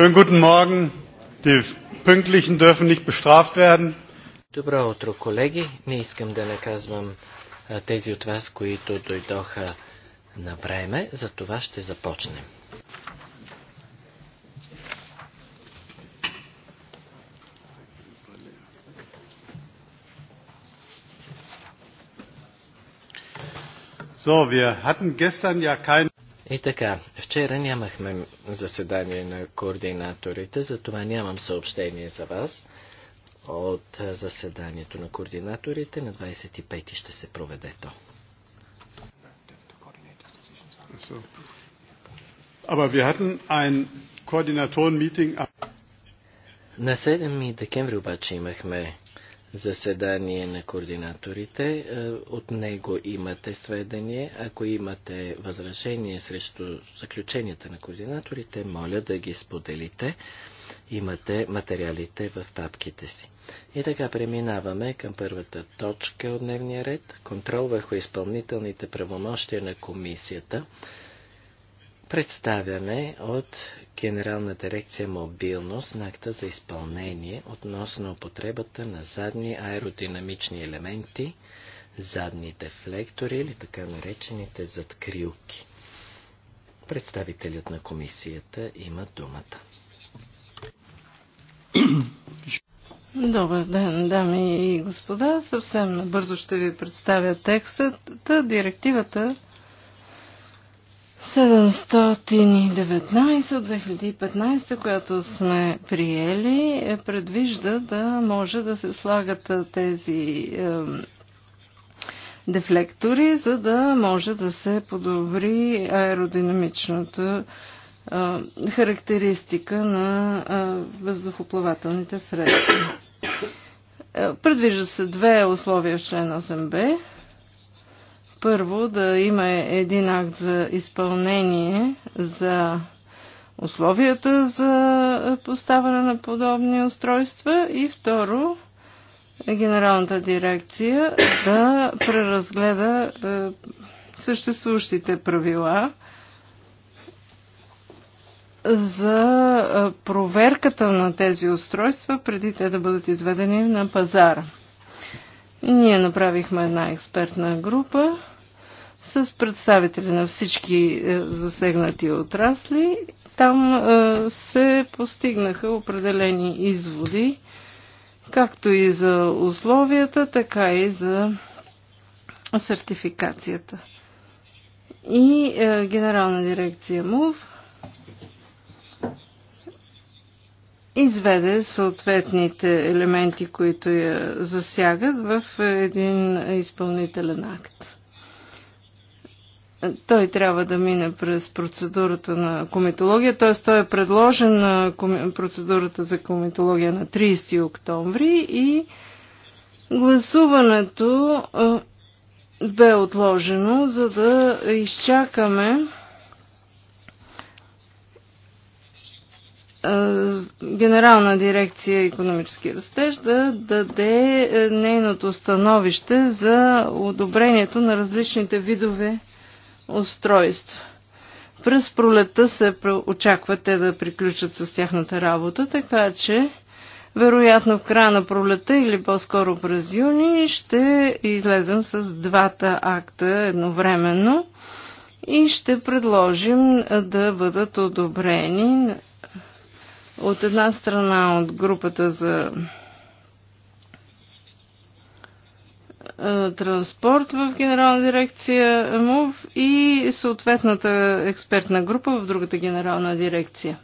Schönen guten Morgen. Die Pünktlichen dürfen nicht bestraft werden. Добро утро, колеги. Не искам да наказвам тези от вас, които дойдоха на време. За това ще започнем. So, wir hatten gestern ja kein и така, вчера нямахме заседание на координаторите, затова нямам съобщение за вас от заседанието на координаторите. На 25 ти ще се проведе то. На 7 декември обаче имахме заседание на координаторите. Е, от него имате сведение. Ако имате възражение срещу заключенията на координаторите, моля да ги споделите. Имате материалите в папките си. И така преминаваме към първата точка от дневния ред. Контрол върху изпълнителните правомощия на комисията представяне от Генерална дирекция мобилност на акта за изпълнение относно употребата на задни аеродинамични елементи, задните флектори или така наречените задкрилки. Представителят на комисията има думата. Добър ден, дами и господа. Съвсем набързо ще ви представя текстът. Директивата 719 от 2015, която сме приели, е, предвижда да може да се слагат тези дефлектори, за да може да се подобри аеродинамичната характеристика на въздухоплавателните средства. Е, предвижда се две условия в член 8б първо да има един акт за изпълнение за условията за поставяне на подобни устройства и второ Генералната дирекция да преразгледа е, съществуващите правила за е, проверката на тези устройства преди те да бъдат изведени на пазара. Ние направихме една експертна група с представители на всички е, засегнати отрасли. Там е, се постигнаха определени изводи, както и за условията, така и за сертификацията. И е, генерална дирекция МУВ изведе съответните елементи, които я засягат в един изпълнителен акт. Той трябва да мине през процедурата на комитология, т.е. той е предложен на процедурата за комитология на 30 октомври и гласуването бе отложено, за да изчакаме Генерална дирекция економически растеж да даде е, нейното становище за одобрението на различните видове устройства. През пролета се очакват те да приключат с тяхната работа, така че вероятно в края на пролета или по-скоро през юни ще излезем с двата акта едновременно и ще предложим е, да бъдат одобрени от една страна от групата за е, транспорт в генерална дирекция МОВ и съответната експертна група в другата генерална дирекция.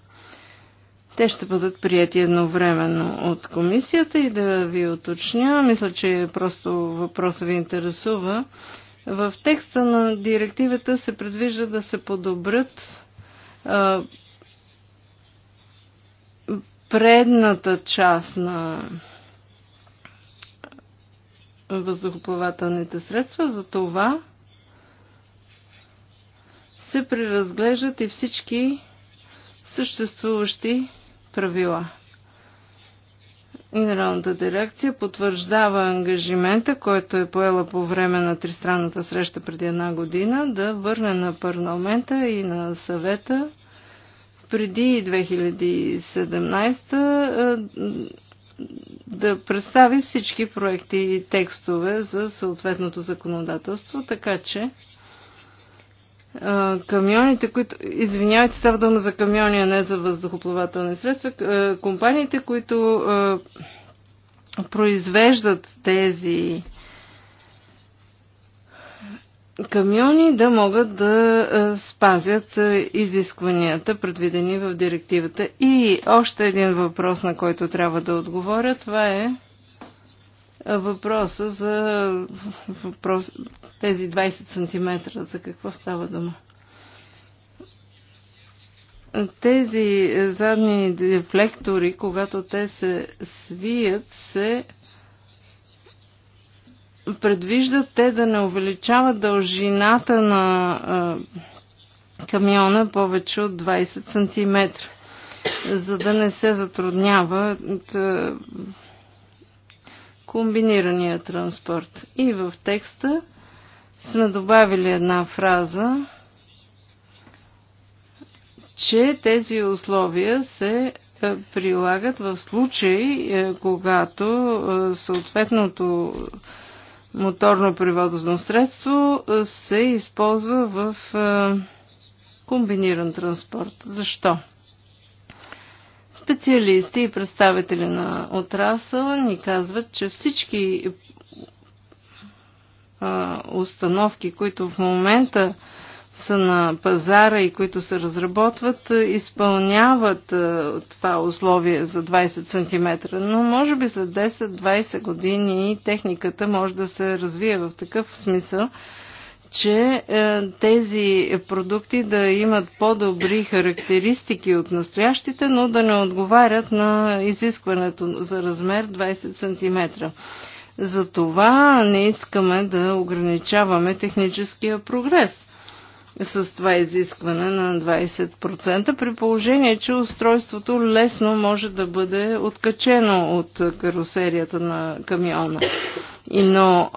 Те ще бъдат прияти едновременно от комисията и да ви уточня. Мисля, че просто въпроса ви интересува. В текста на директивата се предвижда да се подобрят е, предната част на въздухоплавателните средства, за това се преразглеждат и всички съществуващи правила. Генералната дирекция потвърждава ангажимента, който е поела по време на тристранната среща преди една година, да върне на парламента и на съвета преди 2017 е, да представи всички проекти и текстове за съответното законодателство, така че е, камионите, които... Извинявайте, става дума за камиони, а не за въздухоплавателни средства. Е, компаниите, които произвеждат тези камиони да могат да е, спазят е, изискванията, предвидени в директивата. И още един въпрос, на който трябва да отговоря, това е, е въпроса за въпрос, тези 20 см, за какво става дума. Тези задни дефлектори, когато те се свият, се предвиждат те да не увеличават дължината на а, камиона повече от 20 см, за да не се затруднява да, комбинирания транспорт. И в текста сме добавили една фраза, че тези условия се прилагат в случай, когато съответното моторно превозно средство се използва в комбиниран транспорт. Защо? Специалисти и представители на отрасъл ни казват, че всички установки, които в момента са на пазара и които се разработват, е, изпълняват е, това условие за 20 см. Но може би след 10-20 години техниката може да се развие в такъв смисъл, че е, тези продукти да имат по-добри характеристики от настоящите, но да не отговарят на изискването за размер 20 см. Затова не искаме да ограничаваме техническия прогрес с това изискване на 20%, при положение, че устройството лесно може да бъде откачено от карусерията на камиона. И но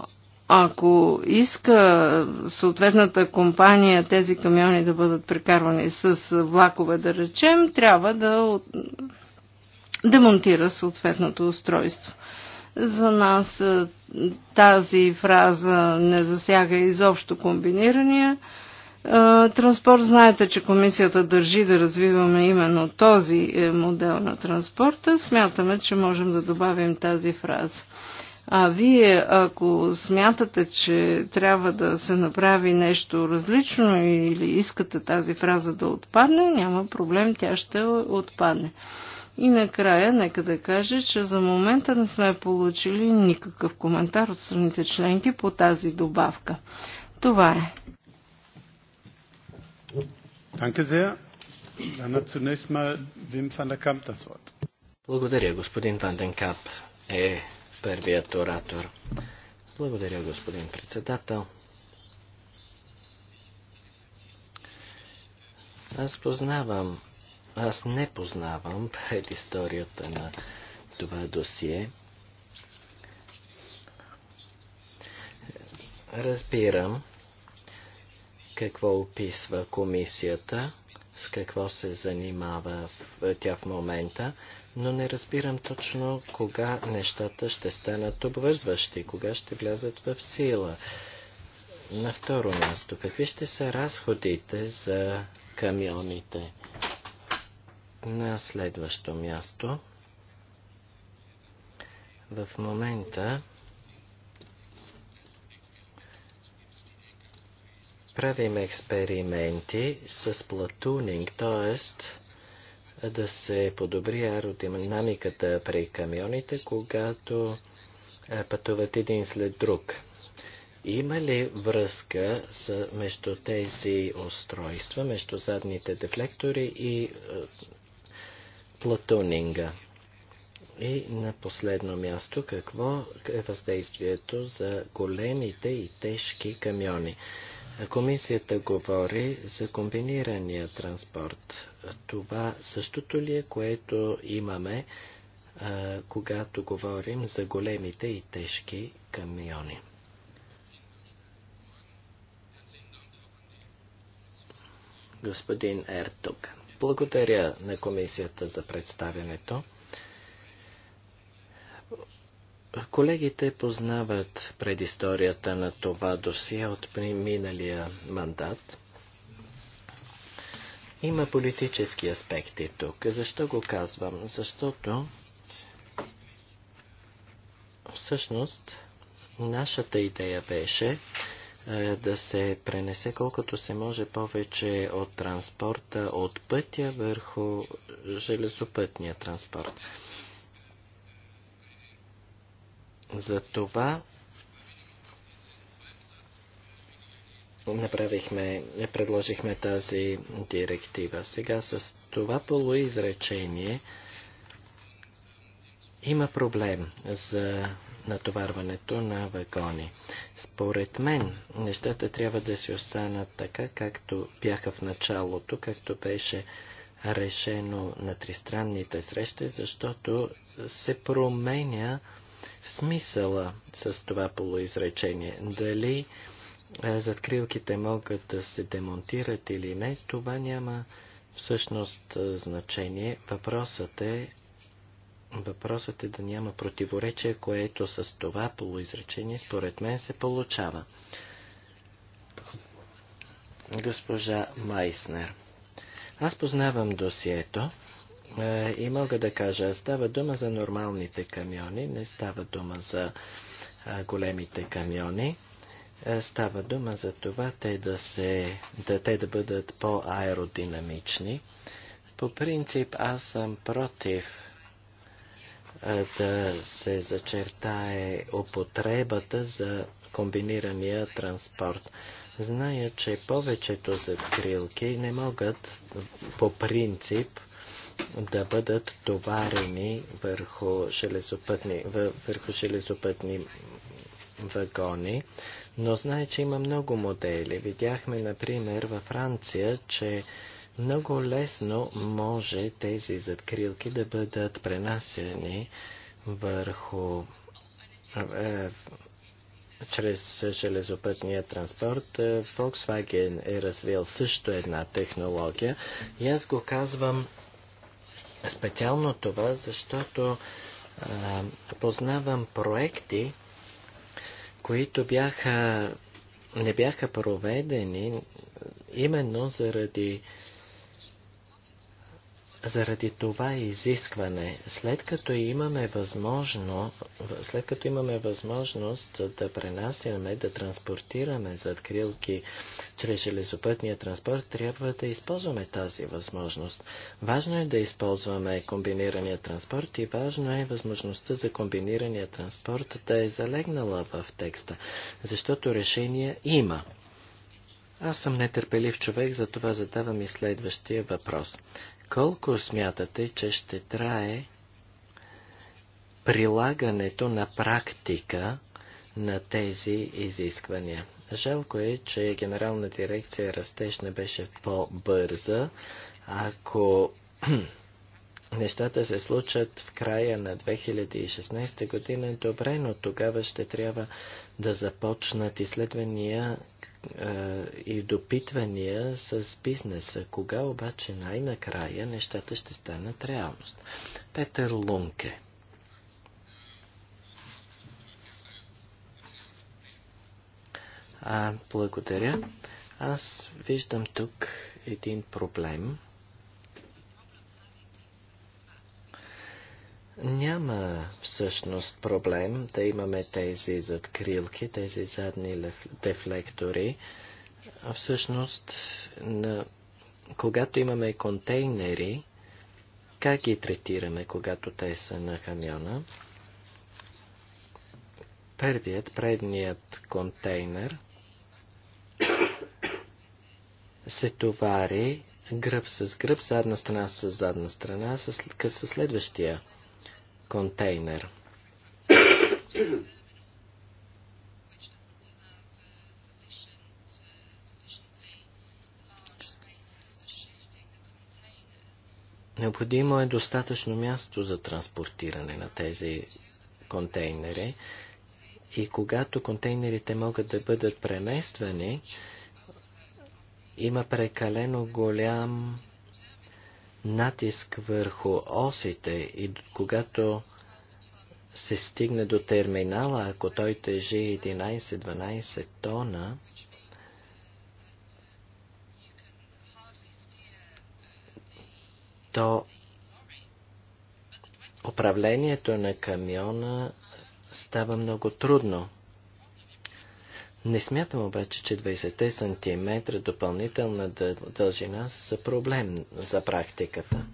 ако иска съответната компания тези камиони да бъдат прекарвани с влакове, да речем, трябва да демонтира съответното устройство. За нас тази фраза не засяга изобщо комбинирания е, транспорт. Знаете, че комисията държи да развиваме именно този е, модел на транспорта. Смятаме, че можем да добавим тази фраза. А вие, ако смятате, че трябва да се направи нещо различно или искате тази фраза да отпадне, няма проблем, тя ще отпадне. И накрая, нека да кажа, че за момента не сме получили никакъв коментар от страните членки по тази добавка. Това е. Danke sehr. Dann hat zunächst mal Wim van der Kamp das Wort. Благодаря, господин Ванденкап е първият оратор. Благодаря, господин председател. Аз познавам, аз не познавам пред историята на това досие. Разбирам, какво описва комисията, с какво се занимава в, е, тя в момента, но не разбирам точно кога нещата ще станат обвързващи, кога ще влязат в сила. На второ място, какви ще са разходите за камионите? На следващо място, в момента правим експерименти с платунинг, т.е. да се подобри аеродинамиката при камионите, когато пътуват един след друг. Има ли връзка между тези устройства, между задните дефлектори и платунинга? И на последно място, какво е въздействието за големите и тежки камиони? Комисията говори за комбинирания транспорт. Това същото ли е, което имаме, когато говорим за големите и тежки камиони? Господин Ертук, благодаря на комисията за представянето. Колегите познават предисторията на това досие от миналия мандат. Има политически аспекти тук. Защо го казвам? Защото всъщност нашата идея беше е, да се пренесе колкото се може повече от транспорта, от пътя върху железопътния транспорт. За това направихме, предложихме тази директива. Сега с това полуизречение има проблем за натоварването на вагони. Според мен, нещата трябва да си останат така, както бяха в началото, както беше решено на тристранните срещи, защото се променя смисъла с това полуизречение. Дали е, закрилките могат да се демонтират или не, това няма всъщност е, значение. Въпросът е Въпросът е да няма противоречие, което с това полуизречение според мен се получава. Госпожа Майснер. Аз познавам досието е, и мога да кажа, става дума за нормалните камиони, не става дума за големите камиони. Е, става дума за това те да, се, да, те да бъдат по-аеродинамични. По принцип аз съм против е, да се зачертае употребата за комбинирания транспорт. Зная, че повечето закрилки не могат по принцип да бъдат товарени върху железопътни, върху железопътни вагони, но знае, че има много модели. Видяхме, например, във Франция, че много лесно може тези задкрилки да бъдат пренасени върху е, чрез железопътния транспорт. Volkswagen е развил също една технология и аз го казвам Специално това, защото а, познавам проекти, които бяха, не бяха проведени именно заради заради това изискване, след като имаме възможно, след като имаме възможност да пренасяме, да транспортираме зад крилки чрез железопътния транспорт, трябва да използваме тази възможност. Важно е да използваме комбинирания транспорт и важно е възможността за комбинирания транспорт да е залегнала в текста, защото решения има. Аз съм нетърпелив човек, затова задавам и следващия въпрос. Колко смятате, че ще трае прилагането на практика на тези изисквания? Жалко е, че Генерална дирекция Растеж не беше по-бърза. Ако нещата се случат в края на 2016 година, добре, но тогава ще трябва да започнат изследвания и допитвания с бизнеса. Кога обаче най-накрая нещата ще станат реалност? Петър Лунке. А, благодаря. Аз виждам тук един проблем, няма всъщност проблем да имаме тези задкрилки, тези задни дефлектори. А всъщност, на... когато имаме контейнери, как ги третираме, когато те са на камиона? Първият, предният контейнер се товари гръб с гръб, задна страна с задна страна, с, с следващия контейнер. Необходимо е достатъчно място за транспортиране на тези контейнери и когато контейнерите могат да бъдат премествани, има прекалено голям натиск върху осите и когато се стигне до терминала, ако той тежи 11-12 тона, то управлението на камиона става много трудно. Не смятам обаче, че 20 см допълнителна дължина са проблем за практиката.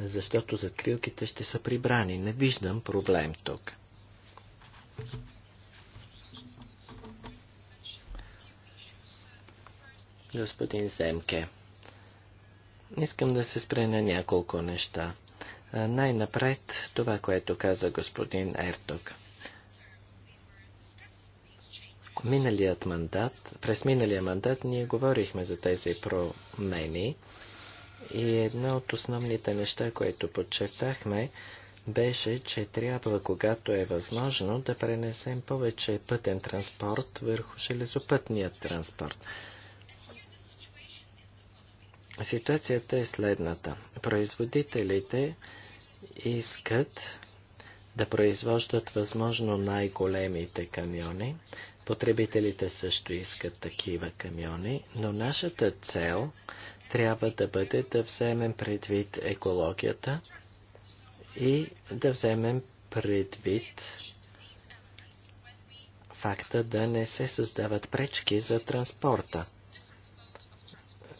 Защото закрилките ще са прибрани. Не виждам проблем тук. Господин Земке, искам да се спре на няколко неща. Най-напред това, което каза господин Ертук. Миналият мандат, през миналия мандат ние говорихме за тези промени и едно от основните неща, което подчертахме, беше, че трябва, когато е възможно, да пренесем повече пътен транспорт върху железопътния транспорт. Ситуацията е следната. Производителите искат да произвождат възможно най-големите камиони, Потребителите също искат такива камиони, но нашата цел трябва да бъде да вземем предвид екологията и да вземем предвид факта да не се създават пречки за транспорта.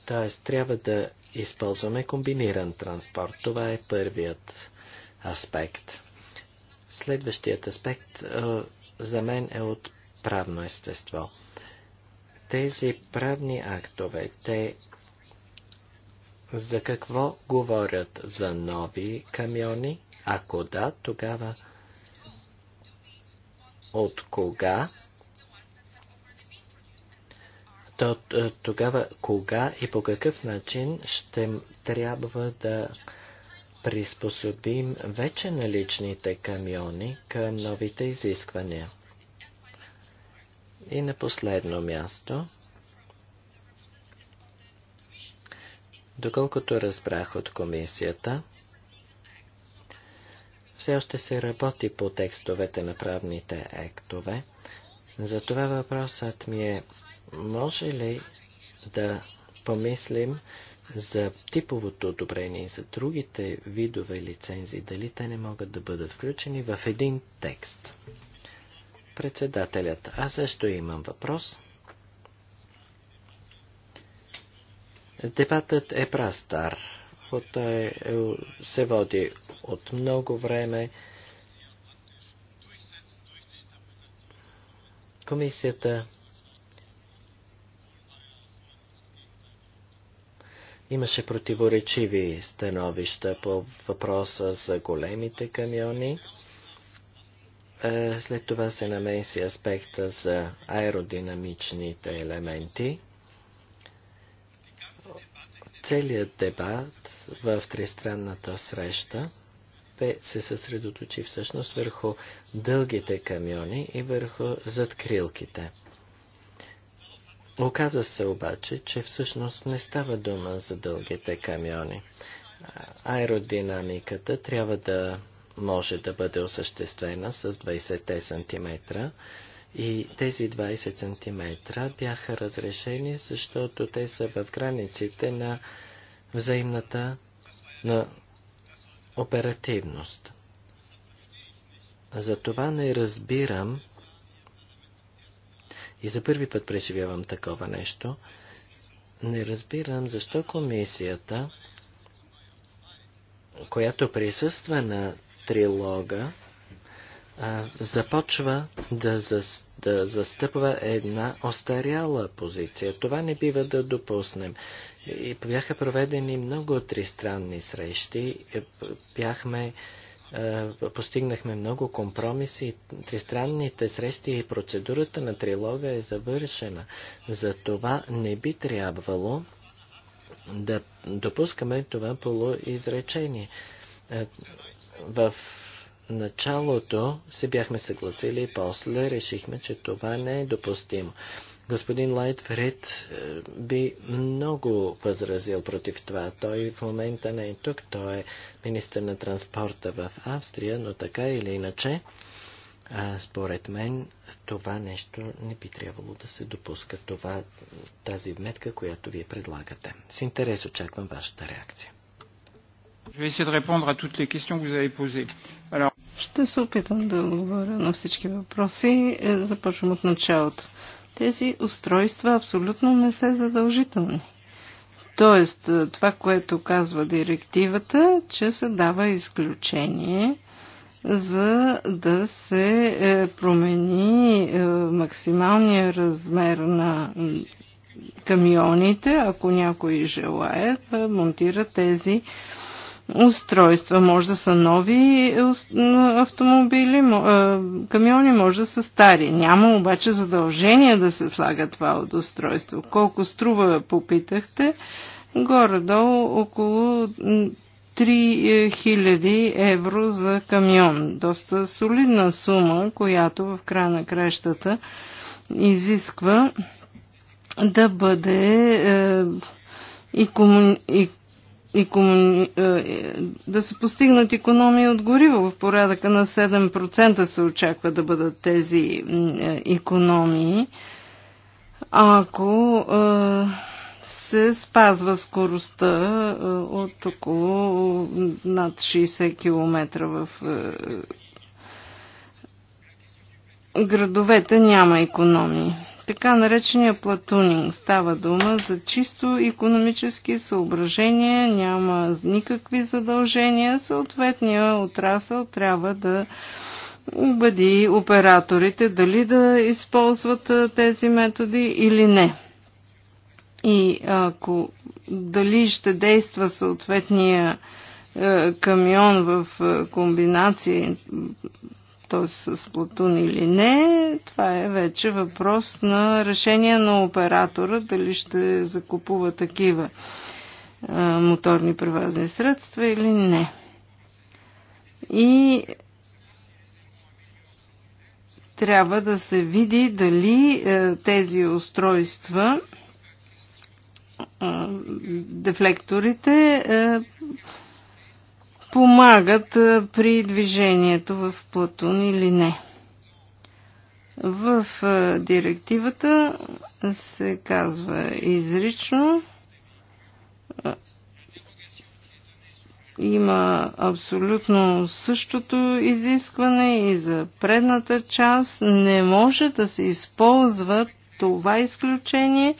Тоест, трябва да използваме комбиниран транспорт. Това е първият аспект. Следващият аспект е, за мен е от правно естество. Тези правни актове, те за какво говорят за нови камиони? Ако да, тогава от кога? То, е, тогава кога и по какъв начин ще трябва да приспособим вече наличните камиони към новите изисквания? И на последно място, доколкото разбрах от комисията, все още се работи по текстовете на правните ектове. Затова въпросът ми е, може ли да помислим за типовото одобрение и за другите видове лицензии, дали те не могат да бъдат включени в един текст? Председателят, аз също имам въпрос. Дебатът е прастар. той е, се води от много време. Комисията имаше противоречиви становища по въпроса за големите камиони. Е, след това се намеси аспекта за аеродинамичните елементи. Целият дебат в тристранната среща се съсредоточи всъщност върху дългите камиони и върху задкрилките. Оказа се обаче, че всъщност не става дума за дългите камиони. Аеродинамиката трябва да може да бъде осъществена с 20 см. И тези 20 см бяха разрешени, защото те са в границите на взаимната на оперативност. Затова не разбирам и за първи път преживявам такова нещо. Не разбирам защо комисията, която присъства на трилога а, започва да, зас, да застъпва една остаряла позиция. Това не бива да допуснем. И бяха проведени много тристранни срещи, е, бяхме постигнахме много компромиси. Тристранните срещи и процедурата на трилога е завършена. За това не би трябвало да допускаме това полуизречение. Е, в началото се бяхме съгласили, после решихме, че това не е допустимо. Господин Лайтфред е, би много възразил против това. Той в момента не е тук, той е министър на транспорта в Австрия, но така или иначе, е, според мен, това нещо не би трябвало да се допуска. Това, тази вметка, която вие предлагате. С интерес очаквам вашата реакция. Ще се опитам да отговоря на всички въпроси. Е, започвам от началото. Тези устройства абсолютно не са задължителни. Тоест, е, това, което казва директивата, че се дава изключение за да се е, промени максималния размер на камионите, ако някой желая да монтира тези устройства. Може да са нови автомобили, камиони, може да са стари. Няма обаче задължение да се слага това от устройство. Колко струва, попитахте, горе-долу около 3000 е, евро за камион. Доста солидна сума, която в края на кращата изисква да бъде е, и, кому... и е, да се постигнат економии от гориво. В порядъка на 7% се очаква да бъдат тези економии, ако е, се спазва скоростта е, от около над 60 км в градовете няма економии така наречения платунинг. Става дума за чисто економически съображения, няма никакви задължения. Съответния отрасъл трябва да убеди операторите дали да използват тези методи или не. И ако дали ще действа съответния камион в комбинация т.е. с Платун или не, това е вече въпрос на решение на оператора, дали ще закупува такива а, моторни превазни средства или не. И трябва да се види дали а, тези устройства, дефлекторите, помагат при движението в Платун или не. В директивата се казва изрично, има абсолютно същото изискване и за предната част. Не може да се използва това изключение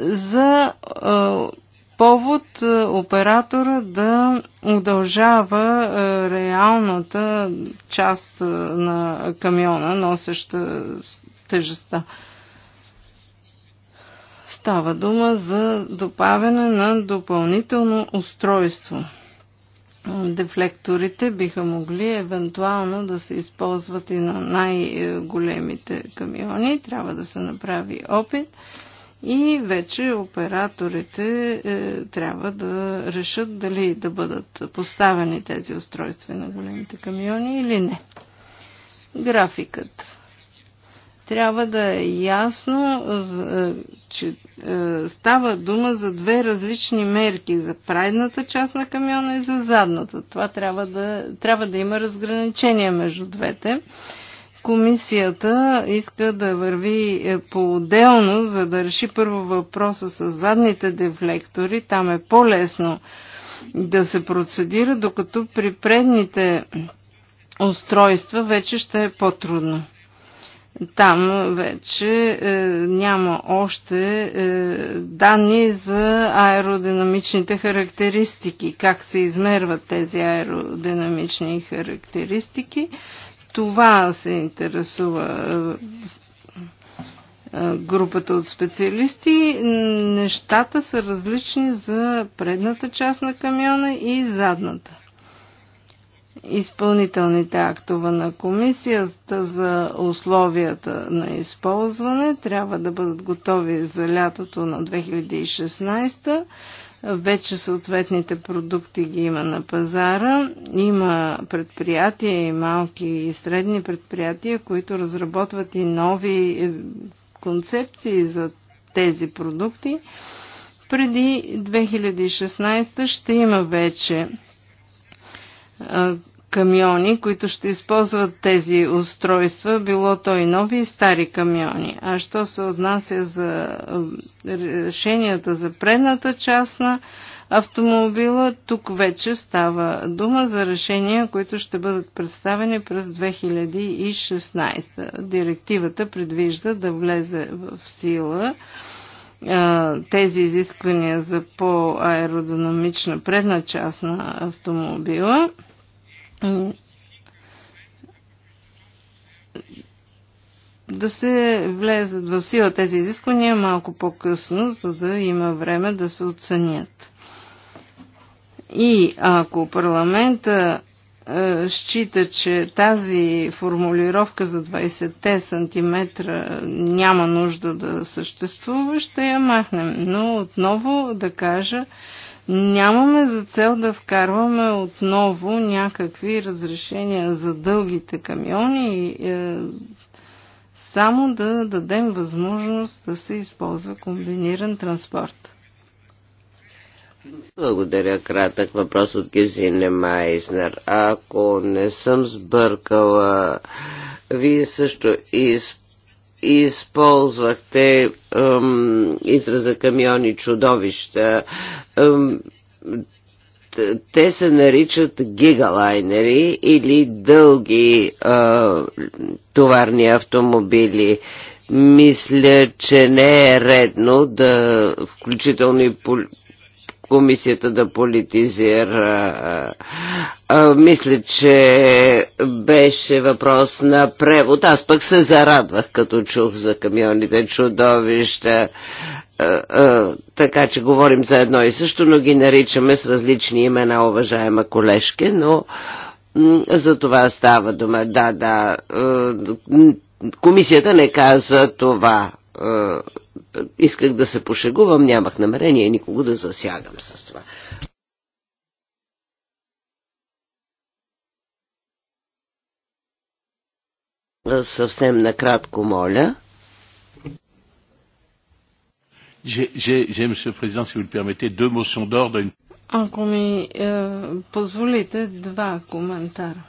за повод е, оператора да удължава е, реалната част е, на камиона, носеща тежеста. Става дума за добавяне на допълнително устройство. Дефлекторите биха могли евентуално да се използват и на най-големите камиони. Трябва да се направи опит и вече операторите е, трябва да решат дали да бъдат поставени тези устройства на големите камиони или не. Графикът. Трябва да е ясно, е, че е, става дума за две различни мерки за прайдната част на камиона и за задната. Това трябва да, трябва да има разграничение между двете. Комисията иска да върви е, по-отделно, за да реши първо въпроса с задните дефлектори. Там е по-лесно да се процедира, докато при предните устройства вече ще е по-трудно. Там вече е, няма още е, данни за аеродинамичните характеристики, как се измерват тези аеродинамични характеристики това се интересува групата от специалисти. Нещата са различни за предната част на камиона и задната. Изпълнителните актове на комисията за условията на използване трябва да бъдат готови за лятото на 2016 вече съответните продукти ги има на пазара. Има предприятия и малки и средни предприятия, които разработват и нови е, концепции за тези продукти. Преди 2016 ще има вече камиони, които ще използват тези устройства, било то и нови и стари камиони. А що се отнася за решенията за предната част на автомобила, тук вече става дума за решения, които ще бъдат представени през 2016. Директивата предвижда да влезе в сила тези изисквания за по-аеродинамична предна част на автомобила – да се влезат в сила тези изисквания малко по-късно, за да има време да се оценят. И ако парламента е, счита, че тази формулировка за 20-те сантиметра няма нужда да съществува, ще я махнем. Но отново да кажа, Нямаме за цел да вкарваме отново някакви разрешения за дългите камиони, е, само да дадем възможност да се използва комбиниран транспорт. Благодаря. Кратък въпрос от Гезине Майснер. Ако не съм сбъркала, вие също използвате използвахте ем, израза камиони чудовища. Ем, те се наричат гигалайнери или дълги е, товарни автомобили. Мисля, че не е редно да, включително и комисията да политизира. Мисля, че беше въпрос на превод. Аз пък се зарадвах, като чух за камионите чудовища. Така че говорим за едно и също, но ги наричаме с различни имена, уважаема колежке, но за това става дума. Да, да. Комисията не каза това исках да се пошегувам, нямах намерение никого да засягам с това. Съвсем накратко, моля. Ако ми е, позволите, два коментара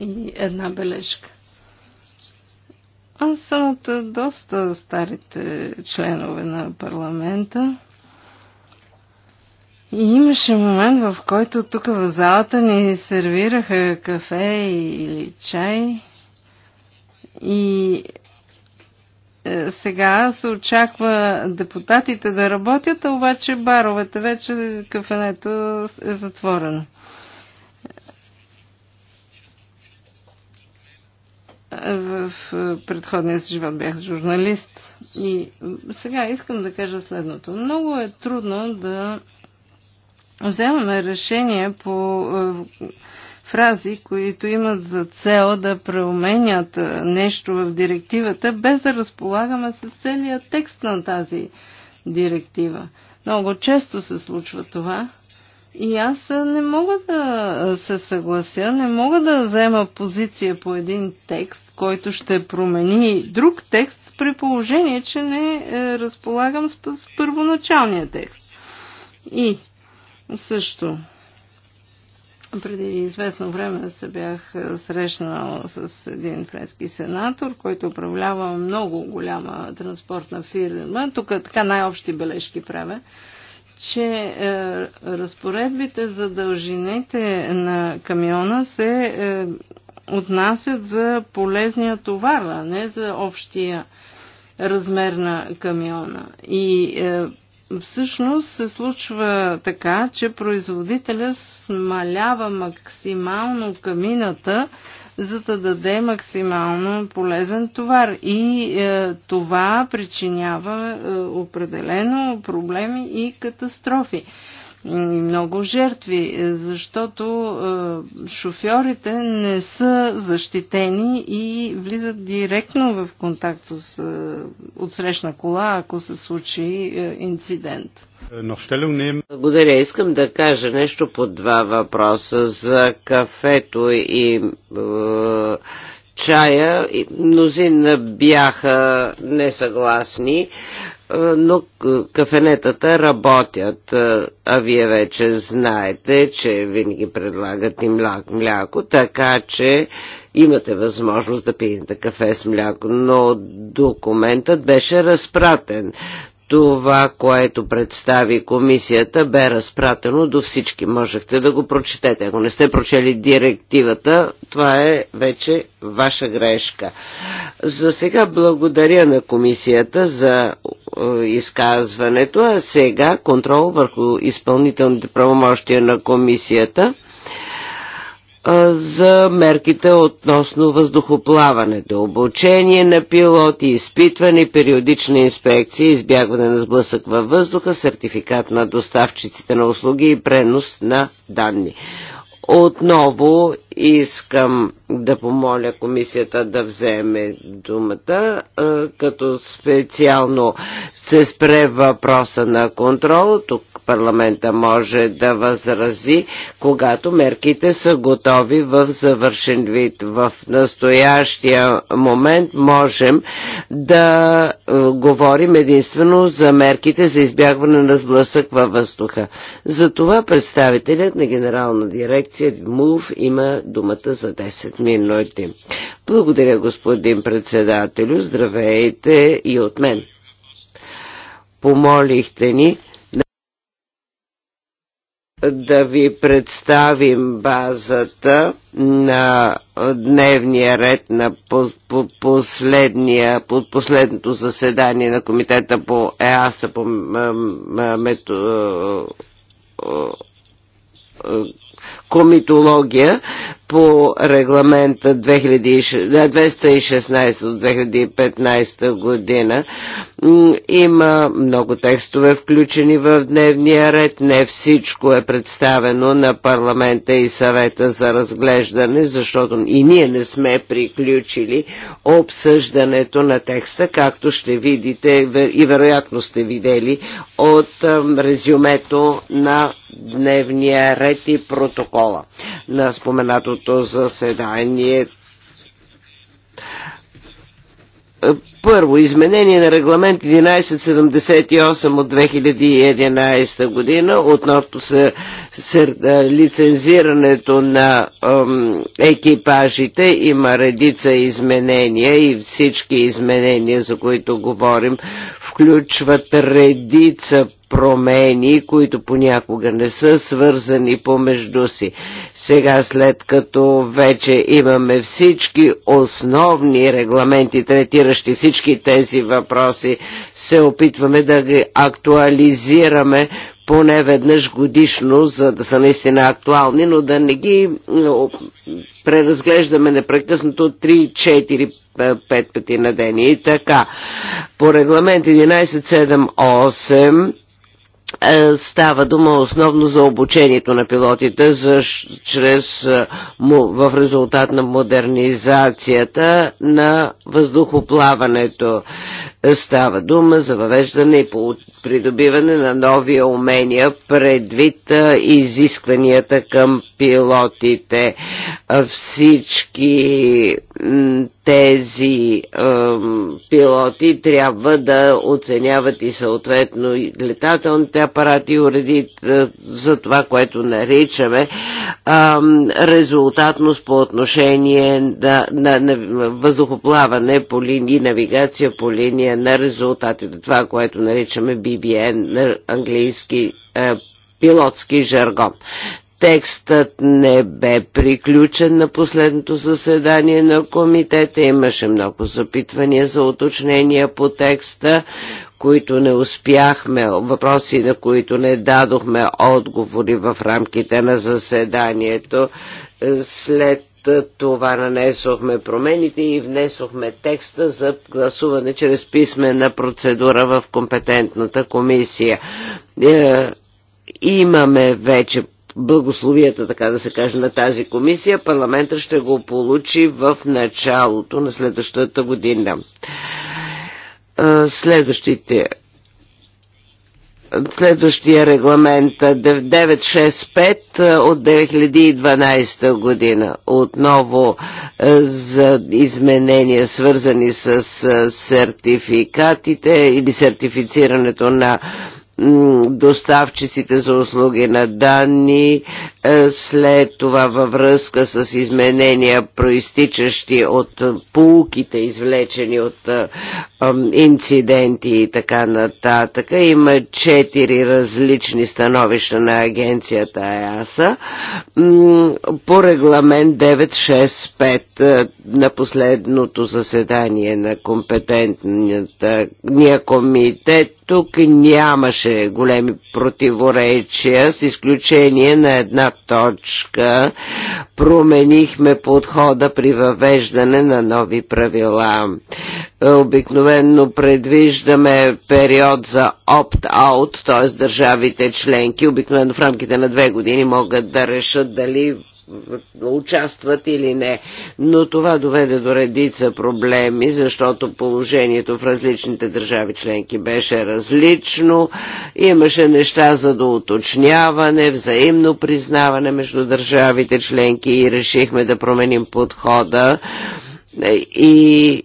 и една бележка. Аз съм от доста старите членове на парламента. И имаше момент, в който тук в залата ни сервираха кафе или чай. И е, сега се очаква депутатите да работят, а обаче баровете вече кафенето е затворено. В предходния си живот бях журналист и сега искам да кажа следното. Много е трудно да вземаме решение по е, фрази, които имат за цел да преуменят е, нещо в директивата, без да разполагаме с целият текст на тази директива. Много често се случва това. И аз не мога да се съглася, не мога да взема позиция по един текст, който ще промени друг текст, при положение, че не е, разполагам с, първоначалния текст. И също преди известно време се бях е, срещнал с един френски сенатор, който управлява много голяма транспортна фирма. Тук така най-общи бележки правя че е, разпоредбите за дължините на камиона се е, отнасят за полезния товар, а не за общия размер на камиона. И е, всъщност се случва така, че производителя смалява максимално камината, за да даде максимално полезен товар. И е, това причинява е, определено проблеми и катастрофи много жертви, е, защото е, шофьорите не са защитени и влизат директно в контакт с е, отсрещна кола, ако се случи инцидент. Благодаря. Искам да кажа нещо по два въпроса за кафето и е, чая. Мнозина бяха несъгласни. Е, но кафенетата работят. Е, а вие вече знаете, че винаги предлагат и мляко, така че имате възможност да пиете кафе с мляко, но документът беше разпратен. Това, което представи комисията, бе разпратено до всички. Можехте да го прочетете. Ако не сте прочели директивата, това е вече ваша грешка. За сега благодаря на комисията за е, изказването, а сега контрол върху изпълнителните правомощия на комисията е, за мерките относно въздухоплаването, обучение на пилоти, изпитване, периодична инспекция, избягване на сблъсък във въздуха, сертификат на доставчиците на услуги и пренос на данни. Отново искам да помоля комисията да вземе думата, като специално се спре въпроса на контрол. Тук парламента може да възрази, когато мерките са готови в завършен вид. В настоящия момент можем да е, говорим единствено за мерките за избягване на сблъсък във въздуха. Затова представителят на генерална дирекция МУВ има думата за 10 минути. Благодаря, господин председателю. Здравейте и от мен. Помолихте ни да ви представим базата на дневния ред на последния, последното заседание на комитета по ЕАСА по мето, комитология по регламента 216 е, от 2015 година. Има много текстове включени в дневния ред. Не всичко е представено на парламента и съвета за разглеждане, защото и ние не сме приключили обсъждането на текста, както ще видите и вероятно сте видели от резюмето на дневния ред и протокол пола. На споменатото заседание първо, изменение на регламент 1178 от 2011 година относно се, се, е, лицензирането на ем, екипажите. Има редица изменения и всички изменения, за които говорим, включват редица промени, които понякога не са свързани помежду си. Сега след като вече имаме всички основни регламенти, третиращи всички всички тези въпроси. Се опитваме да ги актуализираме поне веднъж годишно, за да са наистина актуални, но да не ги преразглеждаме непрекъснато 3, 4, 5 пъти на ден. И така, по регламент 1178 е, става дума основно за обучението на пилотите за, чрез, е, в резултат на модернизацията на въздухоплаването. Е, става дума за въвеждане и придобиване на нови умения предвид изискванията към пилотите. Всички тези пилоти трябва да оценяват и съответно летателните апарати и уреди за това, което наричаме резултатност по отношение на, на, на въздухоплаване по линии, навигация по линия на резултатите. Това, което наричаме би PBN, английски е, пилотски жаргон. Текстът не бе приключен на последното заседание на комитета. Имаше много запитвания за уточнения по текста, които не успяхме, въпроси на които не дадохме отговори в рамките на заседанието. След това нанесохме промените и внесохме текста за гласуване чрез писмена процедура в компетентната комисия. Е, имаме вече благословията, така да се каже, на тази комисия. Парламентът ще го получи в началото на следващата година. Е, следващите следващия регламент 965 от 2012 година. Отново за изменения свързани с сертификатите или сертифицирането на доставчиците за услуги на данни, е, след това във връзка с изменения, проистичащи от е, пулките, извлечени от е, инциденти и така нататък. Има четири различни становища на агенцията ЕАСА по регламент 965 на последното заседание на компетентния комитет тук нямаше големи противоречия, с изключение на една точка променихме подхода при въвеждане на нови правила. Е, обикновенно предвиждаме период за опт-аут, т.е. държавите членки обикновено в рамките на две години могат да решат дали участват или не. Но това доведе до редица проблеми, защото положението в различните държави членки беше различно. Имаше неща за доуточняване, взаимно признаване между държавите членки и решихме да променим подхода и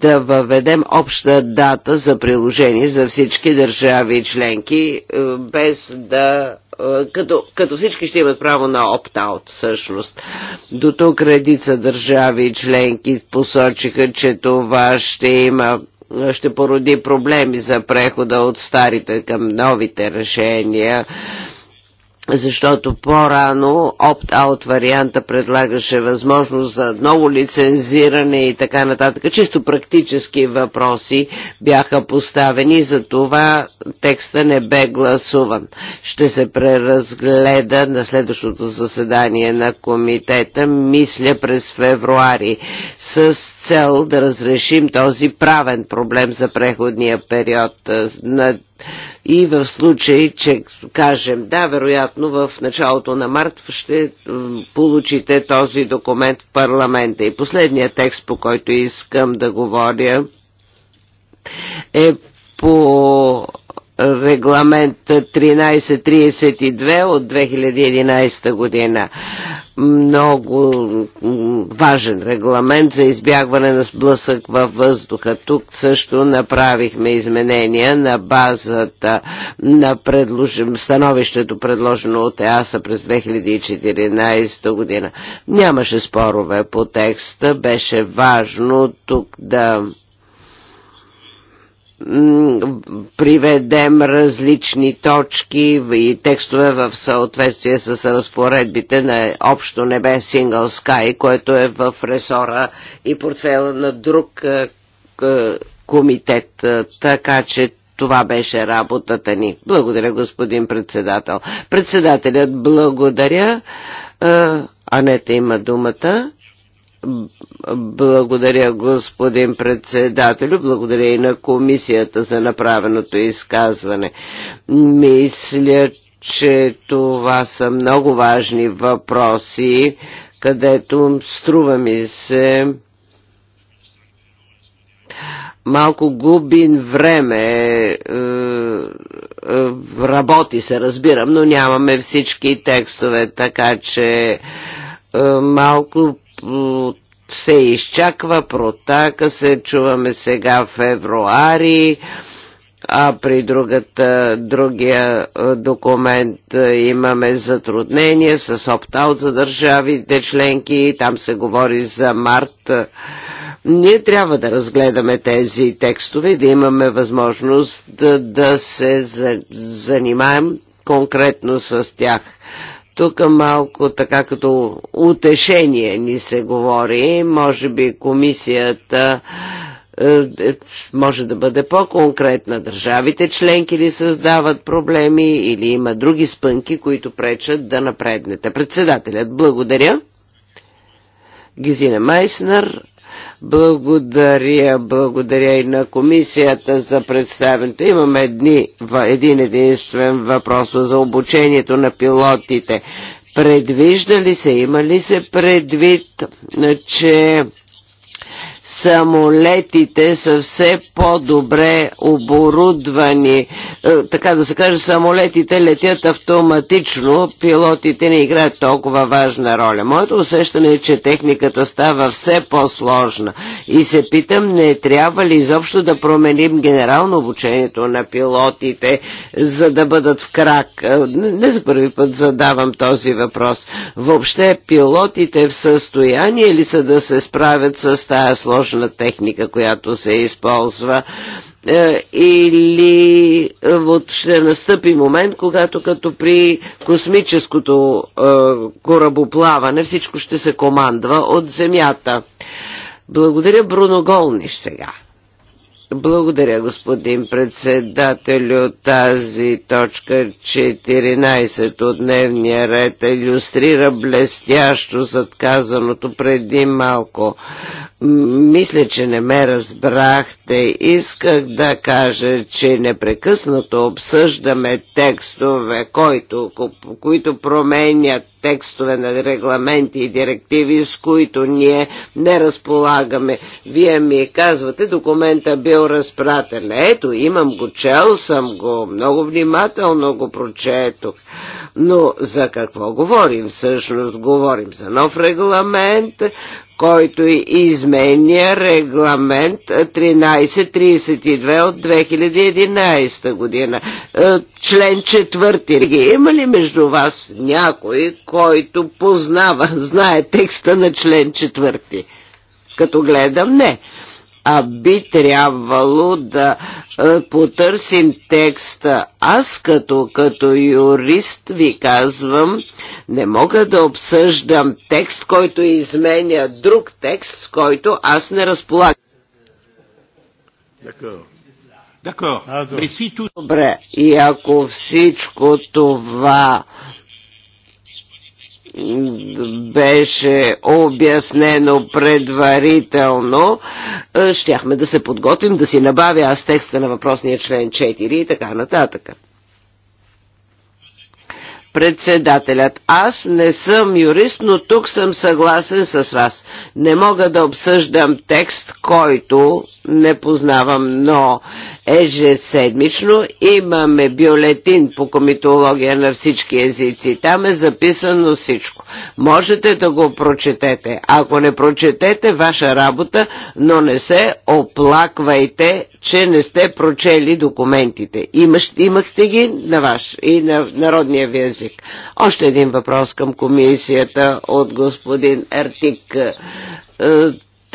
да въведем обща дата за приложение за всички държави и членки, е, без да е, като, като всички ще имат право на опт-аут всъщност. До тук редица държави и членки посочиха, че това ще има ще породи проблеми за прехода от старите към новите решения защото по-рано опт-аут варианта предлагаше възможност за ново лицензиране и така нататък. Чисто практически въпроси бяха поставени, за това текста не бе гласуван. Ще се преразгледа на следващото заседание на комитета, мисля през февруари, с цел да разрешим този правен проблем за преходния период. Е, на и в случай, че кажем, да, вероятно в началото на март ще получите този документ в парламента. И последният текст, по който искам да говоря, е по регламент 1332 от 2011 година. Много важен регламент за избягване на сблъсък във въздуха. Тук също направихме изменения на базата на предлож... становището предложено от ЕАСА през 2014 година. Нямаше спорове по текста, беше важно тук да приведем различни точки и текстове в съответствие с разпоредбите на общо небе Single Sky, което е в ресора и портфела на друг е, е, комитет. Е, така че това беше работата ни. Благодаря, господин председател. Председателят благодаря. Анета има думата. Благодаря, господин председателю. Благодаря и на комисията за направеното изказване. Мисля, че това са много важни въпроси, където струва ми се малко губин време. Е, е, работи се, разбирам, но нямаме всички текстове, така че е, малко се изчаква, протака се, чуваме сега февруари, а при другата, другия документ имаме затруднения с опт-аут за държавите членки, там се говори за март. Ние трябва да разгледаме тези текстове да имаме възможност да, да се за, занимаем конкретно с тях. Тук малко така като утешение ни се говори, може би комисията е, е, може да бъде по-конкретна. Държавите членки ли създават проблеми или има други спънки, които пречат да напреднете? Председателят, благодаря. Гизина Майснер, благодаря, благодаря и на комисията за представенето. Имаме едни, един единствен въпрос за обучението на пилотите. Предвижда ли се, има ли се предвид, че самолетите са все по-добре оборудвани. Е, така да се каже, самолетите летят автоматично, пилотите не играят толкова важна роля. Моето усещане е, че техниката става все по-сложна и се питам, не трябва ли изобщо да променим генерално обучението на пилотите, за да бъдат в крак. Е, не за първи път задавам този въпрос. Въобще пилотите в състояние ли са да се справят с тази сложност? сложна техника, която се използва е, или вот ще настъпи момент, когато като при космическото е, корабоплаване всичко ще се командва от Земята. Благодаря Бруно Голниш сега. Благодаря, господин председателю. Тази точка 14 от дневния ред иллюстрира блестящо задказаното преди малко. Мисля, че не ме разбрахте. Исках да кажа, че непрекъснато обсъждаме текстове, които, които променят текстове на регламенти и директиви, с които ние не разполагаме. Вие ми казвате, документа бил разпратен. Ето, имам го, чел съм го, много внимателно го прочетох. Но за какво говорим всъщност? Говорим за нов регламент, който изменя регламент 1332 от 2011 година. Е, член четвърти. Има ли между вас някой, който познава, знае текста на член четвърти? Като гледам, не а би трябвало да е, потърсим текста. Аз като, като юрист ви казвам, не мога да обсъждам текст, който изменя друг текст, с който аз не разполагам. Добре, и ако всичко това беше обяснено предварително, е, щяхме да се подготвим, да си набавя аз текста на въпросния член 4 и така нататък. Председателят, аз не съм юрист, но тук съм съгласен с вас. Не мога да обсъждам текст, който не познавам, но ежеседмично имаме бюлетин по комитология на всички езици. Там е записано всичко. Можете да го прочетете. Ако не прочетете, ваша работа, но не се оплаквайте, че не сте прочели документите. Имаш, имахте ги на ваш и на народния ви език докладчик. Още един въпрос към комисията от господин Ертик е,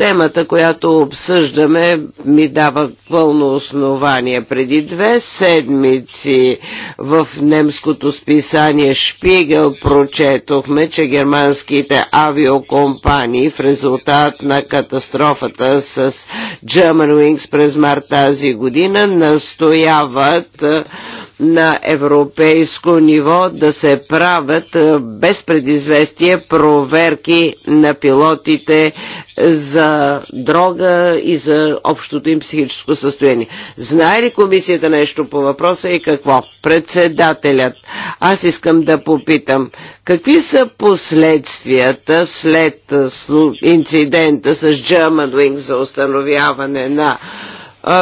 Темата, която обсъждаме, ми дава пълно основание. Преди две седмици в немското списание Шпигел прочетохме, че германските авиокомпании в резултат на катастрофата с Germanwings през март тази година настояват на европейско ниво да се правят без предизвестие проверки на пилотите за дрога и за общото им психическо състояние. Знае ли комисията нещо по въпроса и какво? Председателят. Аз искам да попитам, какви са последствията след инцидента с Germanwings за установяване на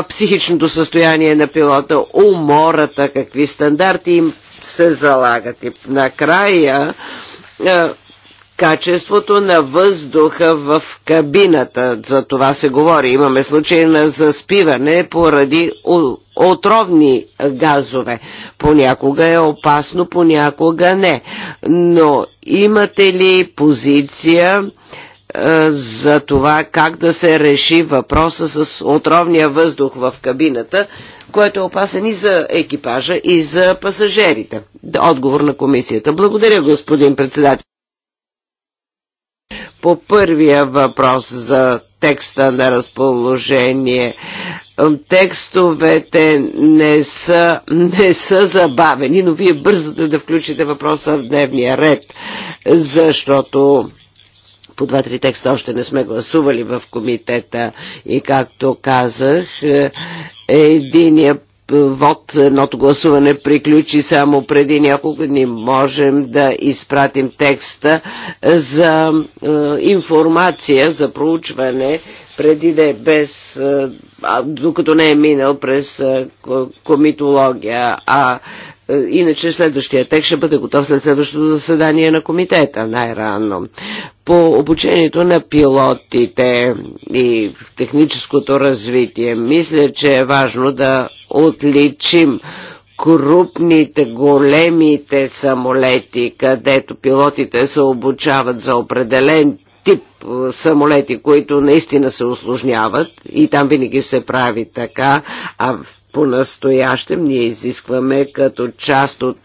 психичното състояние на пилота, умората, какви стандарти им се залагат. И накрая качеството на въздуха в кабината. За това се говори. Имаме случаи на заспиване поради отровни газове. Понякога е опасно, понякога не. Но имате ли позиция е, за това как да се реши въпроса с отровния въздух в кабината, който е опасен и за екипажа, и за пасажирите. Отговор на комисията. Благодаря, господин председател. По първия въпрос за текста на разположение. Текстовете не са, не са забавени, но вие бързате да включите въпроса в дневния ред, защото по два-три текста още не сме гласували в комитета и както казах, е, единия вод, едното гласуване приключи само преди няколко дни. Можем да изпратим текста за е, информация, за проучване преди да е без, е, докато не е минал през е, комитология, а е, иначе следващия текст ще бъде готов след следващото заседание на комитета най-рано. По обучението на пилотите и техническото развитие, мисля, че е важно да отличим крупните, големите самолети, където пилотите се обучават за определен тип самолети, които наистина се осложняват и там винаги се прави така, а по-настоящем ние изискваме като част от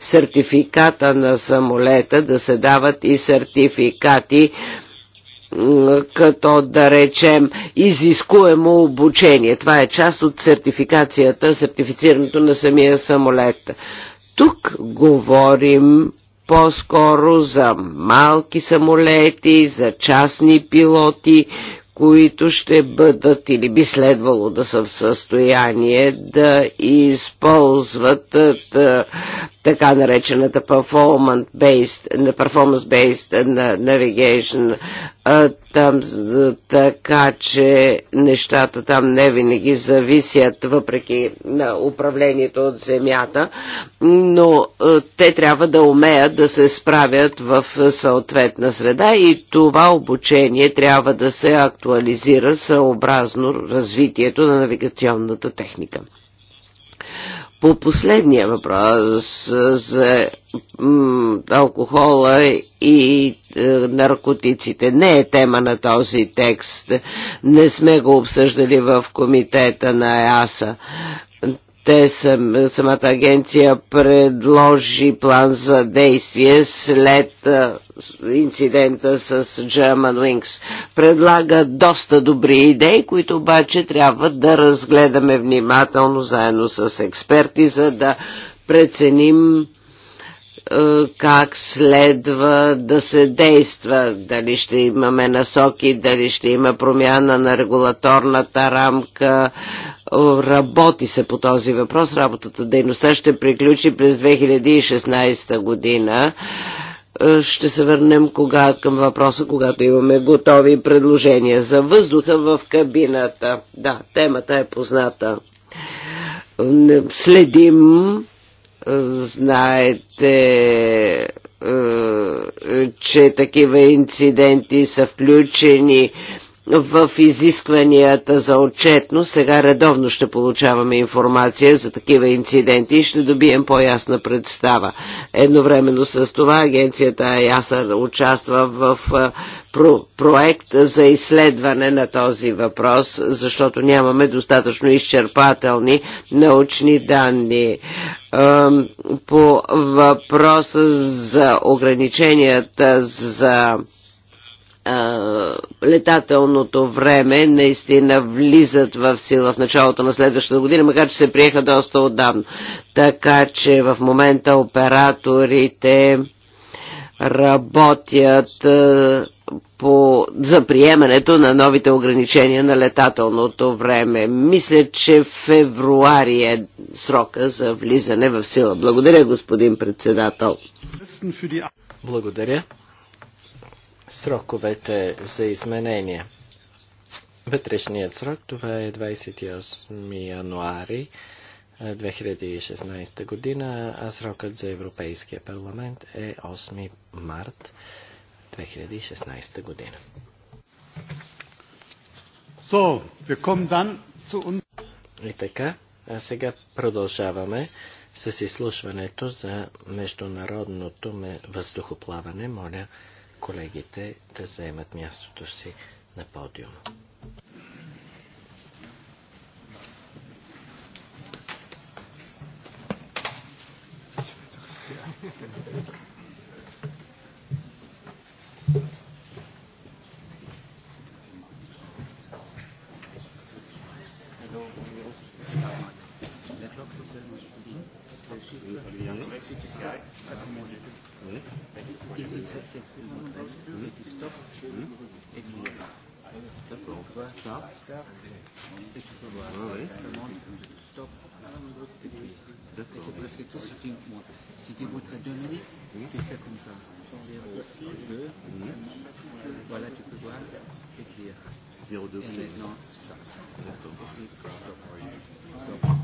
сертификата на самолета да се дават и сертификати като да речем изискуемо обучение. Това е част от сертификацията, сертифицирането на самия самолет. Тук говорим по-скоро за малки самолети, за частни пилоти, които ще бъдат или би следвало да са в състояние да използват така наречената performance-based performance -based navigation. Там, така че нещата там не винаги зависят въпреки на управлението от земята, но те трябва да умеят да се справят в съответна среда и това обучение трябва да се актуализира съобразно развитието на навигационната техника. По последния въпрос за алкохола и е, наркотиците. Не е тема на този текст. Не сме го обсъждали в комитета на ЕАСА те сам, самата агенция предложи план за действие след а, инцидента с German Wings. Предлага доста добри идеи, които обаче трябва да разгледаме внимателно заедно с експерти, за да преценим е, как следва да се действа, дали ще имаме насоки, дали ще има промяна на регулаторната рамка. Работи се по този въпрос. Работата, дейността ще приключи през 2016 година. Е, ще се върнем кога, към въпроса, когато имаме готови предложения за въздуха в кабината. Да, темата е позната. Следим Знаете, е, че такива инциденти са включени в изискванията за отчетност. Сега редовно ще получаваме информация за такива инциденти и ще добием по-ясна представа. Едновременно с това агенцията ЯСА участва в про- проект за изследване на този въпрос, защото нямаме достатъчно изчерпателни научни данни. По въпроса за ограниченията за летателното време наистина влизат в сила в началото на следващата година, макар че се приеха доста отдавно. Така че в момента операторите работят по, за приемането на новите ограничения на летателното време. Мисля, че февруари е срока за влизане в сила. Благодаря, господин председател. Благодаря сроковете за изменения. Вътрешният срок това е 28 януари 2016 е, година, а срокът за Европейския парламент е 8 март 2016 година. So, wir kommen dann zu uns. И така, а сега продължаваме с изслушването за международното въздухоплаване. Моля, колегите да заемат мястото си на подиума. moi. Si tu voterais deux minutes, tu fais comme ça. Voilà, tu peux voir, écrire. 02. Et maintenant, stop. D'accord.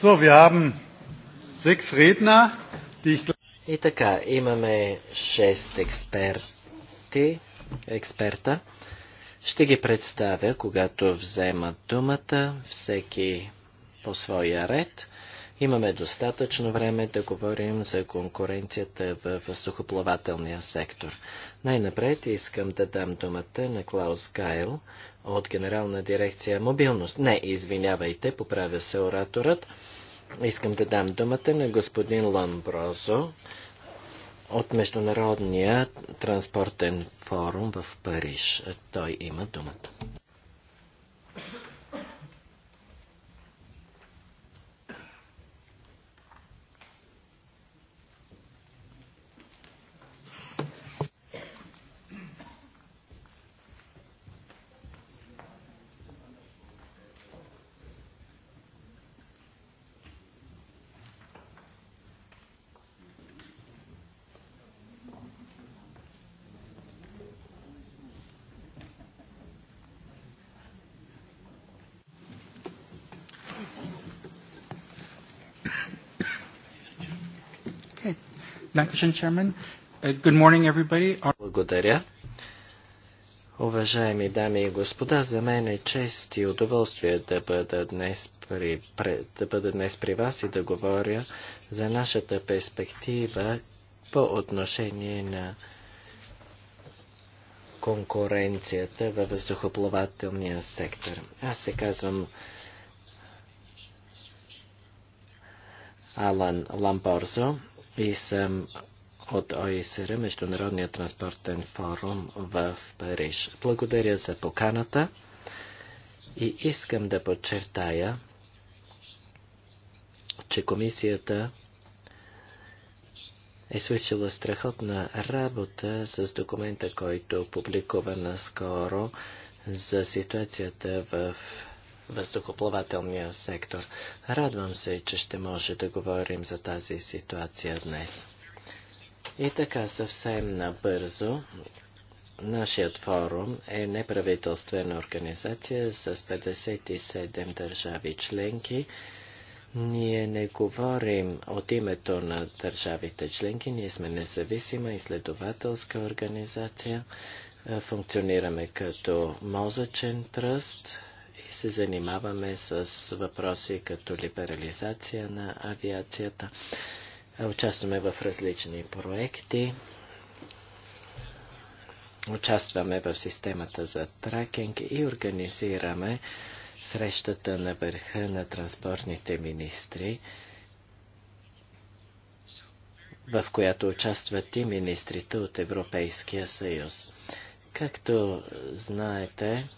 So, wir haben sechs Redner, die ich... И така, имаме 6 експерти, експерта. Ще ги представя, когато вземат думата, всеки по своя ред. Имаме достатъчно време да говорим за конкуренцията в въздухоплавателния сектор. Най-напред искам да дам думата на Клаус Гайл от Генерална дирекция Мобилност. Не, извинявайте, поправя се ораторът Искам да дам думата на господин Ламброзо от Международния транспортен форум в Париж. Той има думата. Uh, good morning, everybody. Благодаря. Уважаеми дами и господа, за мен е чест и удоволствие да бъда, днес при, да бъда днес при вас и да говоря за нашата перспектива по отношение на конкуренцията във въздухоплавателния сектор. Аз се казвам Алан Ламборзо и съм от ОИСР, Международния транспортен форум в Париж. Благодаря за поканата и искам да подчертая, че комисията е свършила страхотна работа с документа, който публикува наскоро за ситуацията в въздухоплавателния сектор. Радвам се, че ще може да говорим за тази ситуация днес. И така съвсем набързо, нашият форум е неправителствена организация с 57 държави членки. Ние не говорим от името на държавите членки, ние сме независима изследователска организация, функционираме като мозъчен тръст, и се занимаваме с въпроси като либерализация на авиацията. Участваме в различни проекти. Участваме в системата за тракинг и организираме срещата на върха на транспортните министри, в която участват и министрите от Европейския съюз. Както знаете,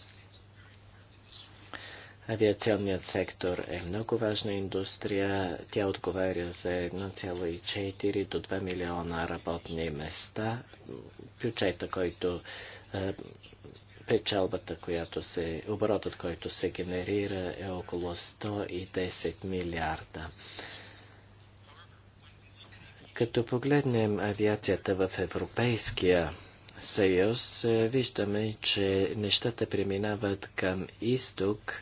Авиационният сектор е много важна индустрия. Тя отговаря за 1,4 до 2 милиона работни места. Бюджета, който е, печалбата, която се, оборотът, който се генерира е около 110 милиарда. Като погледнем авиацията в Европейския съюз, е, виждаме, че нещата преминават към изток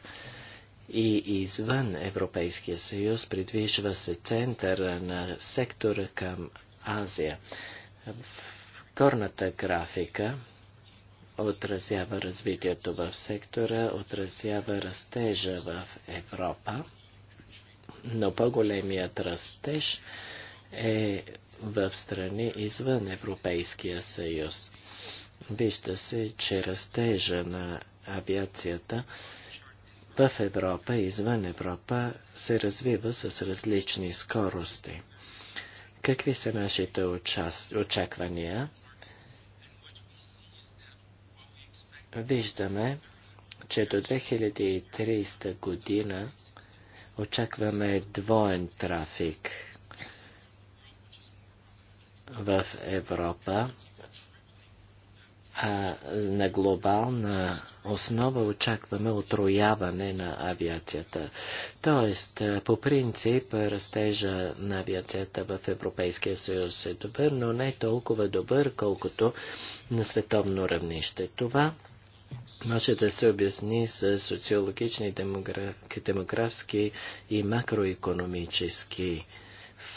и извън Европейския съюз придвижва се центъра на сектора към Азия. В горната графика отразява развитието в сектора, отразява растежа в Европа, но по-големият растеж е в страни извън Европейския съюз. Вижда се, че растежа на авиацията в Европа и извън Европа се развива с различни скорости. Какви са нашите очаквания? Виждаме, че до 2030 година очакваме двоен трафик в Европа а, на глобална основа очакваме отрояване на авиацията. Тоест, по принцип, растежа на авиацията в Европейския съюз е добър, но не толкова добър, колкото на световно равнище. Това може да се обясни с социологични, демографски и макроекономически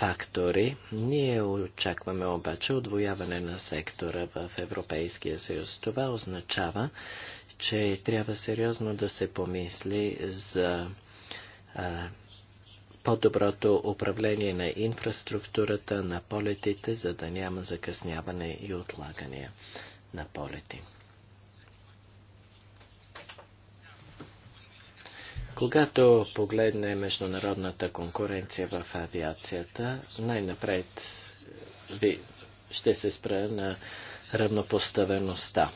фактори. Ние очакваме обаче отвояване на сектора в Европейския съюз. Това означава, че трябва сериозно да се помисли за по-доброто управление на инфраструктурата на полетите, за да няма закъсняване и отлагания на полети. Когато погледне международната конкуренция в авиацията, най-напред е, ви ще се спра на равнопоставеността.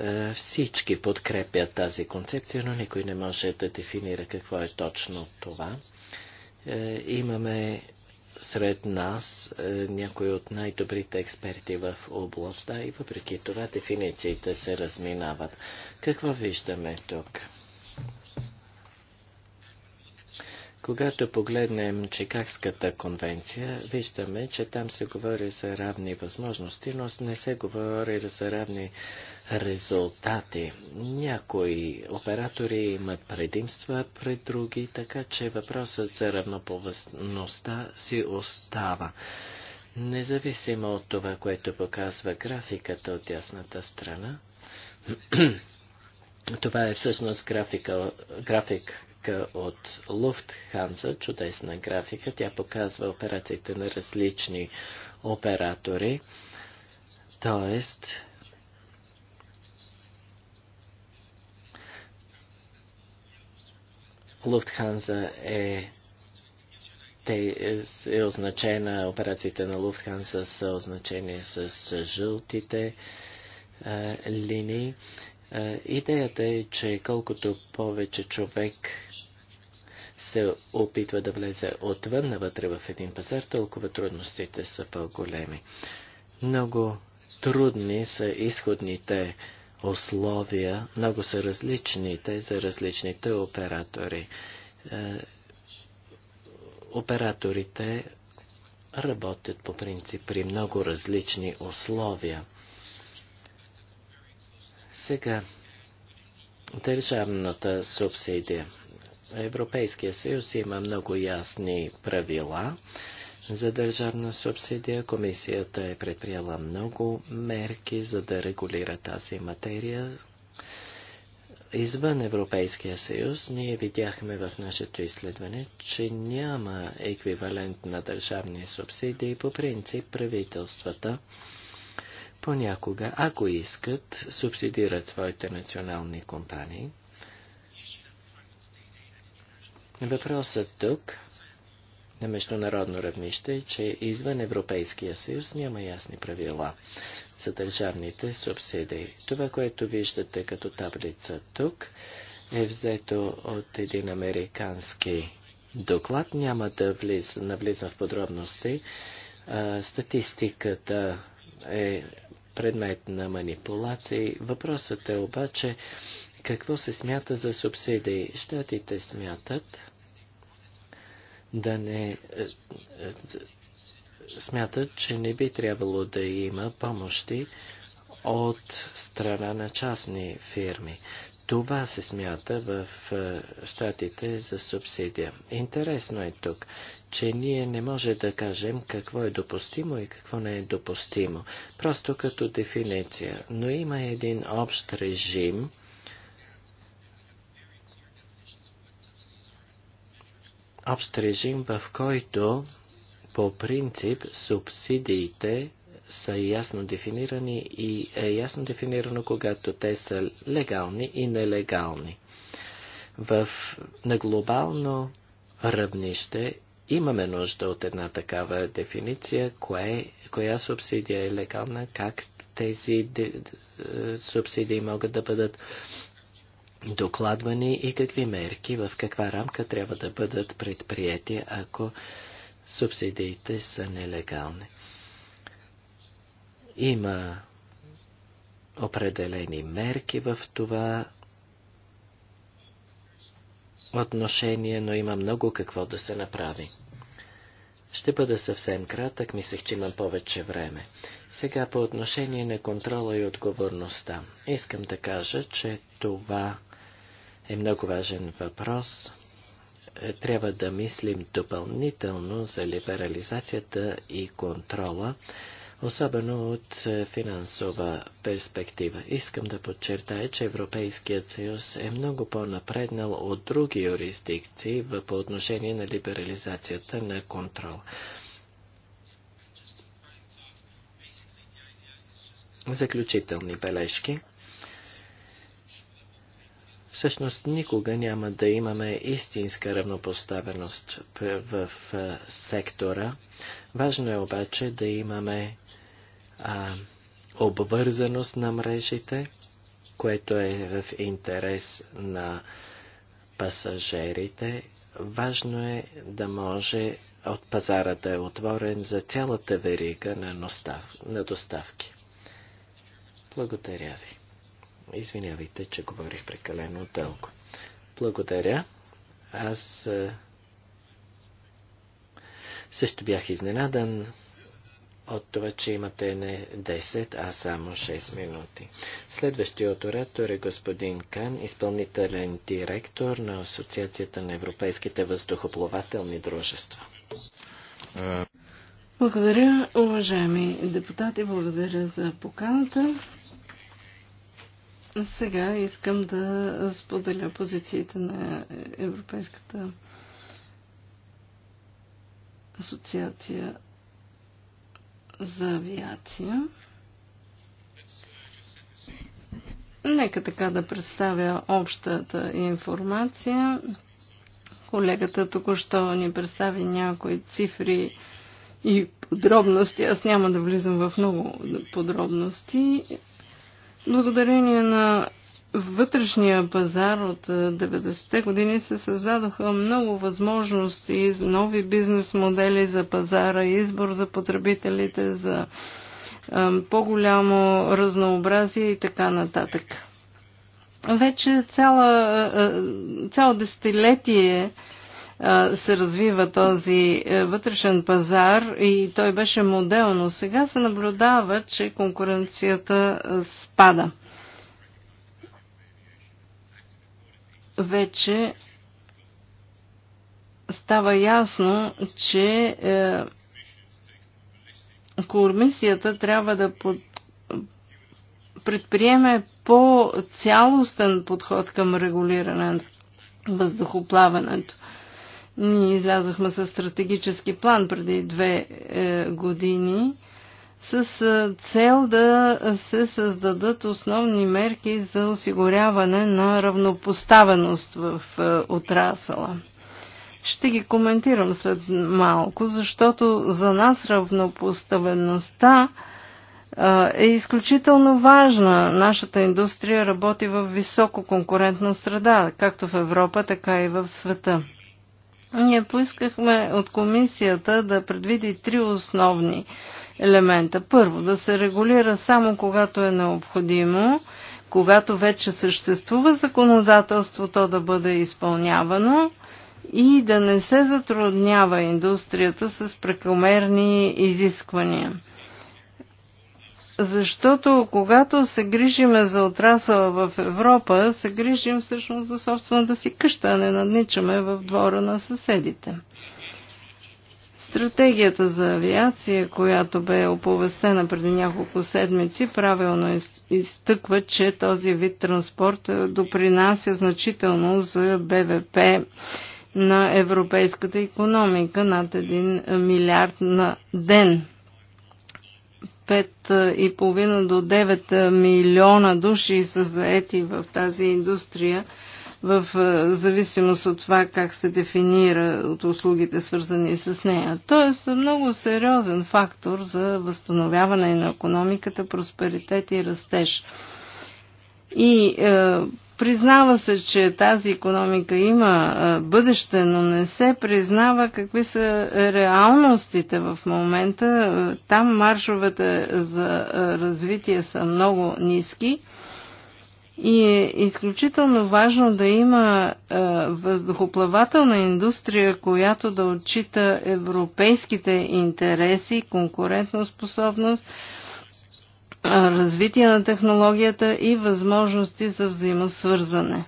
Е, всички подкрепят тази концепция, но никой не може да дефинира какво е точно това. Е, имаме сред нас някои от най-добрите експерти в областта и въпреки това дефинициите се разминават. Какво виждаме тук? Когато погледнем Чикагската конвенция, виждаме, че там се говори за равни възможности, но не се говори за равни резултати. Някои оператори имат предимства пред други, така че въпросът за равноповестността си остава. Независимо от това, което показва графиката от ясната страна, това е всъщност графика, график графика от Lufthansa, чудесна графика. Тя показва операциите на различни оператори. Тоест, Луфтханза е е, е означена, операциите на Луфтханза са означени с жълтите е, линии. Е, идеята е, че колкото повече човек се опитва да влезе отвън навътре в един пазар, толкова трудностите са по-големи. Много трудни са изходните условия, много са различните за различните оператори. Е, операторите работят по принцип при много различни условия. Сега, държавната субсидия. Европейския съюз има много ясни правила за държавна субсидия. Комисията е предприела много мерки, за да регулира тази материя. Извън Европейския съюз ние видяхме в нашето изследване, че няма еквивалент на държавни субсидии. По принцип правителствата понякога, ако искат, субсидират своите национални компании. Въпросът тук на международно равнище е, че извън Европейския съюз няма ясни правила за държавните субсидии. Това, което виждате като таблица тук, е взето от един американски доклад. Няма да влиз, навлизам в подробности. А, статистиката е предмет на манипулации. Въпросът е обаче какво се смята за субсидии. Штатите смятат да не е, е, смятат, че не би трябвало да има помощи от страна на частни фирми. Това се смята в е, щатите за субсидия. Интересно е тук, че ние не може да кажем какво е допустимо и какво не е допустимо, просто като дефиниция. Но има един общ режим, общ режим, в който по принцип субсидиите са ясно дефинирани и е ясно дефинирано, когато те са легални и нелегални. В, на глобално равнище имаме нужда от една такава дефиниция, кое, коя субсидия е легална, как тези де, де, субсидии могат да бъдат докладвани и какви мерки, в каква рамка трябва да бъдат предприяти, ако субсидиите са нелегални. Има определени мерки в това отношение, но има много какво да се направи. Ще бъда съвсем кратък, мислех, че имам повече време. Сега по отношение на контрола и отговорността. Искам да кажа, че това е много важен въпрос. Е, трябва да мислим допълнително за либерализацията и контрола особено от е, финансова перспектива. Искам да подчертая, че Европейският съюз е много по-напреднал от други юрисдикции по отношение на либерализацията на контрол. Заключителни бележки. Всъщност никога няма да имаме истинска равнопоставеност в е, сектора. Важно е обаче да имаме а, обвързаност на мрежите, което е в интерес на пасажирите. Важно е да може от пазара да е отворен за цялата верига на, достав... на доставки. Благодаря ви. Извинявайте, че говорих прекалено дълго. Благодаря. Аз също бях изненадан от това, че имате не 10, а само 6 минути. Следващият оратор е господин Кан, изпълнителен директор на Асоциацията на европейските въздухоплавателни дружества. Благодаря, уважаеми депутати, благодаря за поканата. Сега искам да споделя позициите на Европейската асоциация за авиация. Нека така да представя общата информация. Колегата току-що ни представи някои цифри и подробности. Аз няма да влизам в много подробности. Благодарение на вътрешния пазар от 90-те години се създадоха много възможности, нови бизнес модели за пазара, избор за потребителите, за по-голямо разнообразие и така нататък. Вече цяла, цяло десетилетие се развива този вътрешен пазар и той беше модел, но сега се наблюдава, че конкуренцията спада. вече става ясно, че е, комисията трябва да под... предприеме по-цялостен подход към регулиране на въздухоплаването. Ние излязохме със стратегически план преди две е, години – с цел да се създадат основни мерки за осигуряване на равнопоставеност в отрасъла. Ще ги коментирам след малко, защото за нас равнопоставеността е изключително важна. Нашата индустрия работи в високо конкурентна среда, както в Европа, така и в света. Ние поискахме от комисията да предвиди три основни елемента. Първо, да се регулира само когато е необходимо, когато вече съществува законодателство, то да бъде изпълнявано и да не се затруднява индустрията с прекомерни изисквания. Защото когато се грижиме за отрасъла в Европа, се грижим всъщност за собствената си къща, а не надничаме в двора на съседите. Стратегията за авиация, която бе оповестена преди няколко седмици, правилно изтъква, че този вид транспорт е, допринася значително за БВП на европейската економика над 1 е, милиард на ден. 5,5 е, до 9 милиона души са заети в тази индустрия – в е, зависимост от това как се дефинира от услугите свързани с нея. Тоест много сериозен фактор за възстановяване на економиката, просперитет и растеж. И е, признава се, че тази економика има е, бъдеще, но не се признава какви са реалностите в момента. Е, там маршовете за е, развитие са много ниски и е изключително важно да има е, въздухоплавателна индустрия, която да отчита европейските интереси, конкурентоспособност, развитие на технологията и възможности за взаимосвързане.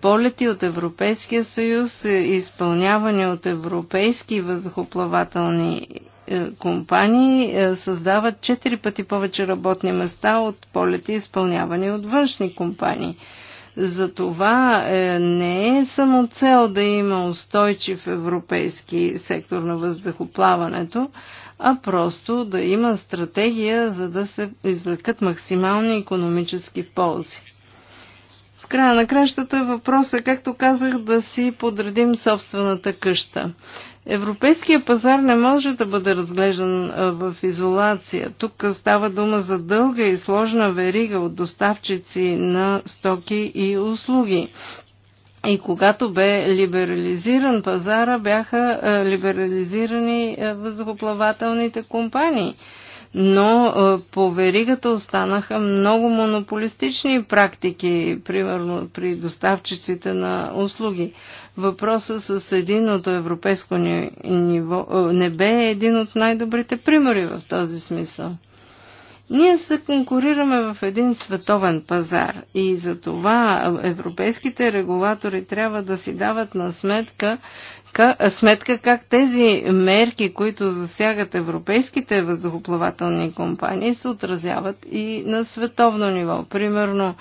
Полети от Европейския съюз, е, изпълнявани от европейски въздухоплавателни е, компании е, създават четири пъти повече работни места от полети, изпълнявани от външни компании. Затова е, не е само цел да има устойчив европейски сектор на въздухоплаването, а просто да има стратегия, за да се извлекат максимални економически ползи. В края на кращата въпрос е, както казах, да си подредим собствената къща. Европейския пазар не може да бъде разглеждан в изолация. Тук става дума за дълга и сложна верига от доставчици на стоки и услуги. И когато бе либерализиран пазара, бяха либерализирани въздухоплавателните компании – но по веригата останаха много монополистични практики, примерно при доставчиците на услуги. Въпросът с от европейско ниво, небе е един от най-добрите примери в този смисъл. Ние се конкурираме в един световен пазар и за това европейските регулатори трябва да си дават на сметка, сметка как тези мерки, които засягат европейските въздухоплавателни компании, се отразяват и на световно ниво. Примерно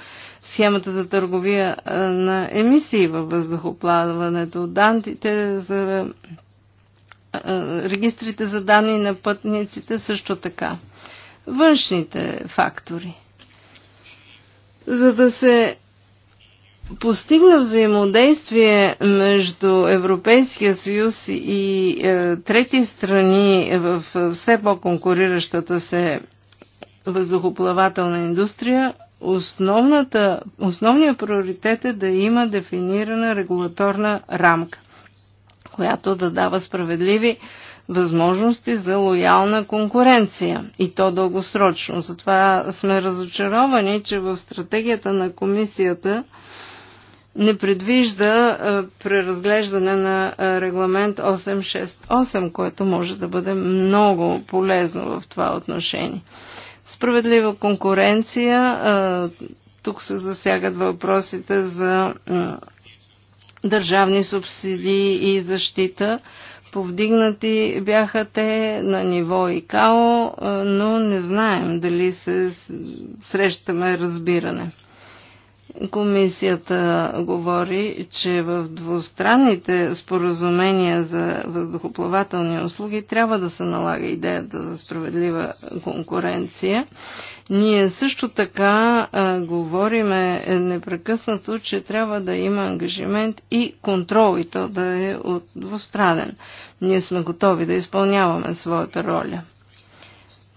схемата за търговия на емисии във въздухоплаването, дантите за регистрите за данни на пътниците също така външните фактори. За да се постигна взаимодействие между Европейския съюз и е, трети страни в е, все по-конкуриращата се въздухоплавателна индустрия, основната, основният приоритет е да има дефинирана регулаторна рамка, която да дава справедливи възможности за лоялна конкуренция и то дългосрочно. Затова сме разочаровани, че в стратегията на комисията не предвижда е, преразглеждане на е, регламент 868, което може да бъде много полезно в това отношение. Справедлива конкуренция. Е, тук се засягат въпросите за държавни субсидии и защита. Повдигнати бяха те на ниво ИКАО, но не знаем дали се срещаме разбиране. Комисията говори, че в двустранните споразумения за въздухоплавателни услуги трябва да се налага идеята за справедлива конкуренция ние също така а, говориме непрекъснато, че трябва да има ангажимент и контрол, и то да е от двустранен. Ние сме готови да изпълняваме своята роля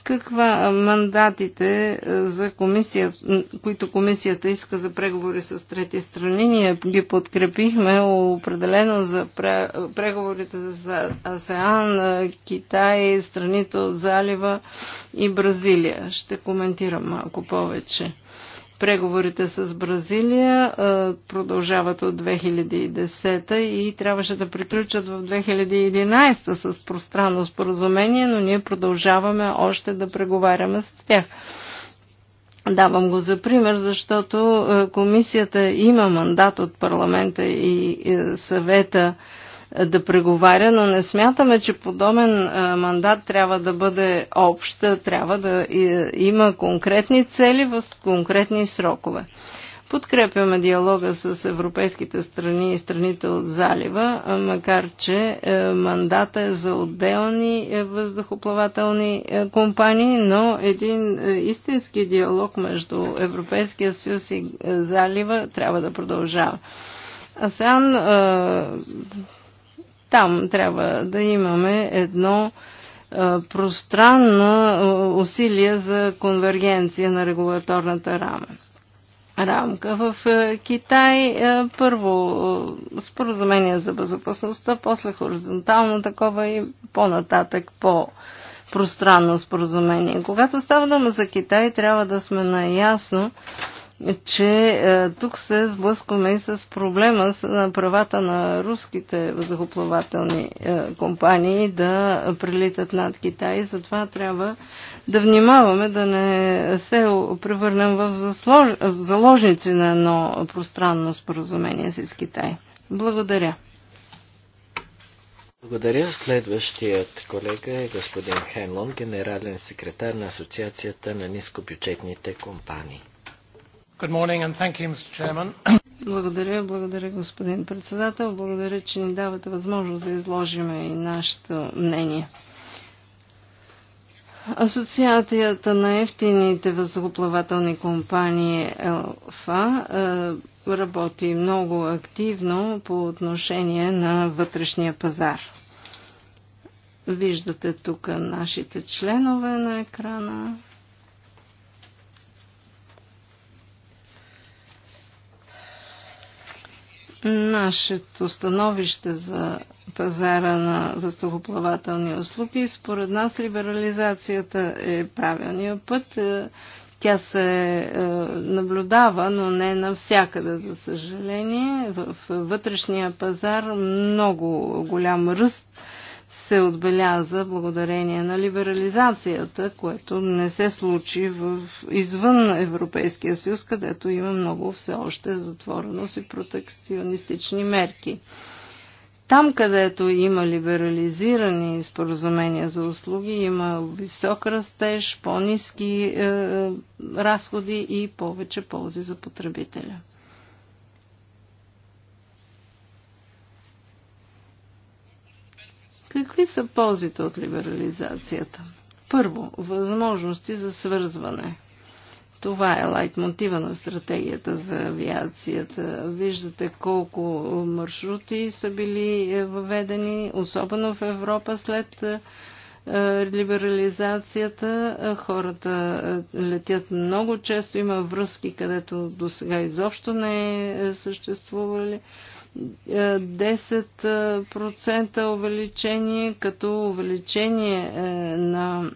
каква мандатите за комисия, които комисията иска за преговори с трети страни. Ние ги подкрепихме определено за преговорите за АСЕАН, Китай, страните от залива и Бразилия. Ще коментирам малко повече преговорите с Бразилия продължават от 2010 и трябваше да приключат в 2011 с пространно споразумение, но ние продължаваме още да преговаряме с тях. Давам го за пример, защото комисията има мандат от парламента и съвета да преговаря, но не смятаме, че подобен мандат трябва да бъде общ, трябва да има конкретни цели в конкретни срокове. Подкрепяме диалога с европейските страни и страните от залива, макар че е, мандата е за отделни е, въздухоплавателни е, компании, но един истински диалог между Европейския съюз и залива трябва да продължава. АСЕАН там трябва да имаме едно пространно усилие за конвергенция на регулаторната рама рамка. В Китай първо споразумение за безопасността, после хоризонтално такова и по-нататък по пространно споразумение. Когато става дума за Китай, трябва да сме наясно, че е, тук се сблъскваме и с проблема на е, правата на руските въздухоплавателни е, компании да прилитат над Китай. Затова трябва да внимаваме да не се превърнем в, заслож... в заложници на едно пространно споразумение с Китай. Благодаря. Благодаря. Следващият колега е господин Хенлон, генерален секретар на Асоциацията на нискобюджетните компании благодаря, благодаря господин председател. Благодаря, че ни давате възможност да изложим и нашето мнение. Асоциацията на ефтините въздухоплавателни компании ЕЛФА е, работи много активно по отношение на вътрешния пазар. Виждате тук нашите членове на екрана. нашето становище за пазара на въздухоплавателни услуги. Според нас либерализацията е правилния път. Е, тя се е, наблюдава, но не навсякъде, за съжаление. В вътрешния пазар много голям ръст се отбеляза благодарение на либерализацията, което не се случи в, извън Европейския съюз, където има много все още затвореност и протекционистични мерки. Там, където има либерализирани споразумения за услуги, има висок растеж, по-низки е, е разходи и повече ползи за потребителя. Какви са ползите от либерализацията? Първо, възможности за свързване. Това е лайт мотива на стратегията за авиацията. Виждате колко маршрути са били е, въведени, особено в Европа след е, либерализацията. Хората е, летят много често, има връзки, където до сега изобщо не е съществували. 10% увеличение като увеличение е, на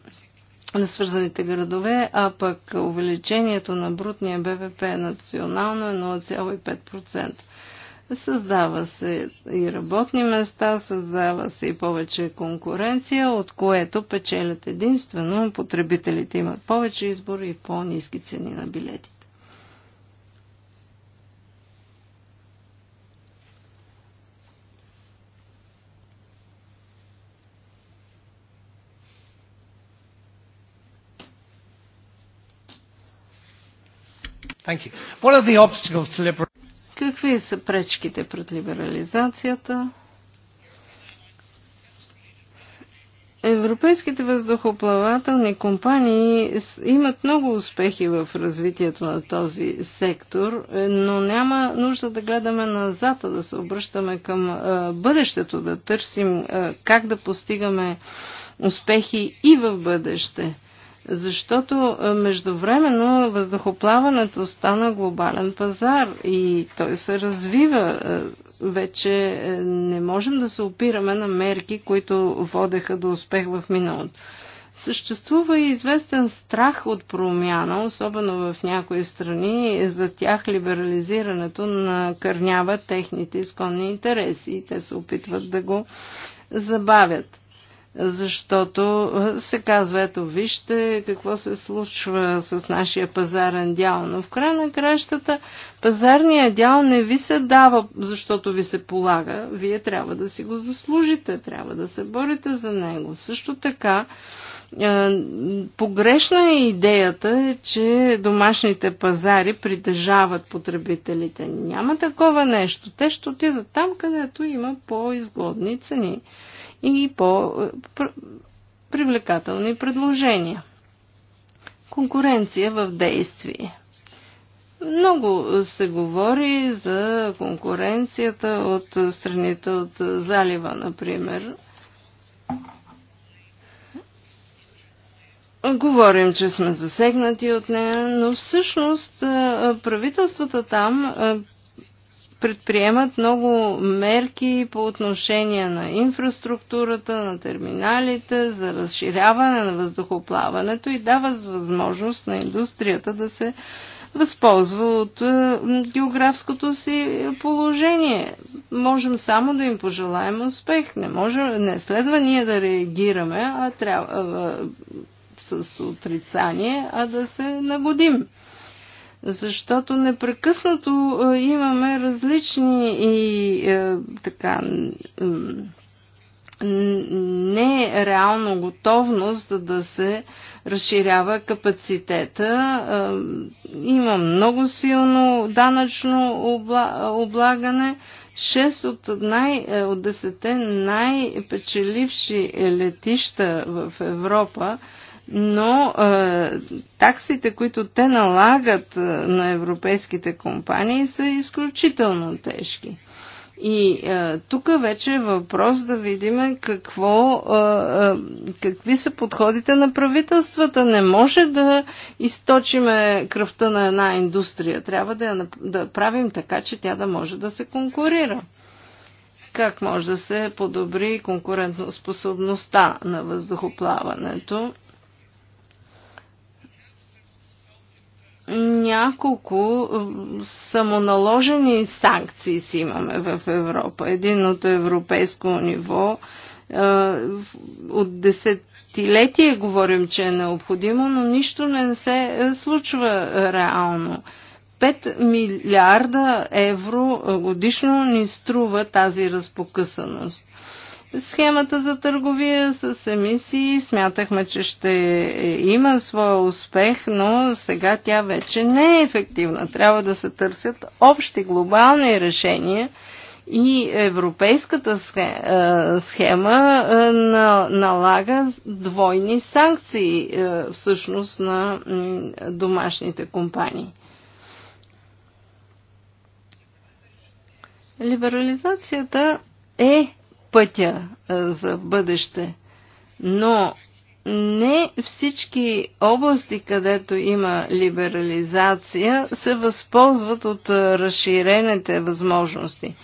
на свързаните градове, а пък увеличението на брутния БВП национално е 0,5%. Създава се и работни места, създава се и повече конкуренция, от което печелят единствено потребителите имат повече избор и по-низки цени на билетите. To... Какви са пречките пред либерализацията? Европейските въздухоплавателни компании имат много успехи в развитието на този сектор, е, но няма нужда да гледаме назад, а да се обръщаме към е, бъдещето, да търсим е, как да постигаме успехи и в бъдеще защото е, междувременно въздухоплаването стана глобален пазар и той се развива. Е, вече е, не можем да се опираме на мерки, които водеха до успех в миналото. Съществува и известен страх от промяна, особено в някои страни. За тях либерализирането накърнява техните изконни интереси и те се опитват да го забавят защото се казва, ето вижте какво се случва с нашия пазарен дял. Но в край на кращата пазарния дял не ви се дава, защото ви се полага. Вие трябва да си го заслужите, трябва да се борите за него. Също така, погрешна е идеята, че домашните пазари притежават потребителите. Няма такова нещо. Те ще отидат там, където има по-изгодни цени и по-привлекателни предложения. Конкуренция в действие. Много се говори за конкуренцията от страните от залива, например. Говорим, че сме засегнати от нея, но всъщност правителствата там предприемат много мерки по отношение на инфраструктурата, на терминалите, за разширяване на въздухоплаването и дава възможност на индустрията да се възползва от е, географското си положение. Можем само да им пожелаем успех. Не, може, не следва ние да реагираме а трябва, а, с отрицание, а да се нагодим защото непрекъснато е, имаме различни и е, така нереална готовност да, да се разширява капацитета. Е, има много силно данъчно облагане. 6 от, най, е, от десете най-печеливши летища в Европа но е, таксите, които те налагат е, на европейските компании, са изключително тежки. И е, тук вече е въпрос да видим какво, е, какви са подходите на правителствата. Не може да източиме кръвта на една индустрия. Трябва да я да правим така, че тя да може да се конкурира. Как може да се подобри конкурентоспособността на въздухоплаването? няколко самоналожени санкции си имаме в Европа. Един от европейско ниво от десетилетие говорим, че е необходимо, но нищо не се е, случва реално. 5 милиарда евро годишно ни струва тази разпокъсаност схемата за търговия с емисии. Смятахме, че ще има своя успех, но сега тя вече не е ефективна. Трябва да се търсят общи глобални решения и европейската схема налага двойни санкции всъщност на домашните компании. Либерализацията е пътя за бъдеще. Но не всички области, където има либерализация, се възползват от разширените възможности.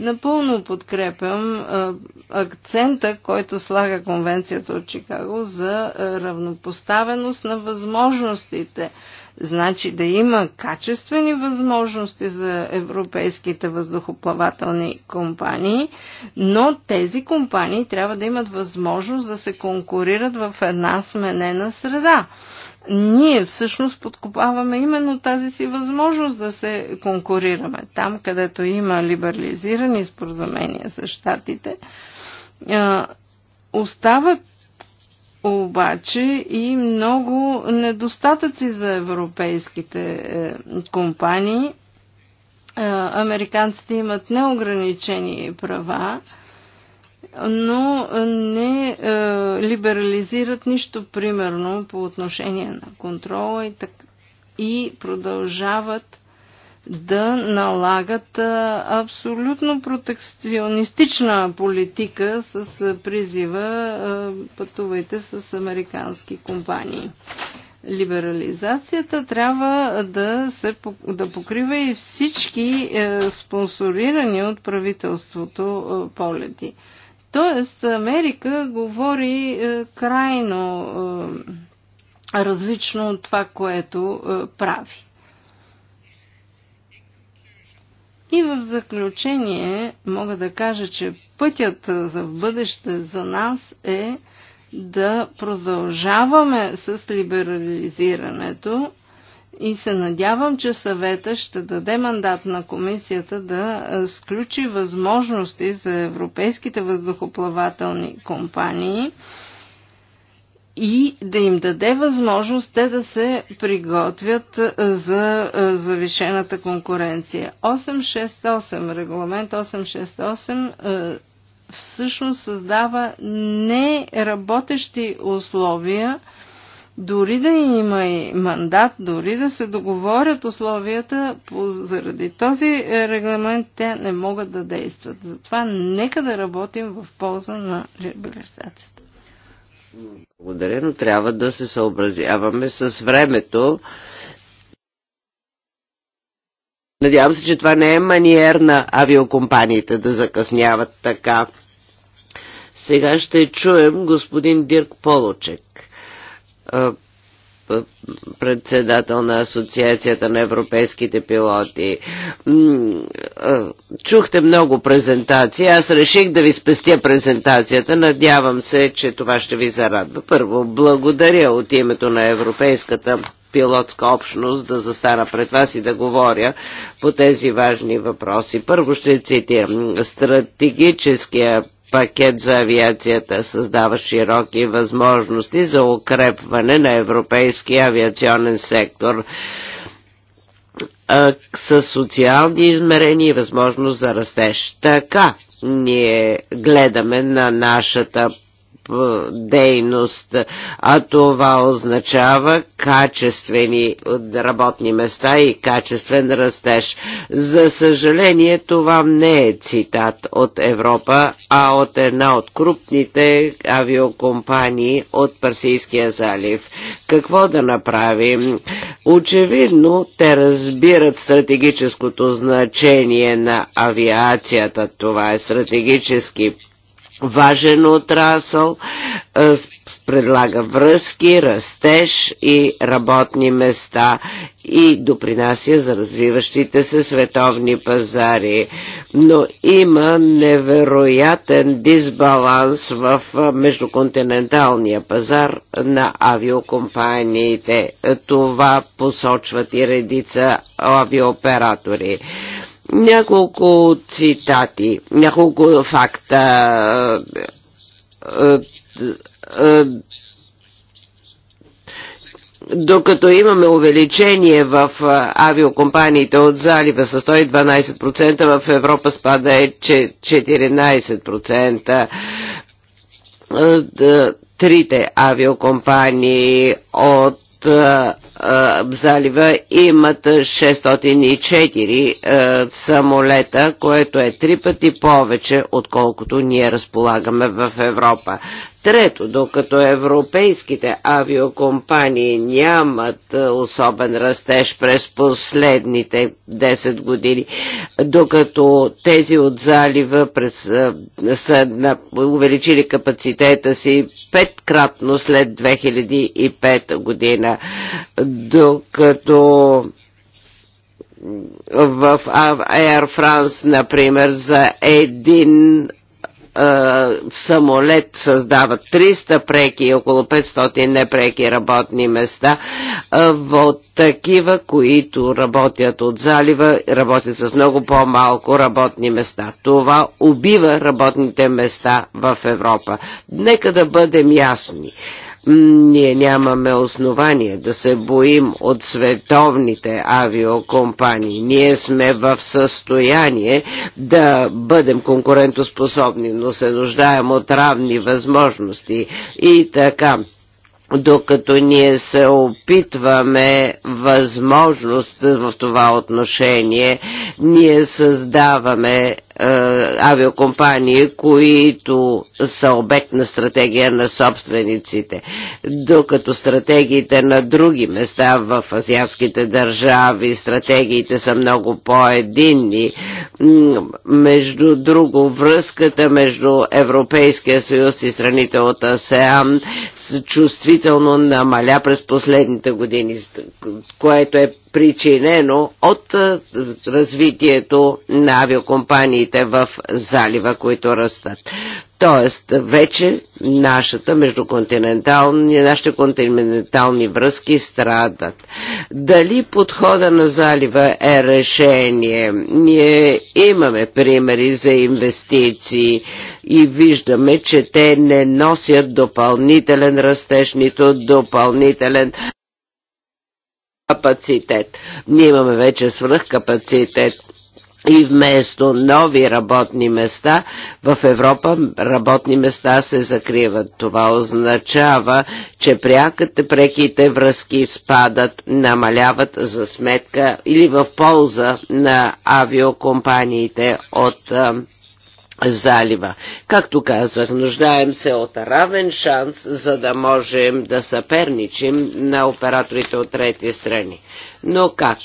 Напълно подкрепям акцента, който слага Конвенцията от Чикаго за равнопоставеност на възможностите – Значи да има качествени възможности за европейските въздухоплавателни компании, но тези компании трябва да имат възможност да се конкурират в една сменена среда. Ние всъщност подкопаваме именно тази си възможност да се конкурираме. Там, където има либерализирани споразумения с щатите, остават обаче и много недостатъци за европейските е, компании. Е, американците имат неограничени права, но не е, либерализират нищо, примерно, по отношение на контрола и, так... и продължават да налагат абсолютно протекционистична политика с призива пътувайте с американски компании. Либерализацията трябва да, се, да покрива и всички е, спонсорирани от правителството е, полети. Тоест Америка говори е, крайно различно от това, което прави. И в заключение мога да кажа, че пътят за бъдеще за нас е да продължаваме с либерализирането и се надявам, че съвета ще даде мандат на комисията да сключи възможности за европейските въздухоплавателни компании и да им даде възможност те да се приготвят е, за е, завишената конкуренция. 868, регламент 868 е, всъщност създава неработещи условия, дори да има и мандат, дори да се договорят условията, заради този регламент те не могат да действат. Затова нека да работим в полза на либерализацията. Благодаря, но трябва да се съобразяваме с времето. Надявам се, че това не е маниер на авиокомпаниите да закъсняват така. Сега ще чуем господин Дирк Полочек председател на Асоциацията на европейските пилоти. Чухте много презентации. Аз реших да ви спестя презентацията. Надявам се, че това ще ви зарадва. Първо, благодаря от името на Европейската пилотска общност да застана пред вас и да говоря по тези важни въпроси. Първо ще цитирам стратегическия Пакет за авиацията създава широки възможности за укрепване на европейския авиационен сектор с социални измерения и възможност за растеж. Така ние гледаме на нашата дейност, а това означава качествени работни места и качествен растеж. За съжаление, това не е цитат от Европа, а от една от крупните авиокомпании от Парсийския залив. Какво да направим? Очевидно, те разбират стратегическото значение на авиацията. Това е стратегически важен отрасъл, предлага връзки, растеж и работни места и допринася за развиващите се световни пазари. Но има невероятен дисбаланс в междуконтиненталния пазар на авиокомпаниите. Това посочват и редица авиооператори. Няколко цитати, няколко факта е, е, е, докато имаме увеличение в авиокомпаниите от залива с 112%, в Европа спада е 14%. Трите авиокомпании от залива имат 604 самолета, което е три пъти повече, отколкото ние разполагаме в Европа. Трето, докато европейските авиокомпании нямат особен растеж през последните 10 години, докато тези от залива през, са на, увеличили капацитета си петкратно след 2005 година, докато в Air France, например, за един самолет създават 300 преки и около 500 непреки работни места от такива, които работят от залива, работят с много по-малко работни места. Това убива работните места в Европа. Нека да бъдем ясни. Ние нямаме основание да се боим от световните авиокомпании. Ние сме в състояние да бъдем конкурентоспособни, но се нуждаем от равни възможности и така докато ние се опитваме възможност в това отношение, ние създаваме е, авиокомпании, които са обект на стратегия на собствениците, докато стратегиите на други места в азиатските държави, стратегиите са много по-единни. Между друго, връзката между Европейския съюз и страните от АСЕАН чувствително намаля през последните години, което е причинено от е, развитието на авиокомпаниите в залива, които растат. Тоест, вече нашата междуконтинентални, нашите континентални връзки страдат. Дали подхода на залива е решение? Ние имаме примери за инвестиции и виждаме, че те не носят допълнителен растеж, нито допълнителен капацитет. Ние имаме вече свръхкапацитет и вместо нови работни места в Европа работни места се закриват. Това означава, че пряката преките връзки спадат, намаляват за сметка или в полза на авиокомпаниите от залива. Както казах, нуждаем се от равен шанс, за да можем да съперничим на операторите от трети страни. Но как?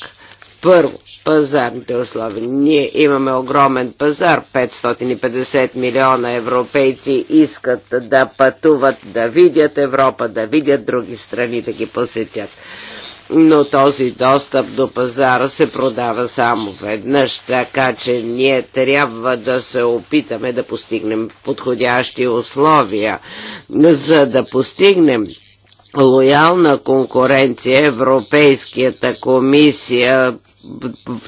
Първо, пазарните условия. Ние имаме огромен пазар. 550 милиона европейци искат да пътуват, да видят Европа, да видят други страни, да ги посетят но този достъп до пазара се продава само веднъж, така че ние трябва да се опитаме да постигнем подходящи условия. За да постигнем лоялна конкуренция, Европейската комисия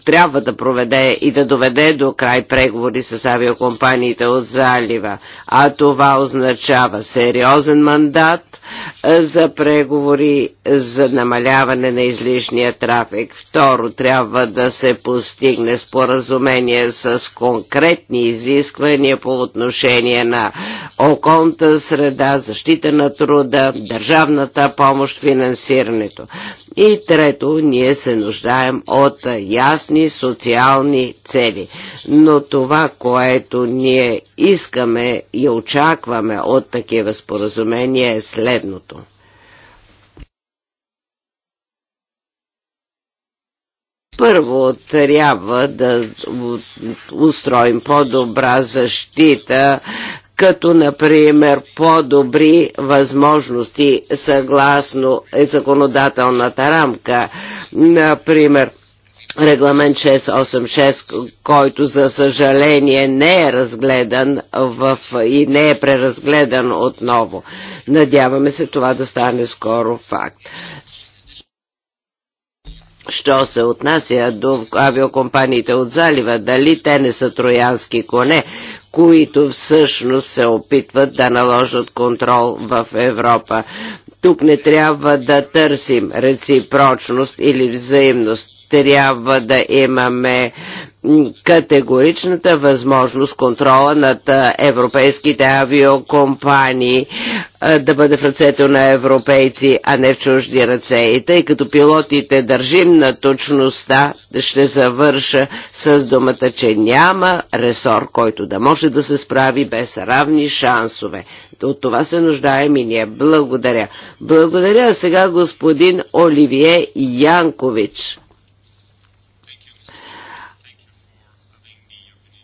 трябва да проведе и да доведе до край преговори с авиокомпаниите от залива. А това означава сериозен мандат за преговори за намаляване на излишния трафик. Второ, трябва да се постигне споразумение с конкретни изисквания по отношение на околната среда, защита на труда, държавната помощ, финансирането. И трето, ние се нуждаем от ясни социални цели. Но това, което ние искаме и очакваме от такива споразумения е след следното. Първо трябва да устроим по-добра защита като например по-добри възможности съгласно законодателната рамка. Например, регламент 686, който за съжаление не е разгледан в, и не е преразгледан отново. Надяваме се това да стане скоро факт. Що се отнася до авиокомпаниите от залива, дали те не са троянски коне, които всъщност се опитват да наложат контрол в Европа. Тук не трябва да търсим реципрочност или взаимност трябва да имаме категоричната възможност контрола над европейските авиокомпании да бъде в ръцете на европейци, а не в чужди ръце. И тъй като пилотите държим на точността, ще завърша с думата, че няма ресор, който да може да се справи без равни шансове. От това се нуждаем и ние. Благодаря. Благодаря сега господин Оливие Янкович.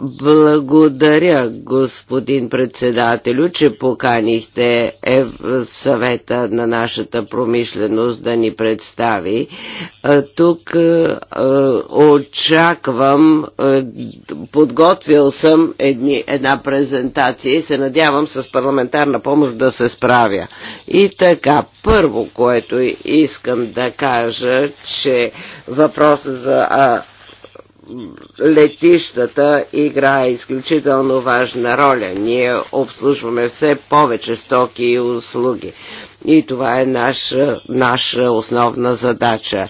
Благодаря, господин председателю, че поканихте е съвета на нашата промишленост да ни представи. Тук очаквам, подготвил съм едни, една презентация и се надявам с парламентарна помощ да се справя. И така, първо, което искам да кажа, че въпросът за летищата играе изключително важна роля. Ние обслужваме все повече стоки и услуги. И това е наша, наша основна задача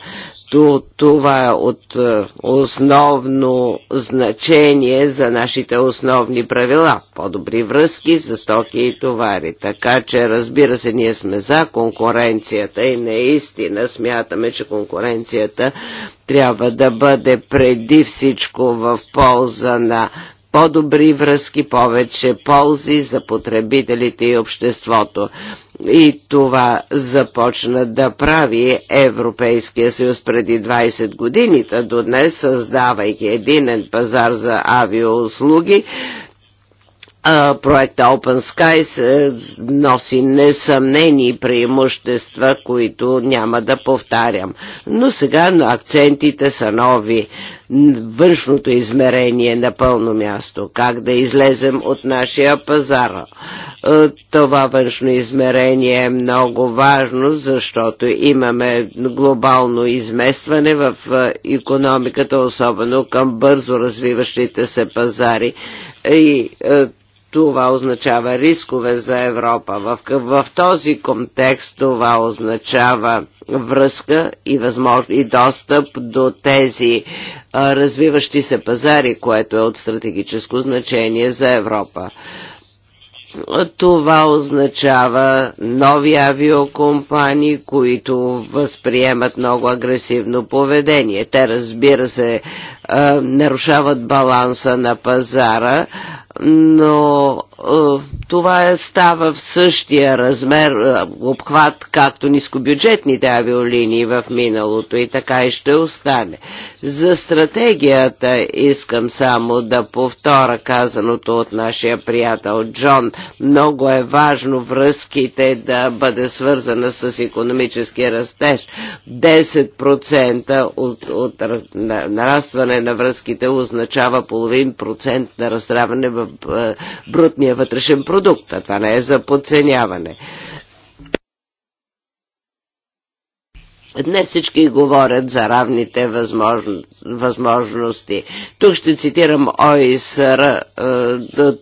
това е от е, основно значение за нашите основни правила. По-добри връзки за стоки и товари. Така че, разбира се, ние сме за конкуренцията и наистина смятаме, че конкуренцията трябва да бъде преди всичко в полза на по-добри връзки, повече ползи за потребителите и обществото. И това започна да прави Европейския съюз преди 20 години, до днес създавайки единен пазар за авиоуслуги, проекта Open Sky носи несъмнени преимущества, които няма да повтарям. Но сега акцентите са нови. Външното измерение е на пълно място. Как да излезем от нашия пазар? Това външно измерение е много важно, защото имаме глобално изместване в економиката, особено към бързо развиващите се пазари. И това означава рискове за Европа. В, в този контекст това означава връзка и, възможно, и достъп до тези а, развиващи се пазари, което е от стратегическо значение за Европа. Това означава нови авиокомпании, които възприемат много агресивно поведение. Те, разбира се, нарушават баланса на пазара, но това е става в същия размер, обхват, както нискобюджетните авиолинии в миналото и така и ще остане. За стратегията искам само да повторя казаното от нашия приятел Джон. Много е важно връзките да бъде свързана с економически растеж. 10% от, от нарастване Подобряване на връзките означава половин процент на разраване в е, брутния вътрешен продукт, а това не е за подценяване. Днес всички говорят за равните възможно, възможности. Тук ще цитирам ОИСР. Е,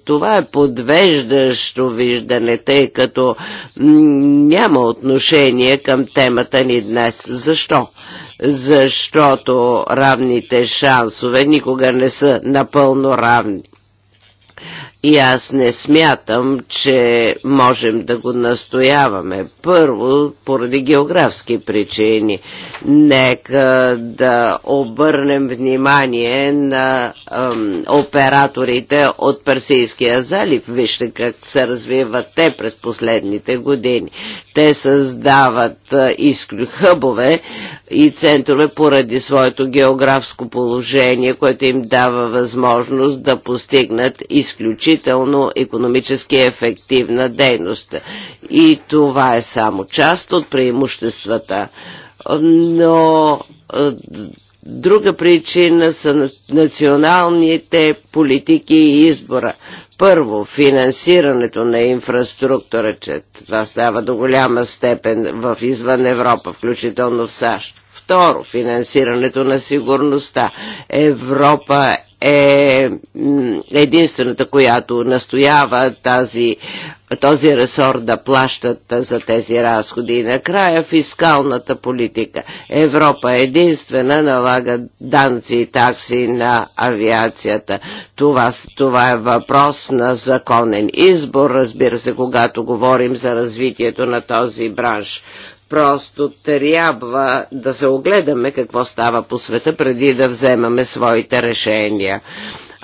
това е подвеждащо виждане, тъй като няма отношение към темата ни днес. Защо? защото равните шансове никога не са напълно равни. И аз не смятам, че можем да го настояваме. Първо, поради географски причини. Нека да обърнем внимание на ем, операторите от Персийския залив. Вижте как се развиват те през последните години. Те създават е, изклю хъбове и центрове поради своето географско положение, което им дава възможност да постигнат изключително изключително економически ефективна дейност. И това е само част от преимуществата. Но Друга причина са националните политики и избора. Първо, финансирането на инфраструктура, че това става до голяма степен в извън Европа, включително в САЩ. Второ, финансирането на сигурността. Европа е единствената, която настоява тази, този ресор да плащат за тези разходи. И накрая фискалната политика. Европа е единствена налага данци и такси на авиацията. Това, това е въпрос на законен избор, разбира се, когато говорим за развитието на този бранш. Просто трябва да се огледаме какво става по света преди да вземаме своите решения.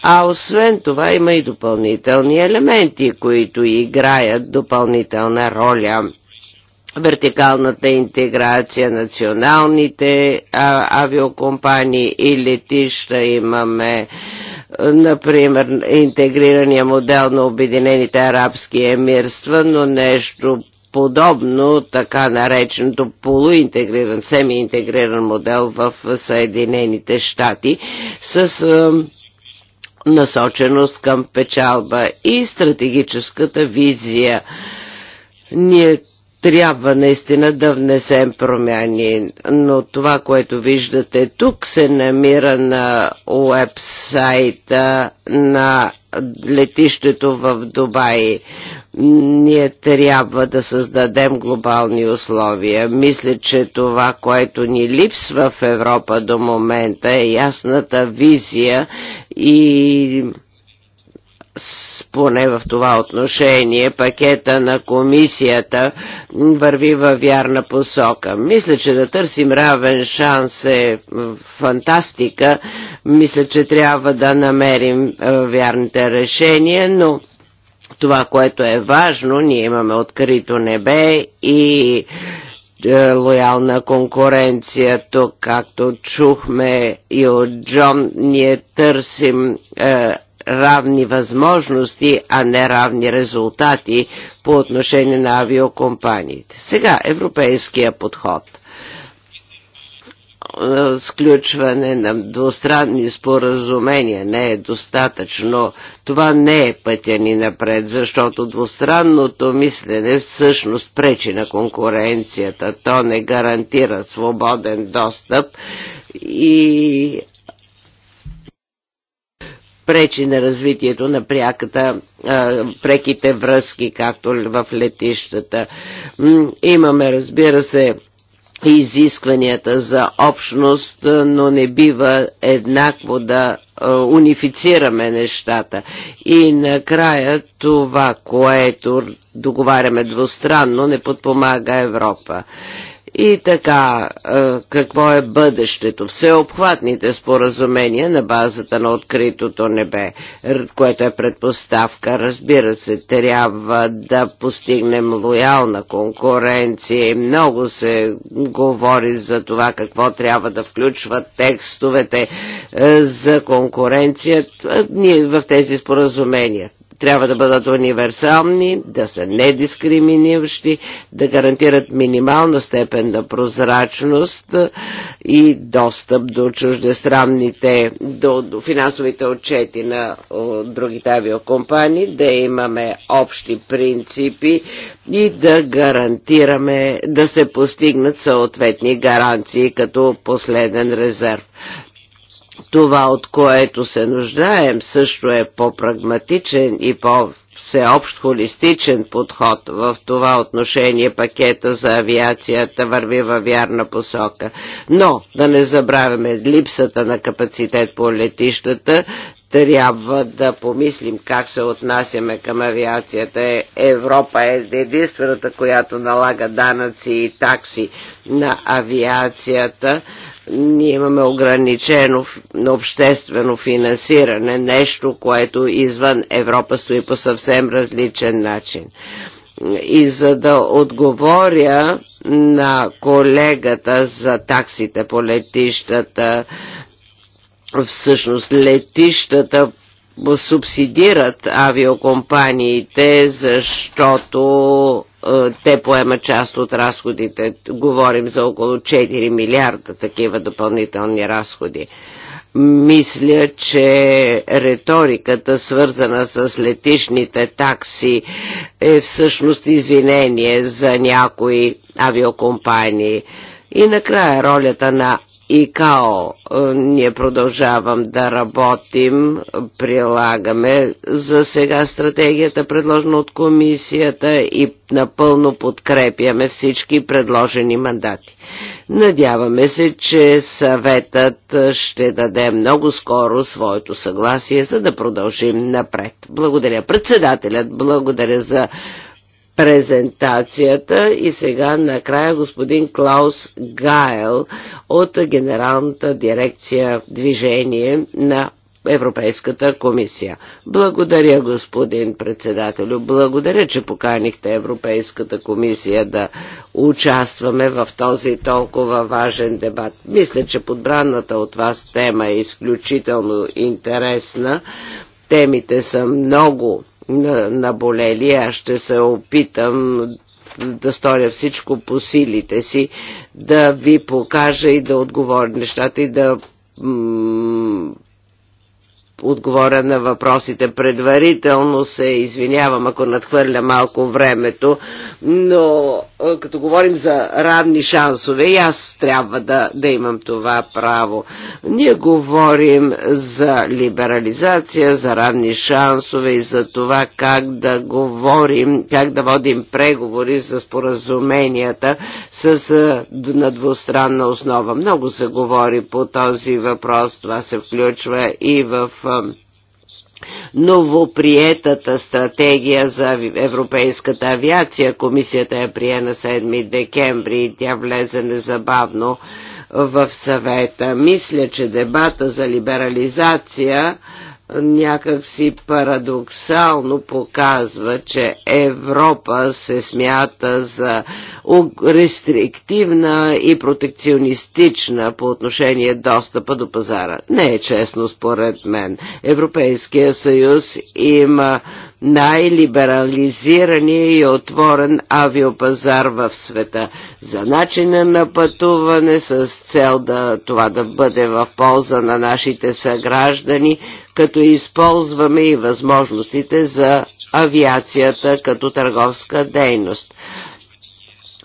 А освен това има и допълнителни елементи, които играят допълнителна роля вертикалната интеграция, националните а, авиокомпании и летища имаме, например, интегрирания модел на Обединените арабски емирства, но нещо подобно така нареченото полуинтегриран, семиинтегриран модел в Съединените щати с е, насоченост към печалба и стратегическата визия. Ние трябва наистина да внесем промяни, но това, което виждате тук, се намира на уебсайта на летището в Дубай. Ние трябва да създадем глобални условия. Мисля, че това, което ни липсва в Европа до момента е ясната визия и поне в това отношение, пакета на комисията върви във вярна посока. Мисля, че да търсим равен шанс е фантастика. Мисля, че трябва да намерим е, вярните решения, но това, което е важно, ние имаме открито небе и е, лоялна конкуренция тук, както чухме и от Джон, ние търсим е, равни възможности, а не равни резултати по отношение на авиокомпаниите. Сега европейския подход – сключване на двустранни споразумения не е достатъчно. Това не е пътя ни напред, защото двустранното мислене всъщност пречи на конкуренцията. То не гарантира свободен достъп и пречи на развитието на пряката, преките връзки, както в летищата. Имаме, разбира се, изискванията за общност, но не бива еднакво да унифицираме нещата. И накрая това, което договаряме двустранно, не подпомага Европа. И така, е, какво е бъдещето? Всеобхватните споразумения на базата на откритото небе, което е предпоставка. Разбира се, трябва да постигнем лоялна конкуренция и много се говори за това какво трябва да включват текстовете е, за конкуренция ние в тези споразумения трябва да бъдат универсални, да са недискриминиращи, да гарантират минимална степен на прозрачност и достъп до чуждестранните, до, до финансовите отчети на о, другите авиокомпании, да имаме общи принципи и да гарантираме да се постигнат съответни гаранции като последен резерв. Това, от което се нуждаем, също е по-прагматичен и по- всеобщ холистичен подход в това отношение пакета за авиацията върви във вярна посока. Но да не забравяме липсата на капацитет по летищата, трябва да помислим как се отнасяме към авиацията. Европа е единствената, която налага данъци и такси на авиацията ние имаме ограничено обществено финансиране, нещо, което извън Европа стои по съвсем различен начин. И за да отговоря на колегата за таксите по летищата, всъщност летищата субсидират авиокомпаниите, защото е, те поемат част от разходите. Говорим за около 4 милиарда такива допълнителни разходи. Мисля, че риториката, свързана с летишните такси, е всъщност извинение за някои авиокомпании. И накрая ролята на и као е, Ние продължавам да работим, прилагаме за сега стратегията, предложена от комисията и напълно подкрепяме всички предложени мандати. Надяваме се, че съветът ще даде много скоро своето съгласие, за да продължим напред. Благодаря председателят, благодаря за презентацията и сега накрая господин Клаус Гайл от Генералната дирекция движение на Европейската комисия. Благодаря, господин председателю. Благодаря, че поканихте Европейската комисия да участваме в този толкова важен дебат. Мисля, че подбраната от вас тема е изключително интересна. Темите са много наболели. Аз ще се опитам да сторя всичко по силите си, да ви покажа и да отговоря нещата и да отговоря на въпросите предварително. Се извинявам, ако надхвърля малко времето, но като говорим за равни шансове, и аз трябва да, да имам това право. Ние говорим за либерализация, за равни шансове и за това как да говорим, как да водим преговори за споразуменията с, на двустранна основа. Много се говори по този въпрос. Това се включва и в новоприетата стратегия за европейската авиация. Комисията я прие на 7 декември и тя влезе незабавно в съвета. Мисля, че дебата за либерализация Някак си парадоксално показва, че Европа се смята за рестриктивна и протекционистична по отношение достъпа до пазара. Не е честно според мен. Европейския съюз има най-либерализирания и отворен авиопазар в света. За начина на пътуване с цел да това да бъде в полза на нашите съграждани, като използваме и възможностите за авиацията като търговска дейност.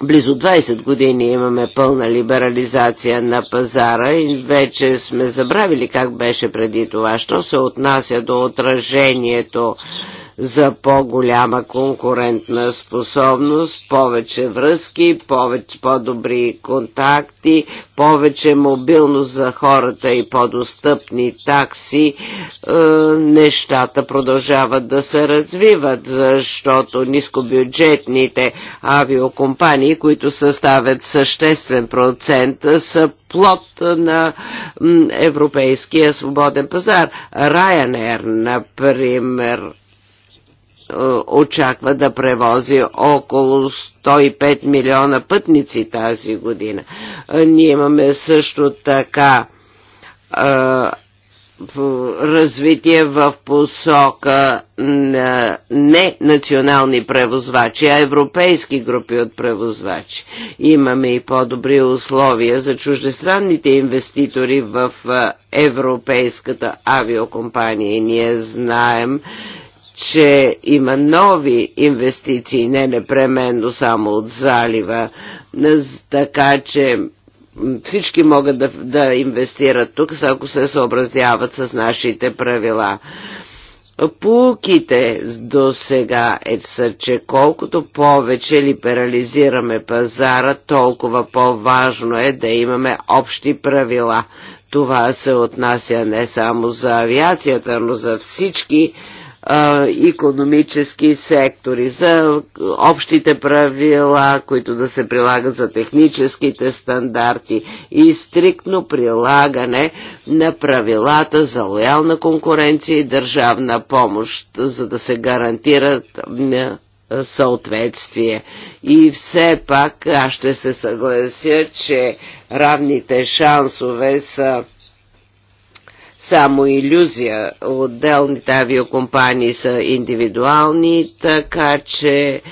Близо 20 години имаме пълна либерализация на пазара и вече сме забравили как беше преди това. Що се отнася до отражението за по-голяма конкурентна способност, повече връзки, повече, по-добри контакти, повече мобилност за хората и по-достъпни такси, е, нещата продължават да се развиват, защото нискобюджетните авиокомпании, които съставят съществен процент, са плод на европейския свободен пазар. Ryanair, например, е, очаква да превози около 105 милиона пътници тази година. Е, ние имаме също така е, развитие в посока на не национални превозвачи, а европейски групи от превозвачи. Имаме и по-добри условия за чуждестранните инвеститори в европейската авиокомпания. Ние знаем, че има нови инвестиции, не непременно само от залива, така че всички могат да, да инвестират тук, ако се съобразяват с нашите правила. Пулките до сега е, са, че колкото повече либерализираме пазара, толкова по-важно е да имаме общи правила. Това се отнася не само за авиацията, но за всички економически сектори, за общите правила, които да се прилагат за техническите стандарти и стриктно прилагане на правилата за лоялна конкуренция и държавна помощ, за да се гарантират съответствие. И все пак аз ще се съглася, че равните шансове са само иллюзия. Отделните авиокомпании са индивидуални, така че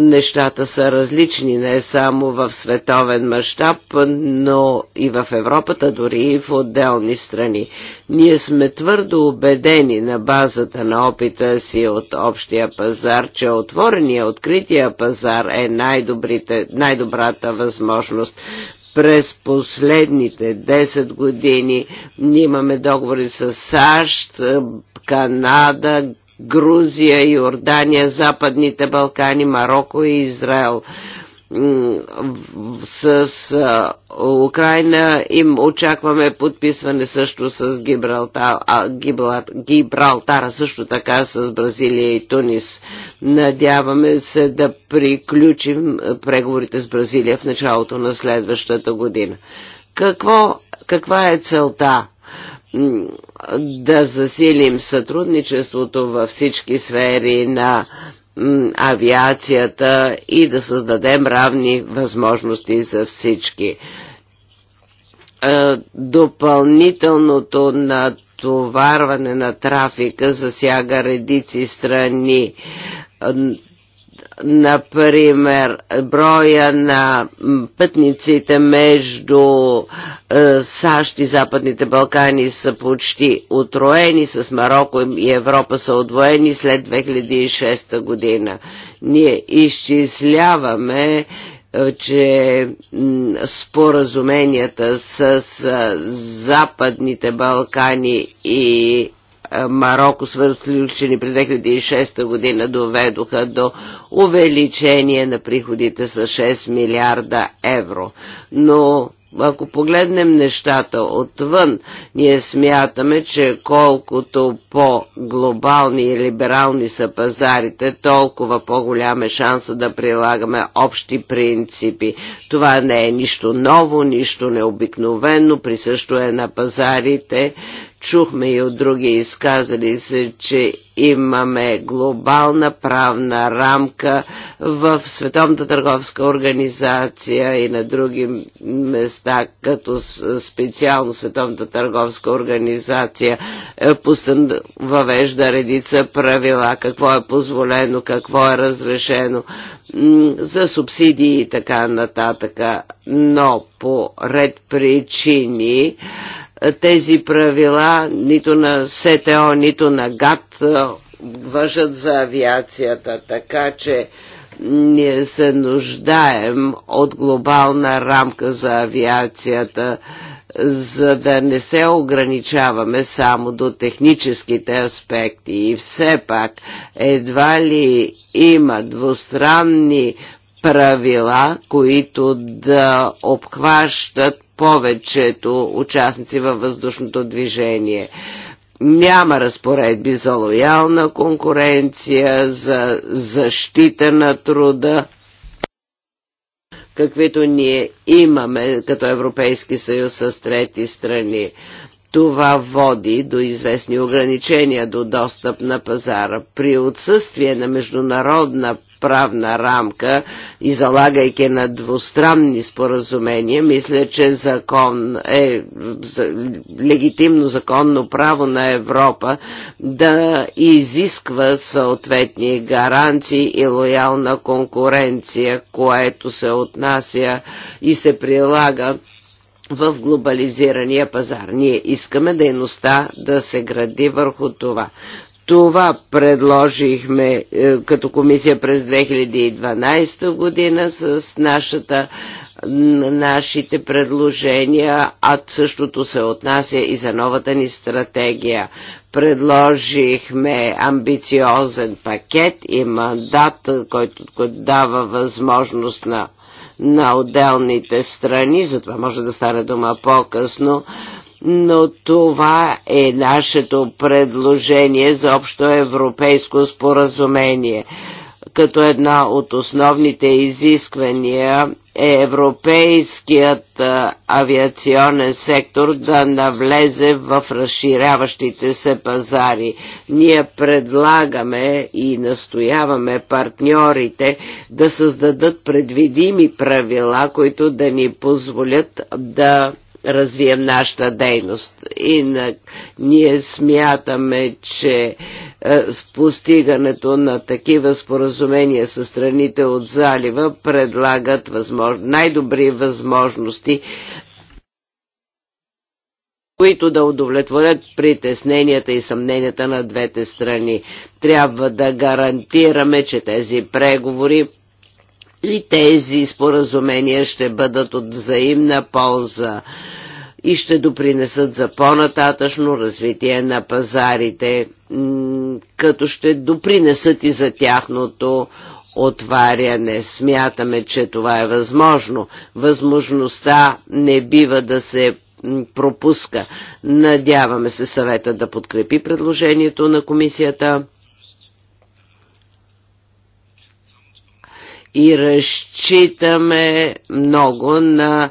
нещата са различни не само в световен мащаб, но и в Европата, дори и в отделни страни. Ние сме твърдо убедени на базата на опита си от общия пазар, че отворения, открития пазар е най-добрата най възможност през последните 10 години имаме договори с САЩ, Канада, Грузия, Йордания, Западните Балкани, Марокко и Израел с Украина им очакваме подписване също с Гибралтар, а, Гибрал, Гибралтара, също така с Бразилия и Тунис. Надяваме се да приключим преговорите с Бразилия в началото на следващата година. Какво, каква е целта? да засилим сътрудничеството във всички сфери на авиацията и да създадем равни възможности за всички. Е, допълнителното натоварване на трафика засяга редици страни например, броя на пътниците между е, САЩ и Западните Балкани са почти отроени, с Марокко и Европа са отвоени след 2006 година. Ние изчисляваме е, че споразуменията с е, Западните Балкани и е, Марокко са през 2006 година доведоха до увеличение на приходите с 6 милиарда евро. Но ако погледнем нещата отвън, ние смятаме, че колкото по-глобални и либерални са пазарите, толкова по-голям е шанса да прилагаме общи принципи. Това не е нищо ново, нищо необикновено, присъщо е на пазарите Чухме и от други изказали се, че имаме глобална правна рамка в Световната търговска организация и на други места, като специално Световната търговска организация е, въвежда редица правила, какво е позволено, какво е разрешено за субсидии и така нататък. Но по ред причини тези правила нито на СТО, нито на ГАТ въжат за авиацията, така че ние се нуждаем от глобална рамка за авиацията, за да не се ограничаваме само до техническите аспекти. И все пак едва ли има двустранни правила, които да обхващат повечето участници във въздушното движение. Няма разпоредби за лоялна конкуренция, за защита на труда, каквито ние имаме като Европейски съюз с трети страни. Това води до известни ограничения до достъп на пазара. При отсъствие на международна правна рамка и залагайки на двустранни споразумения, мисля, че закон е легитимно законно право на Европа да изисква съответни гаранции и лоялна конкуренция, което се отнася и се прилага в глобализирания пазар. Ние искаме дейността да се гради върху това. Това предложихме е, като комисия през 2012 година с нашата, нашите предложения, а същото се отнася и за новата ни стратегия. Предложихме амбициозен пакет и мандат, който, който дава възможност на на отделните страни, затова може да стане дума по-късно, но това е нашето предложение за общо европейско споразумение. Като една от основните изисквания е европейският авиационен сектор да навлезе в разширяващите се пазари. Ние предлагаме и настояваме партньорите да създадат предвидими правила, които да ни позволят да развием нашата дейност. Инак ние смятаме, че с е, постигането на такива споразумения с страните от залива предлагат възмож... най-добри възможности които да удовлетворят притесненията и съмненията на двете страни. Трябва да гарантираме, че тези преговори и тези споразумения ще бъдат от взаимна полза и ще допринесат за по-нататъчно развитие на пазарите, като ще допринесат и за тяхното отваряне. Смятаме, че това е възможно. Възможността не бива да се пропуска. Надяваме се съвета да подкрепи предложението на комисията и разчитаме много на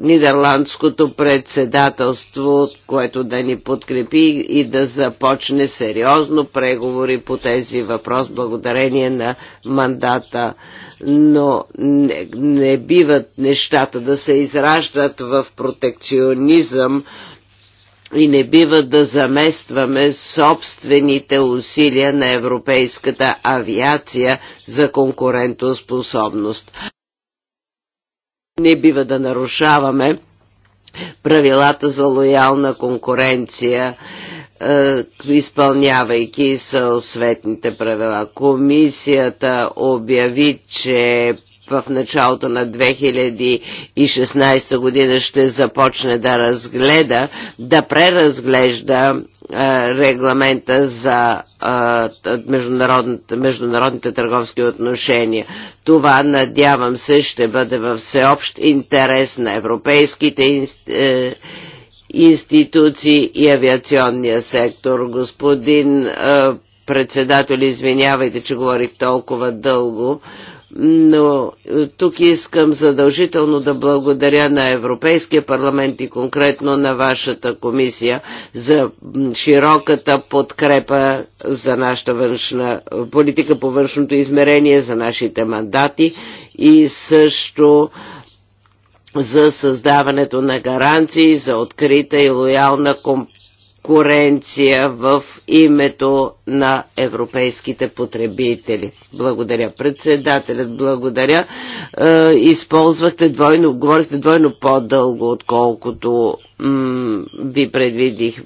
нидерландското председателство, което да ни подкрепи и да започне сериозно преговори по тези въпрос благодарение на мандата. Но не, не биват нещата да се израждат в протекционизъм, и не бива да заместваме собствените усилия на европейската авиация за конкурентоспособност. Не бива да нарушаваме правилата за лоялна конкуренция, е, изпълнявайки съответните правила. Комисията обяви, че в началото на 2016 година ще започне да разгледа, да преразглежда регламента за международните, търговски отношения. Това, надявам се, ще бъде във всеобщ интерес на европейските е, институции и авиационния сектор. Господин председател, извинявайте, че говорих толкова дълго но е, тук искам задължително да благодаря на Европейския парламент и конкретно на вашата комисия за широката подкрепа за нашата външна политика по външното измерение, за нашите мандати и също за създаването на гаранции за открита и лоялна компания конкуренция в името на европейските потребители. Благодаря. Председателят, благодаря. Е, използвахте двойно, говорихте двойно по-дълго, отколкото ви предвидих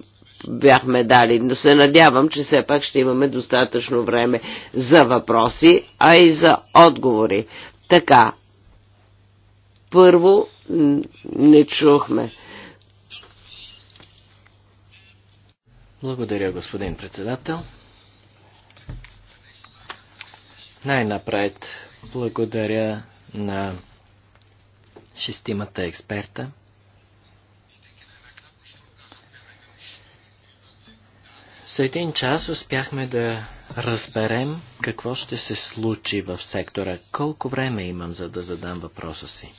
бяхме дали. Но се надявам, че все пак ще имаме достатъчно време за въпроси, а и за отговори. Така, първо не чухме Благодаря, господин председател. Най-напред благодаря на шестимата експерта. За един час успяхме да разберем какво ще се случи в сектора. Колко време имам, за да задам въпроса си?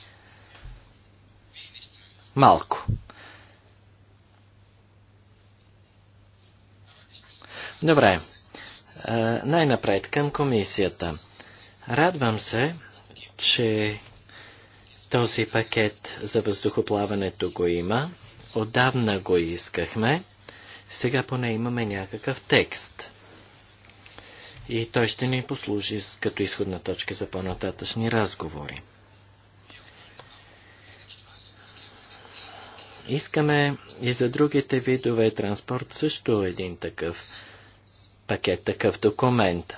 Малко. Добре. Е, най-напред към комисията. Радвам се, че този пакет за въздухоплаването го има. Отдавна го искахме. Сега поне имаме някакъв текст. И той ще ни послужи като изходна точка за по-нататъчни разговори. Искаме и за другите видове транспорт също един такъв пакет, такъв документ.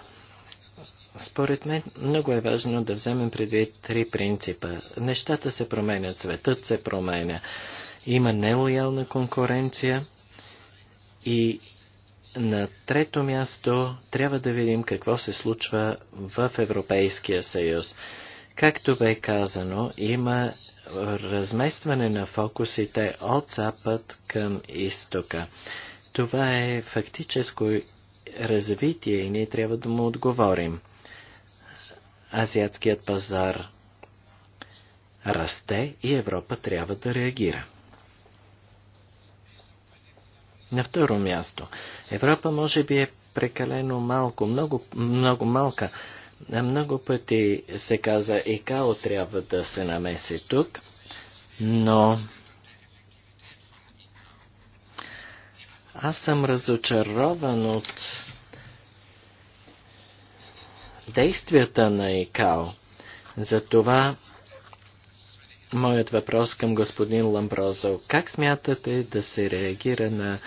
Според мен много е важно да вземем предвид три принципа. Нещата се променят, светът се променя. Има нелоялна конкуренция и на трето място трябва да видим какво се случва в Европейския съюз. Както бе казано, има разместване на фокусите от запад към изтока. Това е фактическо развитие и ние трябва да му отговорим. Азиатският пазар расте и Европа трябва да реагира. На второ място, Европа може би е прекалено малко, много, много малка. Много пъти се каза, ИКАО трябва да се намеси тук, но Аз съм разочарован от действията на ИКАО. Затова моят въпрос към господин Ламброзо. Как смятате да се реагира на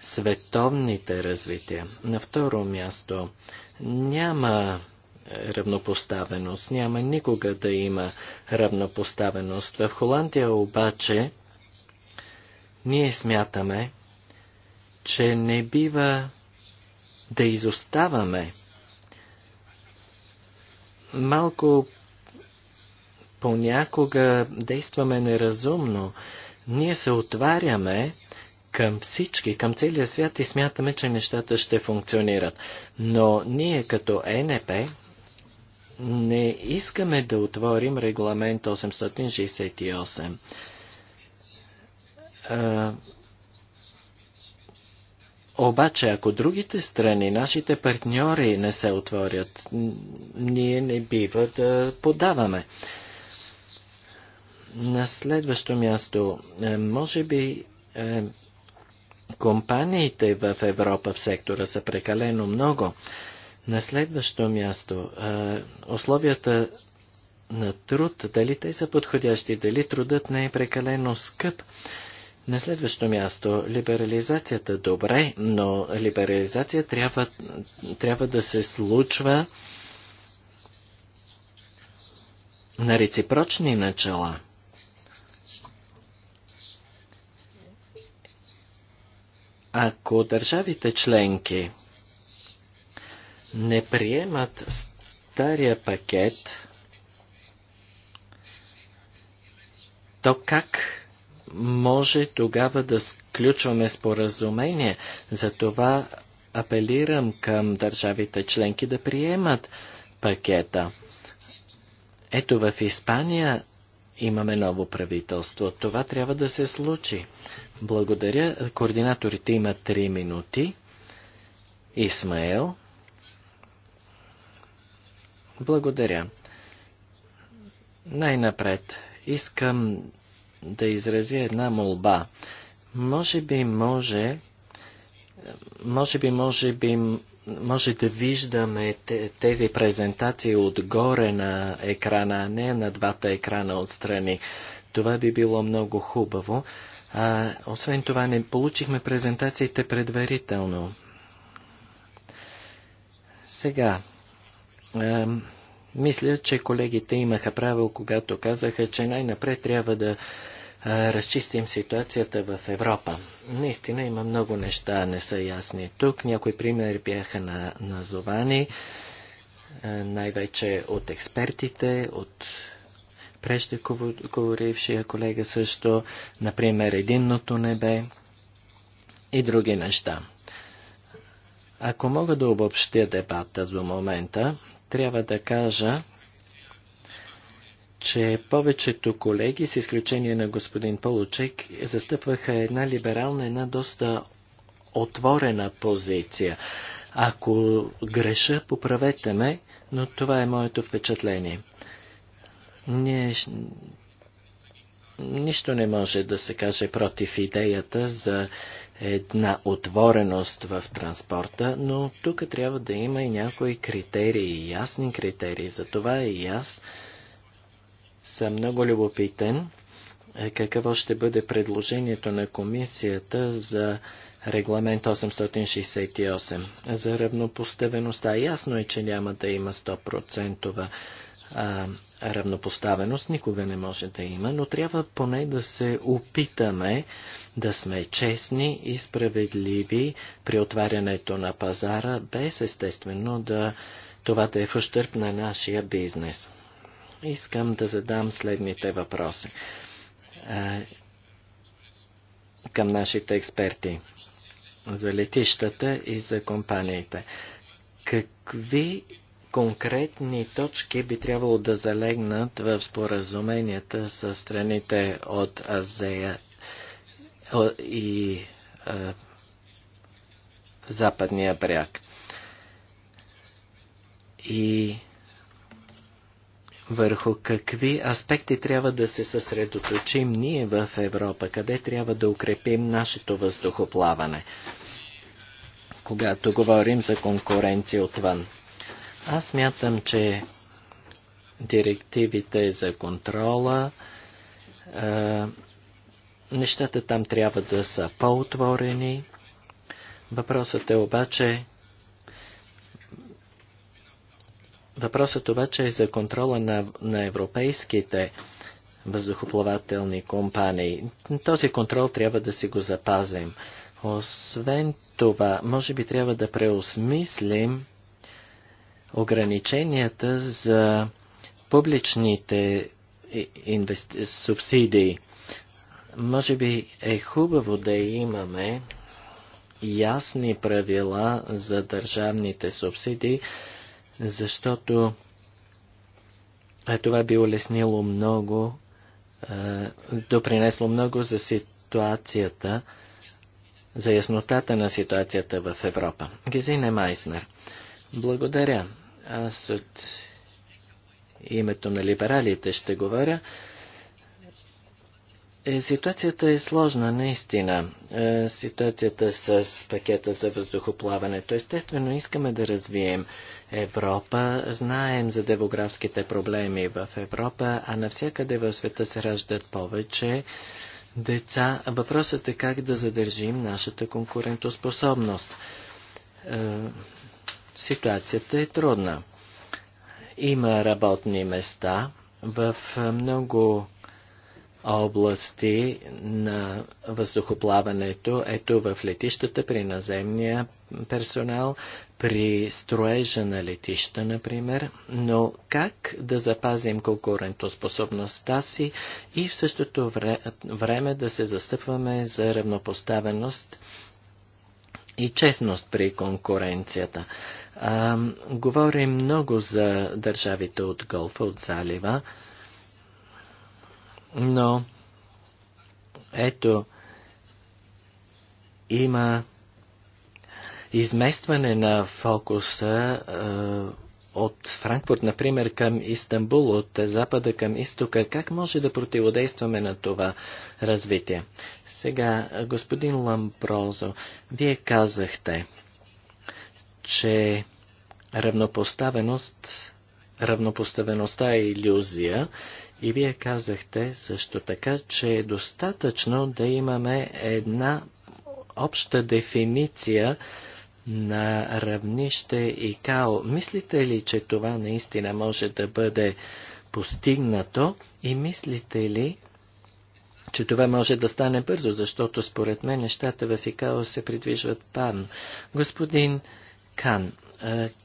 световните развития? На второ място, няма равнопоставеност. Няма никога да има равнопоставеност. В Холандия обаче ние смятаме, че не бива да изоставаме. Малко понякога действаме неразумно. Ние се отваряме към всички, към целия свят и смятаме, че нещата ще функционират. Но ние като ЕНП е не искаме да отворим регламент 868 обаче, ако другите страни, нашите партньори не се отворят, ние не бива да подаваме. На следващо място, е, може би е, компаниите в Европа в сектора са прекалено много. На следващо място, е, условията на труд, дали те са подходящи, дали трудът не е прекалено скъп. Е, на следващо място, либерализацията добре, но либерализация трябва, трябва да се случва на реципрочни начала. Ако държавите членки не приемат стария пакет, то как може тогава да сключваме споразумение. Затова апелирам към държавите членки да приемат пакета. Ето в Испания имаме ново правителство. Това трябва да се случи. Благодаря. Координаторите имат 3 минути. Исмаел. Благодаря. Най-напред искам да изрази една молба. Може би може, може би, може би, може да виждаме тези презентации отгоре на екрана, а не на двата екрана отстрани. Това би било много хубаво. А, освен това, не получихме презентациите предварително. Сега, а, мисля, че колегите имаха право, когато казаха, че най-напред трябва да разчистим ситуацията в Европа. Наистина има много неща не са ясни тук. Някои примери бяха на, назовани най-вече от експертите, от преждеговорившия колега също, например Единното небе и други неща. Ако мога да обобщя дебата до момента, трябва да кажа, че повечето колеги, с изключение на господин Получек, застъпваха една либерална, една доста отворена позиция. Ако греша, поправете ме, но това е моето впечатление. Ние... Нищо не може да се каже против идеята за една отвореност в транспорта, но тук трябва да има и някои критерии, ясни критерии. За това и аз съм много любопитен е, какво ще бъде предложението на комисията за регламент 868 за равнопоставеността. Ясно е, че няма да има 100% равнопоставеност, никога не може да има, но трябва поне да се опитаме да сме честни и справедливи при отварянето на пазара, без естествено да това да е в ущърп на нашия бизнес искам да задам следните въпроси към нашите експерти за летищата и за компаниите. Какви конкретни точки би трябвало да залегнат в споразуменията с страните от Азея и а, Западния бряг? И върху какви аспекти трябва да се съсредоточим ние в Европа, къде трябва да укрепим нашето въздухоплаване, когато говорим за конкуренция отвън. Аз мятам, че директивите за контрола, е, нещата там трябва да са по-отворени. Въпросът е обаче Въпросът обаче е за контрола на, на европейските въздухоплавателни компании. Този контрол трябва да си го запазим. Освен това, може би трябва да преосмислим ограниченията за публичните инвести... субсидии. Може би е хубаво да имаме ясни правила за държавните субсидии, защото това би улеснило много, допринесло много за ситуацията, за яснотата на ситуацията в Европа. Гезине Майснер, благодаря. Аз от името на либералите ще говоря. Е, ситуацията е сложна, наистина. Е, ситуацията с пакета за въздухоплаването. Естествено, искаме да развием Европа. Знаем за демографските проблеми в Европа, а навсякъде в света се раждат повече деца. Въпросът е как да задържим нашата конкурентоспособност. Е, ситуацията е трудна. Има работни места в много области на въздухоплаването, ето в летищата, при наземния персонал, при строежа на летища, например, но как да запазим конкурентоспособността си и в същото вре, време да се застъпваме за равнопоставеност и честност при конкуренцията. А, говорим много за държавите от Голфа, от залива. Но ето, има изместване на фокуса е, от Франкфурт, например, към Истанбул, от запада към изтока. Как може да противодействаме на това развитие? Сега, господин Ламброзо, вие казахте, че равнопоставеност, равнопоставеността е иллюзия и вие казахте също така, че е достатъчно да имаме една обща дефиниция на равнище и као. Мислите ли, че това наистина може да бъде постигнато и мислите ли, че това може да стане бързо, защото според мен нещата в ИКАО се придвижват пан? Господин Кан,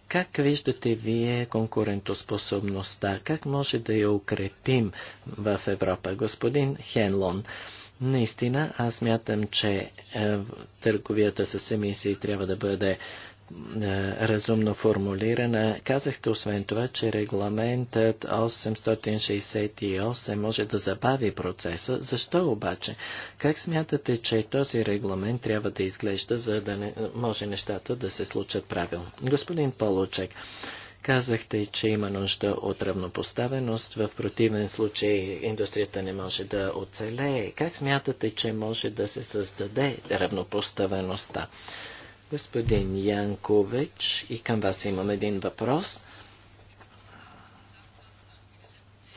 как виждате вие конкурентоспособността? Как може да я укрепим в Европа? Господин Хенлон, наистина аз мятам, че е, търговията с емисии трябва да бъде е, разумно формулирана. Казахте освен това, че регламентът 868 може да забави процеса. Защо обаче? Как смятате, че този регламент трябва да изглежда, за да не, може нещата да се случат правилно? Господин Получек, Казахте, че има нужда от равнопоставеност, в противен случай индустрията не може да оцелее. Как смятате, че може да се създаде равнопоставеността? Господин Янкович, и към вас имам един въпрос.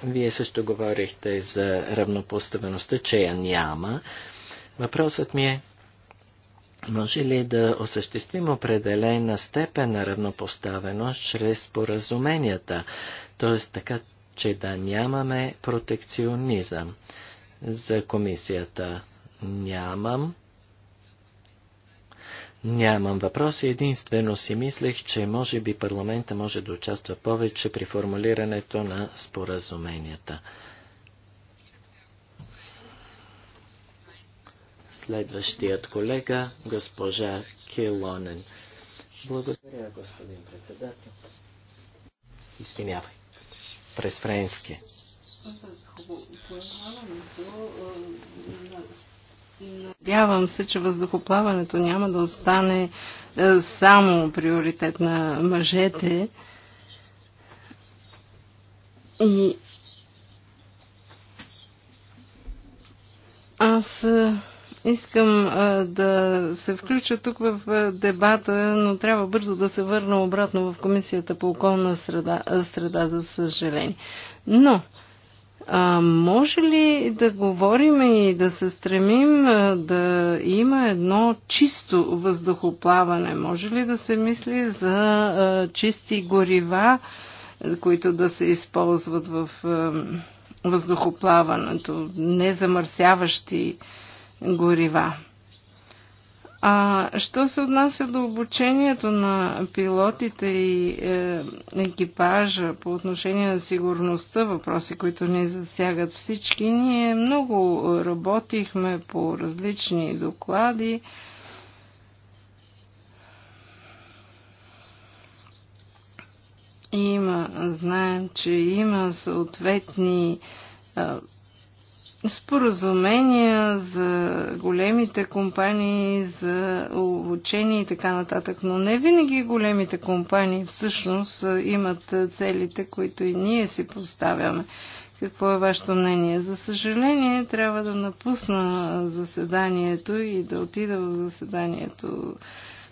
Вие също говорихте за равнопоставеността, че я няма. Въпросът ми е, може ли да осъществим определена степен на равнопоставеност чрез споразуменията, т.е. така, че да нямаме протекционизъм? За комисията нямам Нямам въпроси, единствено си мислех, че може би парламента може да участва повече при формулирането на споразуменията. Следващият колега, госпожа Килонен. Благодаря, господин председател. Извинявай. През френски. Надявам се, че въздухоплаването няма да остане е, само приоритет на мъжете. И аз е, искам е, да се включа тук в дебата, но трябва бързо да се върна обратно в Комисията по околна среда, среда за съжаление. Но а, може ли да говорим и да се стремим да има едно чисто въздухоплаване? Може ли да се мисли за а, чисти горива, които да се използват в а, въздухоплаването, незамърсяващи горива? А що се отнася до обучението на пилотите и е, екипажа по отношение на сигурността, въпроси, които ни засягат всички, ние много работихме по различни доклади. Има, знаем, че има съответни е, споразумения за големите компании, за обучение и така нататък, но не винаги големите компании всъщност имат целите, които и ние си поставяме. Какво е вашето мнение? За съжаление, трябва да напусна заседанието и да отида в заседанието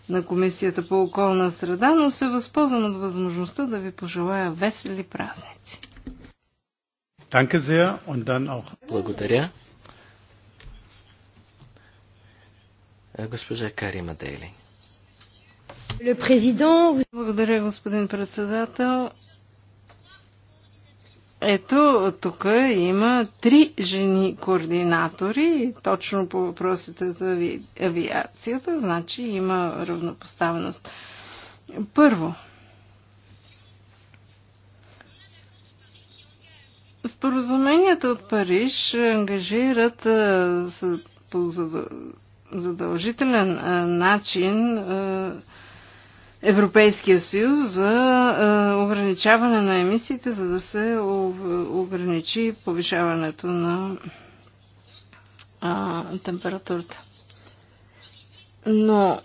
на Комисията по околна среда, но се възползвам от възможността да ви пожелая весели празници. Благодаря. Е, госпожа Карима Мадели. Благодаря, господин председател. Ето, тук има три жени координатори, точно по въпросите за авиацията, значи има равнопоставеност. Първо, Споразуменията от Париж ангажират по задължителен начин Европейския съюз за ограничаване на емисиите, за да се ограничи повишаването на температурата. Но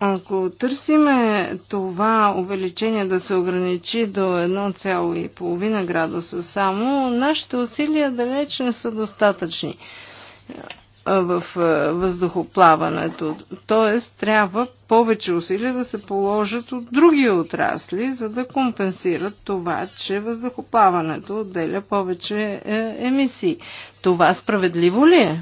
ако търсиме това увеличение да се ограничи до 1,5 градуса само, нашите усилия далеч не са достатъчни в въздухоплаването. Тоест, трябва повече усилия да се положат от други отрасли, за да компенсират това, че въздухоплаването отделя повече е, емисии. Това справедливо ли е?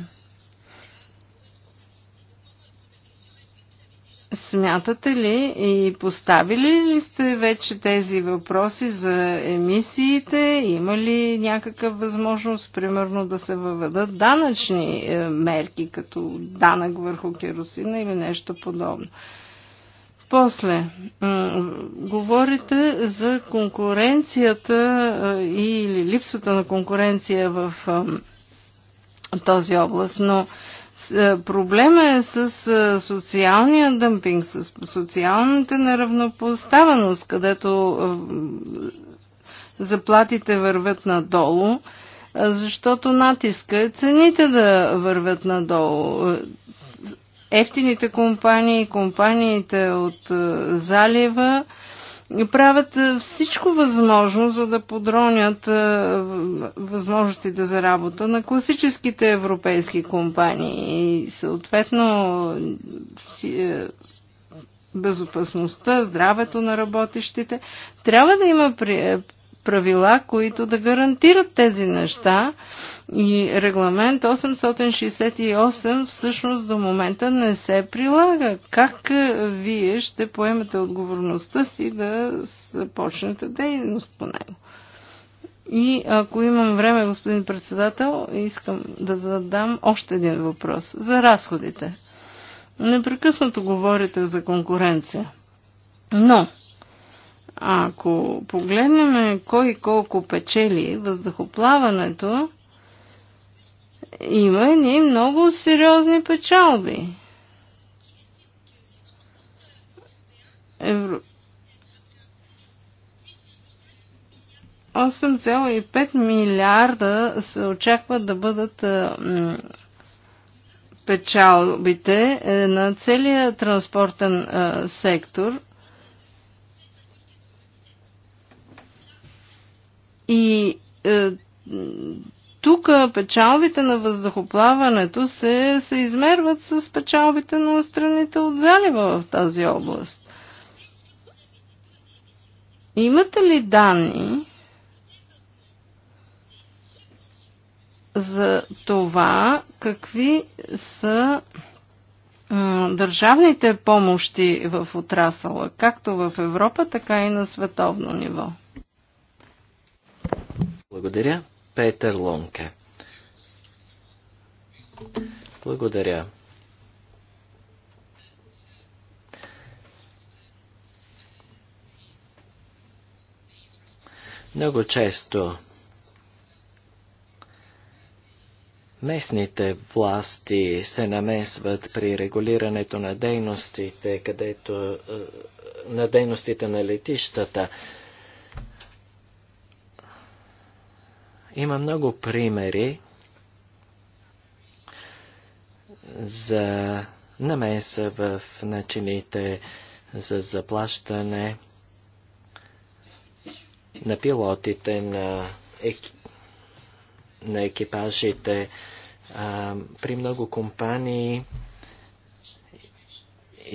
Смятате ли и поставили ли сте вече тези въпроси за емисиите? Има ли някаква възможност, примерно, да се въведат данъчни е, мерки, като данък върху керосина или нещо подобно? После, говорите за конкуренцията е, или липсата на конкуренция в този област, но е, Проблема е с е, социалния дъмпинг, с социалната неравнопоставеност, където е, заплатите вървят надолу, защото натиска е цените да вървят надолу. Ефтините компании, компаниите от залива, правят е, всичко възможно, за да подронят е, възможностите за работа на класическите европейски компании. И съответно е, безопасността, здравето на работещите. Трябва да има правила, които да гарантират тези неща. И регламент 868 всъщност до момента не се прилага. Как е, вие ще поемете отговорността си да започнете дейност по него? И ако имам време, господин председател, искам да задам още един въпрос за разходите. Непрекъснато говорите за конкуренция. Но ако погледнем кой колко печели въздухоплаването, има и много сериозни печалби. Евро... 8,5 милиарда се очакват да бъдат печалбите е, на целия транспортен сектор – И е, тук печалбите на въздухоплаването се, се измерват с печалбите на страните от залива в тази област. Имате ли данни за това какви са държавните помощи в отрасъла, както в Европа, така и на световно ниво? Благодаря. Петър Лонке. Благодаря. Много често местните власти се намесват при регулирането на дейностите, където е, на дейностите на летищата. Има много примери за намеса в начините за заплащане на пилотите, на, еки... на екипажите. А, при много компании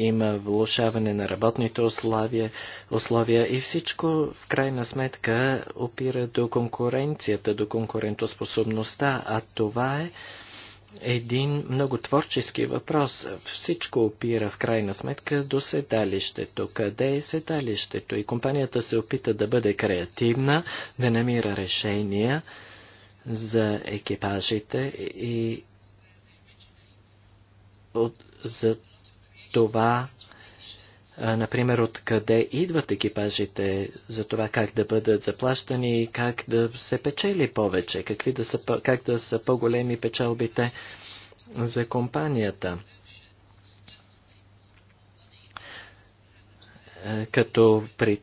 има влушаване на работните условия, условия и всичко в крайна сметка опира до конкуренцията, до конкурентоспособността, а това е един много творчески въпрос. Всичко опира в крайна сметка до седалището. Къде е седалището? И компанията се опита да бъде креативна, да намира решения за екипажите и от, за това, например, откъде идват екипажите, за това как да бъдат заплащани, и как да се печели повече, какви да са, как да са по-големи печалбите за компанията. Като при,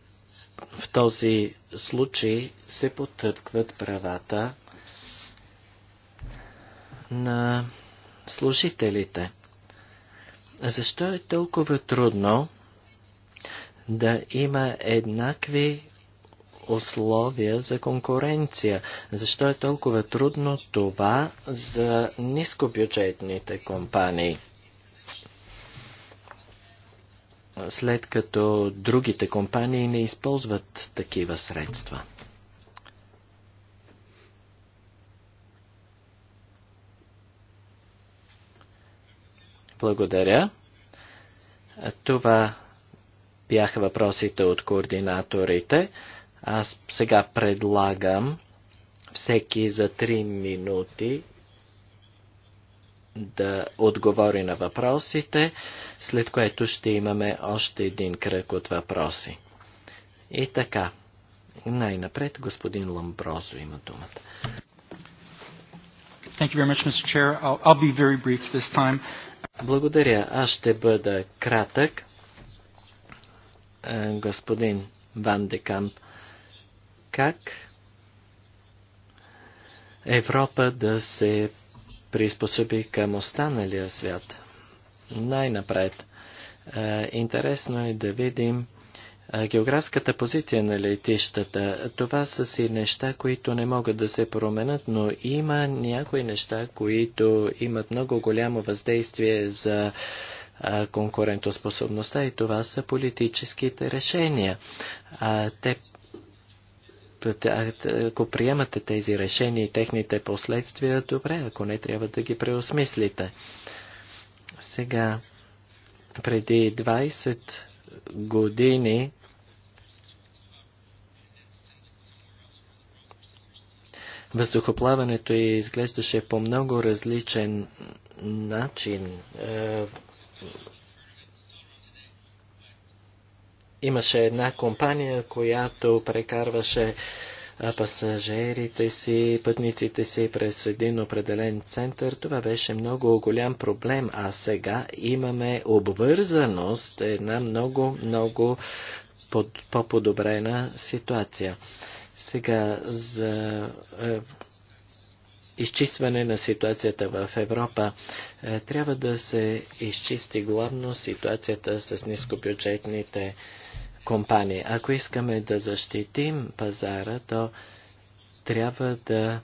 в този случай се потъпкват правата на служителите. Защо е толкова трудно да има еднакви условия за конкуренция? Защо е толкова трудно това за нискобюджетните компании? След като другите компании не използват такива средства. Благодаря. Това бяха въпросите от координаторите. Аз сега предлагам всеки за 3 минути да отговори на въпросите, след което ще имаме още един кръг от въпроси. И така, най-напред господин Ламброзо има думата. Thank you very much, Mr. Chair. I'll, I'll be very brief this time. Благодаря. Аз ще бъда кратък. Е, господин Ван Декамп, как Европа да се приспособи към останалия свят? Най-напред. Е, интересно е да видим географската позиция на летищата. Това са си неща, които не могат да се променят, но има някои неща, които имат много голямо въздействие за конкурентоспособността и това са политическите решения. А, те ако приемате тези решения и техните последствия, добре, ако не, трябва да ги преосмислите. Сега, преди 20 години въздухоплаването изглеждаше по много различен начин. Е, имаше една компания, която прекарваше пасажирите си, пътниците си през един определен център. Това беше много голям проблем, а сега имаме обвързаност, една много, много по-подобрена ситуация. Сега за е, изчистване на ситуацията в Европа е, трябва да се изчисти главно ситуацията с нискобюджетните компании. Ако искаме да защитим пазара, то трябва да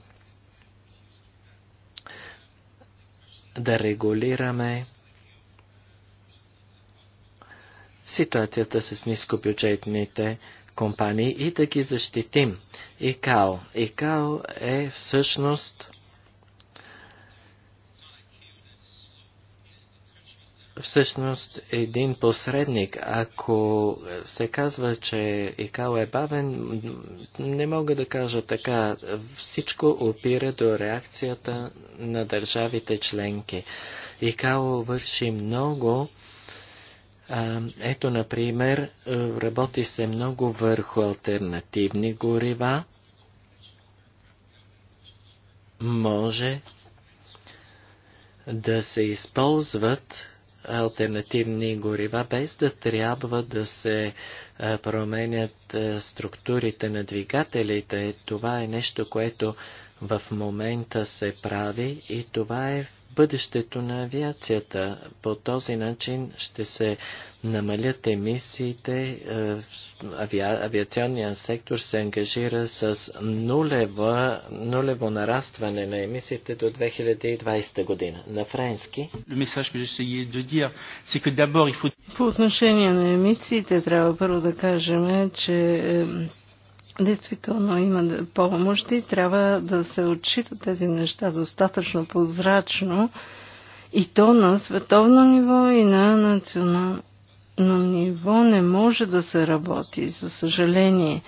да регулираме ситуацията с нискобюджетните компании и да ги защитим. ИКАО. ИКАО е всъщност всъщност един посредник. Ако се казва, че ИКАО е бавен, не мога да кажа така. Всичко опира до реакцията на държавите членки. ИКАО върши много. Ето, например, работи се много върху альтернативни горива. Може да се използват альтернативни горива, без да трябва да се променят структурите на двигателите. Това е нещо, което в момента се прави и това е бъдещето на авиацията. По този начин ще се намалят емисиите. Е, авиа, авиационният сектор се ангажира с нулево, нулево нарастване на емисиите до 2020 година. На френски. По отношение на емисиите трябва първо да кажем, че е, Действително има помощи, трябва да се отчитат тези неща достатъчно прозрачно и то на световно ниво и на национално ниво не може да се работи, за съжаление.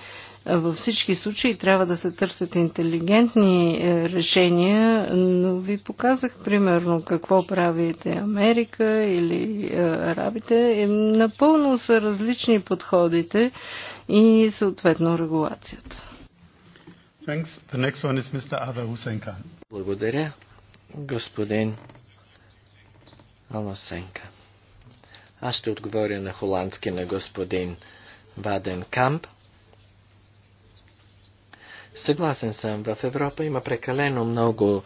Във всички случаи трябва да се търсят интелигентни е, решения, но ви показах примерно какво правите Америка или е, арабите. Е, напълно са различни подходите и съответно регулацията. Благодаря, господин Аласенка. Аз ще отговоря на холандски на господин Ваден Камп. Съгласен съм, в Европа има прекалено много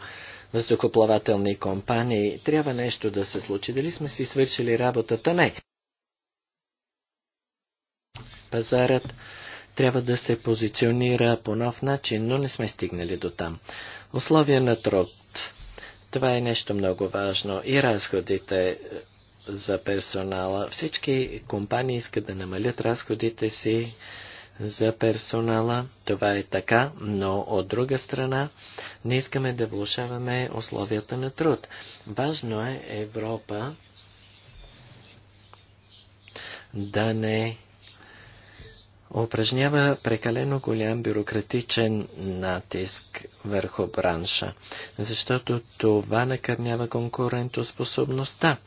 въздухоплавателни компании. Трябва нещо да се случи. Дали сме си свършили работата? Не. Пазарът трябва да се позиционира по нов начин, но не сме стигнали до там. Условия на труд. Това е нещо много важно. И разходите е, за персонала. Всички компании искат да намалят разходите си за персонала. Това е така, но от друга страна не искаме да влушаваме условията на труд. Важно е Европа да не упражнява прекалено голям бюрократичен натиск върху бранша, защото това накърнява конкурентоспособността.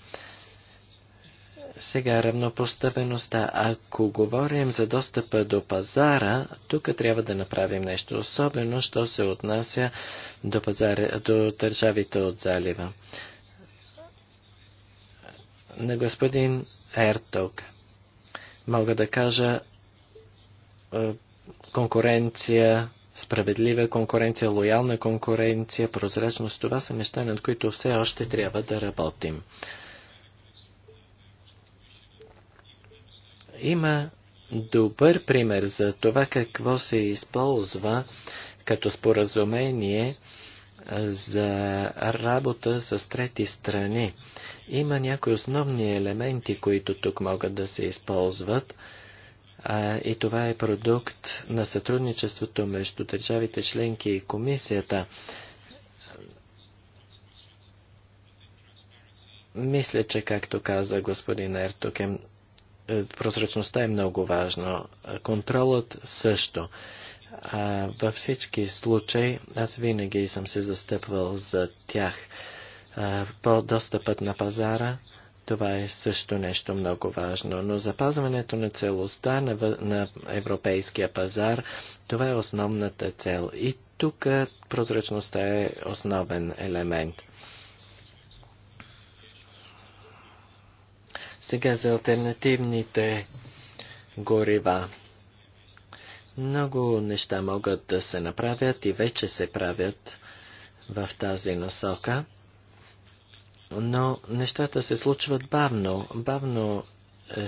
Сега равнопоставеността. Ако говорим за достъпа до пазара, тук трябва да направим нещо, особено, що се отнася до, пазара, до държавите от залива. На господин Ерток, мога да кажа е, конкуренция, справедлива конкуренция, лоялна конкуренция, прозрачност. Това са неща, над които все още трябва да работим. Има добър пример за това какво се използва като споразумение за работа с трети страни. Има някои основни елементи, които тук могат да се използват. А, и това е продукт на сътрудничеството между държавите членки и комисията. Мисля, че както каза господин Ертокен, прозрачността е много важна. Контролът също. А, във всички случаи аз винаги съм се застъпвал за тях. А, по достъпът на пазара това е също нещо много важно, но запазването на целостта на, на европейския пазар, това е основната цел. И тук прозрачността е основен елемент. Сега за альтернативните горива. Много неща могат да се направят и вече се правят в тази насока, но нещата се случват бавно. Бавно е,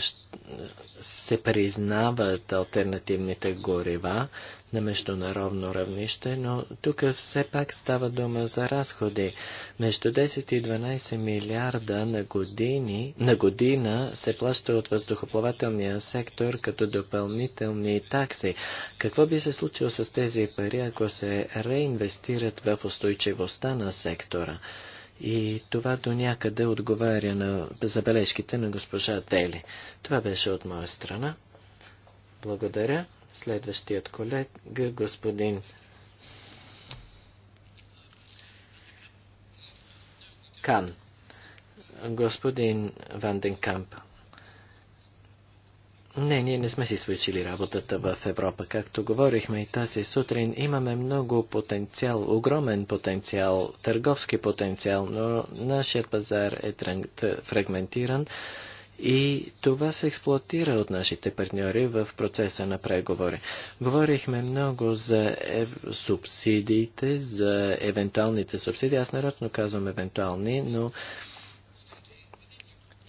се признават альтернативните горива, на международно равнище, но тук все пак става дума за разходи. Между 10 и 12 милиарда на, години, на година се плаща от въздухоплавателния сектор като допълнителни такси. Какво би се случило с тези пари, ако се реинвестират в устойчивостта на сектора? И това до някъде отговаря на забележките на госпожа Дели. Това беше от моя страна. Благодаря. Следващият колега, господин Кан. Господин Ванденкамп. Не, ние не сме си свършили работата в Европа. Както говорихме и тази сутрин, имаме много потенциал, огромен потенциал, търговски потенциал, но нашият пазар е фрагментиран. И това се експлуатира от нашите партньори в процеса на преговори. Говорихме много за е... субсидиите, за евентуалните субсидии. Аз нарочно казвам евентуални, но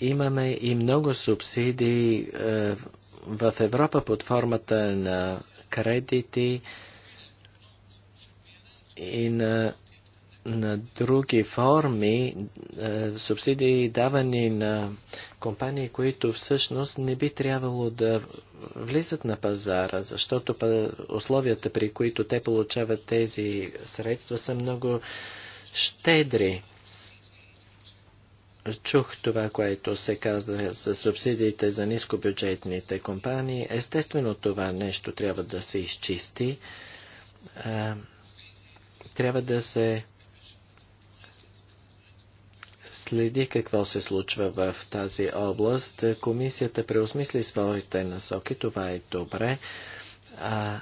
имаме и много субсидии е, в Европа под формата на кредити и на на други форми е, субсидии давани на компании, които всъщност не би трябвало да влизат на пазара, защото условията, при които те получават тези средства, са много щедри. Чух това, което се казва за субсидиите за нискобюджетните компании. Естествено, това нещо трябва да се изчисти. Е, трябва да се следи какво се случва в тази област. Комисията преосмисли своите насоки, това е добре. А,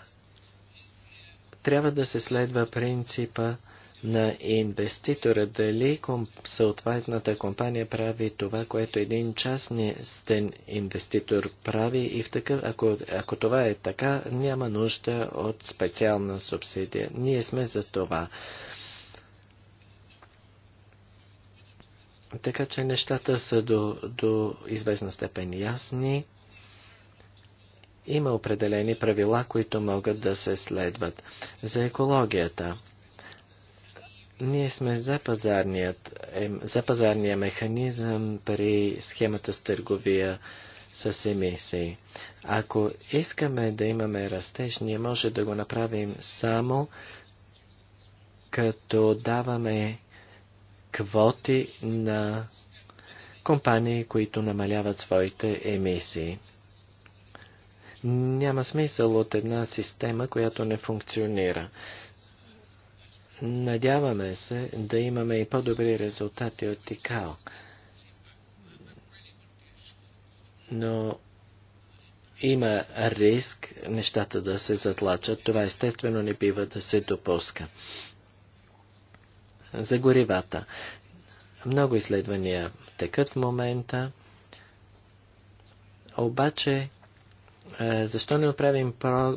трябва да се следва принципа на инвеститора, дали комп, съответната компания прави това, което един частен инвеститор прави и в такъв, ако, ако това е така, няма нужда от специална субсидия. Ние сме за това. Така че нещата са до, до известна степен ясни. Има определени правила, които могат да се следват. За екологията. Ние сме за, пазарният, е, за пазарния механизъм при схемата с търговия с емисии. Ако искаме да имаме растеж, ние може да го направим само като даваме квоти на компании, които намаляват своите емисии. Няма смисъл от една система, която не функционира. Надяваме се да имаме и по-добри резултати от ТИКАО. Но има риск нещата да се затлачат. Това естествено не бива да се допуска за горивата. Много изследвания текат в момента, обаче е, защо не отправим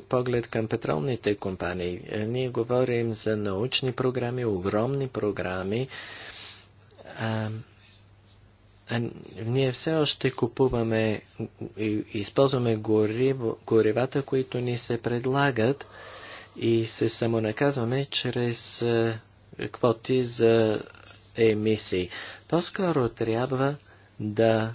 поглед към петролните компании? Е, ние говорим за научни програми, огромни програми. Е, а, ние все още купуваме и използваме гориво, горивата, които ни се предлагат и се самонаказваме чрез квоти за емисии. По-скоро трябва да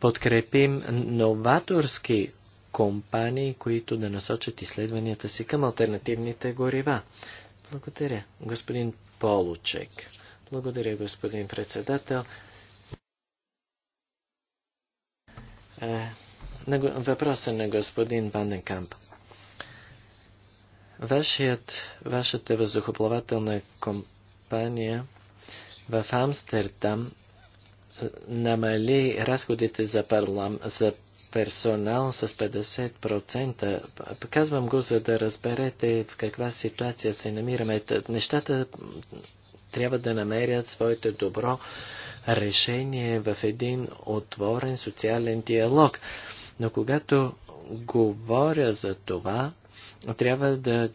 подкрепим новаторски компании, които да насочат изследванията си към альтернативните горива. Благодаря, господин Получек. Благодаря, господин председател. Е, Въпросът на господин Ванденкамп. Вашият, вашата въздухоплавателна компания в Амстердам е, намали разходите за, парлам, за персонал с 50%. Казвам го, за да разберете в каква ситуация се намираме. Нещата трябва да намерят своето добро решение в един отворен социален диалог. Но когато говоря за това, трябва да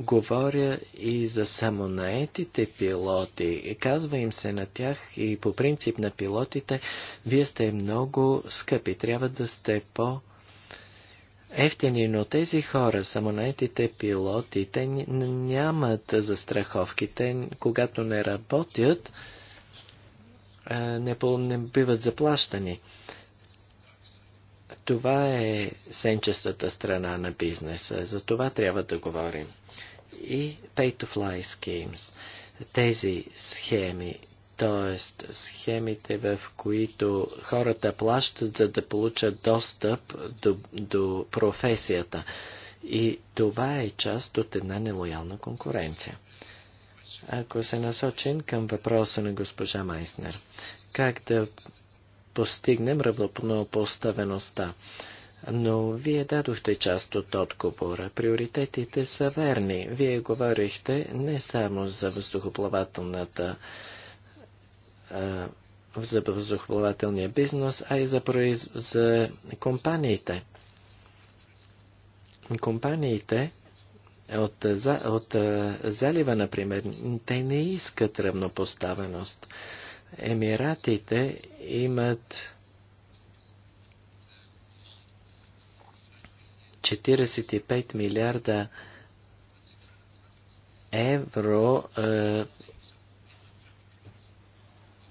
говоря и за самонаетите пилоти. Казва им се на тях и по принцип на пилотите, вие сте много скъпи, трябва да сте по- ефтини, но тези хора, самонаетите пилоти, те нямат застраховки. Те, когато не работят, не, не биват заплащани. Това е сенчестата страна на бизнеса. За това трябва да говорим. И pay-to-fly schemes, тези схеми, т.е. схемите, в които хората плащат, за да получат достъп до, до професията. И това е част от една нелоялна конкуренция. Ако се насочим към въпроса на госпожа Майснер, как да постигнем равнопоставеността. Но вие дадохте част от отговора. Приоритетите са верни. Вие говорихте не само за въздухоплавателната за въздухоплавателния бизнес, а и за, произ... за компаниите. Компаниите от, за... от залива, например, те не искат равнопоставеност. Емиратите имат 45 милиарда евро е,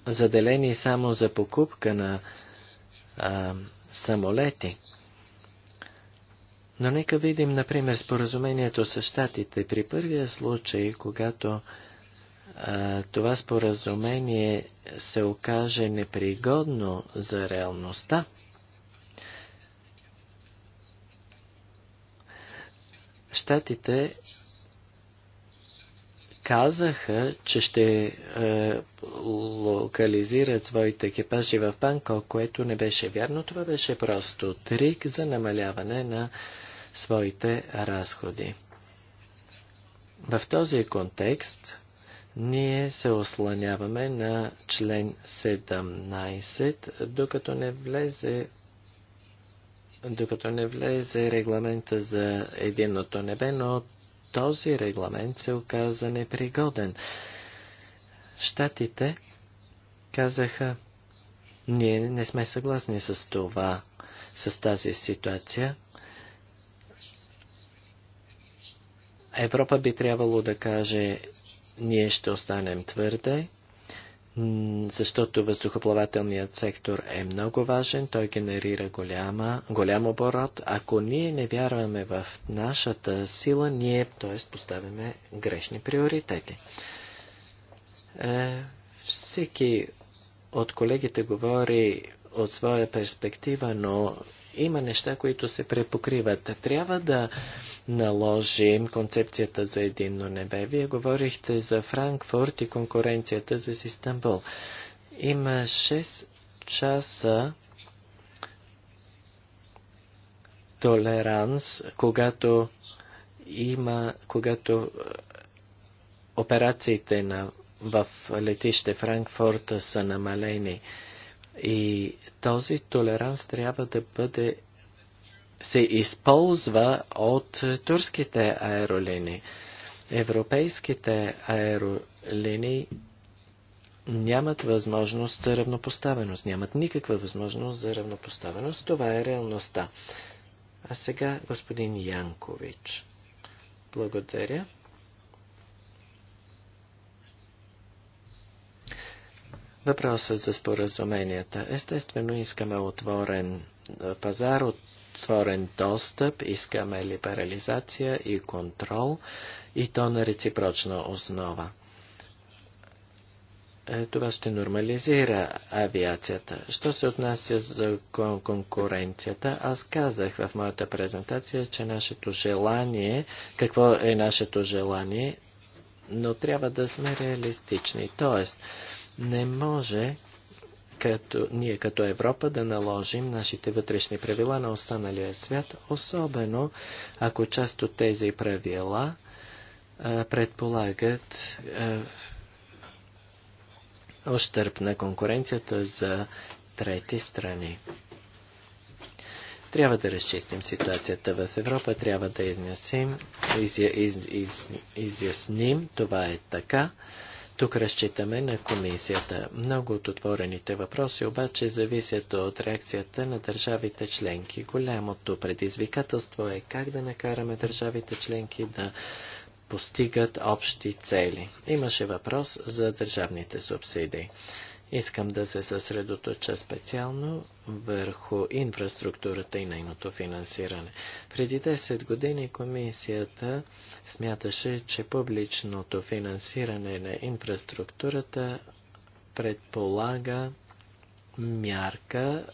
заделени само за покупка на е, самолети. Но нека видим, например, споразумението с щатите. При първия случай, когато това споразумение се окаже непригодно за реалността, щатите казаха, че ще е, локализират своите екипажи в Банкок, което не беше вярно. Това беше просто трик за намаляване на своите разходи. В този контекст ние се осланяваме на член 17, докато не влезе докато не влезе регламента за единното небе, но този регламент се оказа непригоден. Штатите казаха, ние не сме съгласни с това, с тази ситуация. Европа би трябвало да каже, ние ще останем твърде, защото въздухоплавателният сектор е много важен, той генерира голяма, голям оборот. Ако ние не вярваме в нашата сила, ние, т.е. поставяме грешни приоритети. Е, всеки от колегите говори от своя перспектива, но има неща, които се препокриват. Трябва да наложим концепцията за единно небе. Вие говорихте за Франкфурт и конкуренцията за Истанбул. Има 6 часа толеранс, когато има, когато операциите на, в летище Франкфурт са намалени. И този толеранс трябва да бъде се използва от турските аеролинии. Европейските аеролинии нямат възможност за равнопоставеност. Нямат никаква възможност за равнопоставеност. Това е реалността. А сега господин Янкович. Благодаря. Въпросът за споразуменията. Естествено, искаме отворен пазар, отворен достъп, искаме либерализация и контрол, и то на реципрочна основа. Е, това ще нормализира авиацията. Що се отнася за конкуренцията, аз казах в моята презентация, че нашето желание, какво е нашето желание, но трябва да сме реалистични. Тоест, не може като, ние като Европа да наложим нашите вътрешни правила на останалия свят, особено ако част от тези правила а, предполагат ощърп на конкуренцията за трети страни. Трябва да разчистим ситуацията в Европа, трябва да изясним, из, из, из, изясним, това е така. Тук разчитаме на комисията. Много от отворените въпроси обаче зависят от реакцията на държавите членки. Голямото предизвикателство е как да накараме държавите членки да постигат общи цели. Имаше въпрос за държавните субсидии. Искам да се съсредоточа специално върху инфраструктурата и нейното финансиране. Преди 10 години комисията смяташе, че публичното финансиране на инфраструктурата предполага мярка,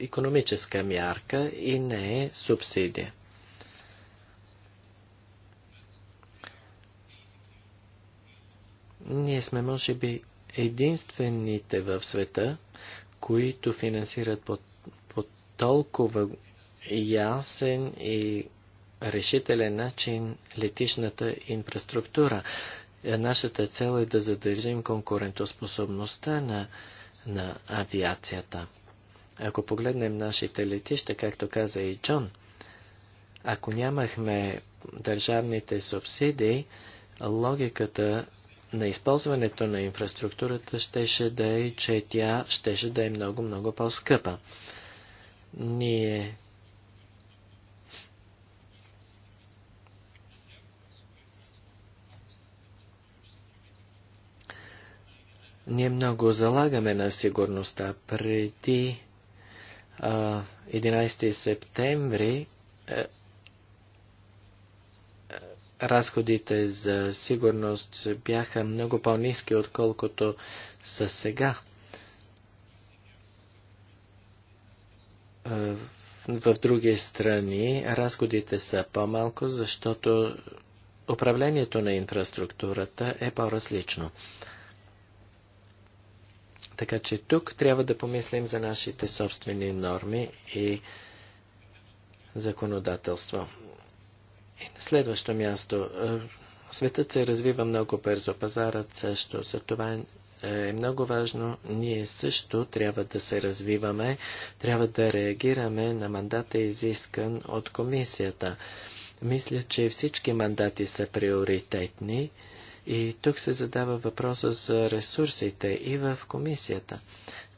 економическа мярка и не е субсидия. Ние сме, може би, единствените в света, които финансират по, по толкова ясен и решителен начин летишната инфраструктура. Е, нашата цел е да задържим конкурентоспособността на, на авиацията. Ако погледнем нашите летища, както каза и Джон, ако нямахме държавните субсидии, логиката на използването на инфраструктурата щеше да е, че тя щеше да е много, много по-скъпа. Ние Ние много залагаме на сигурността. Преди а, 11 септември е, разходите за сигурност бяха много по-низки, отколкото са сега. В други страни разходите са по-малко, защото управлението на инфраструктурата е по-различно. Така че тук трябва да помислим за нашите собствени норми и законодателство. И на следващо място, е, светът се развива много бързо, пазарът също. За това е, е много важно, ние също трябва да се развиваме, трябва да реагираме на мандата изискан от комисията. Мисля, че всички мандати са приоритетни и тук се задава въпроса за ресурсите и в комисията.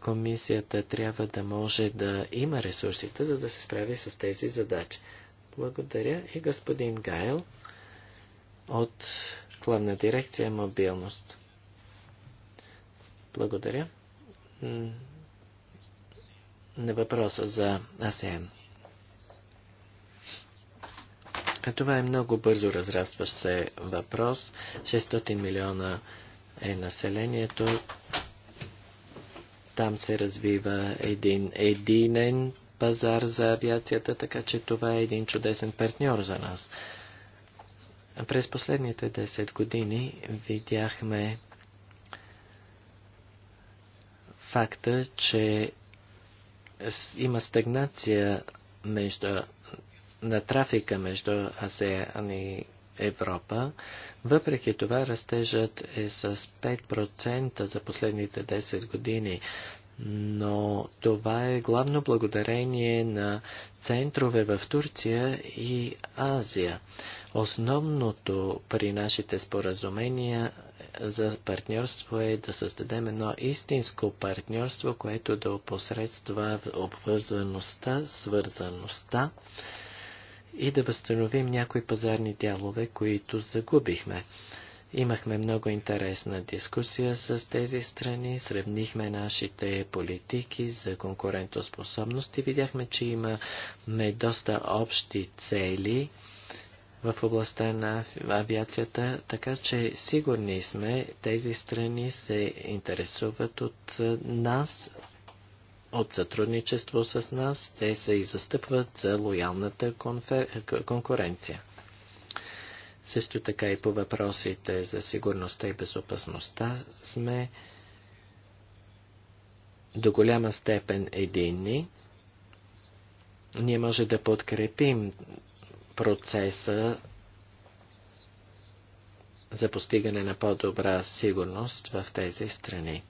Комисията трябва да може да има ресурсите, за да се справи с тези задачи. Благодаря и господин Гайл от Главна дирекция Мобилност. Благодаря. На въпроса за АСЕАН. А това е много бързо разрастващ се въпрос. 600 милиона е населението. Там се развива един единен пазар за авиацията, така че това е един чудесен партньор за нас. През последните 10 години видяхме факта, че има стагнация между, на трафика между АСЕАН и Европа. Въпреки това растежът е с 5% за последните 10 години но това е главно благодарение на центрове в Турция и Азия. Основното при нашите споразумения за партньорство е да създадем едно истинско партньорство, което да опосредства обвързаността, свързаността и да възстановим някои пазарни дялове, които загубихме. Имахме много интересна дискусия с тези страни, сравнихме нашите политики за конкурентоспособност и видяхме, че имаме доста общи цели в областта на авиацията, така че сигурни сме, тези страни се интересуват от нас, от сътрудничество с нас, те се и застъпват за лоялната конкуренция. Също така и по въпросите за сигурността и безопасността сме до голяма степен единни. Ние може да подкрепим процеса за постигане на по-добра сигурност в тези страни.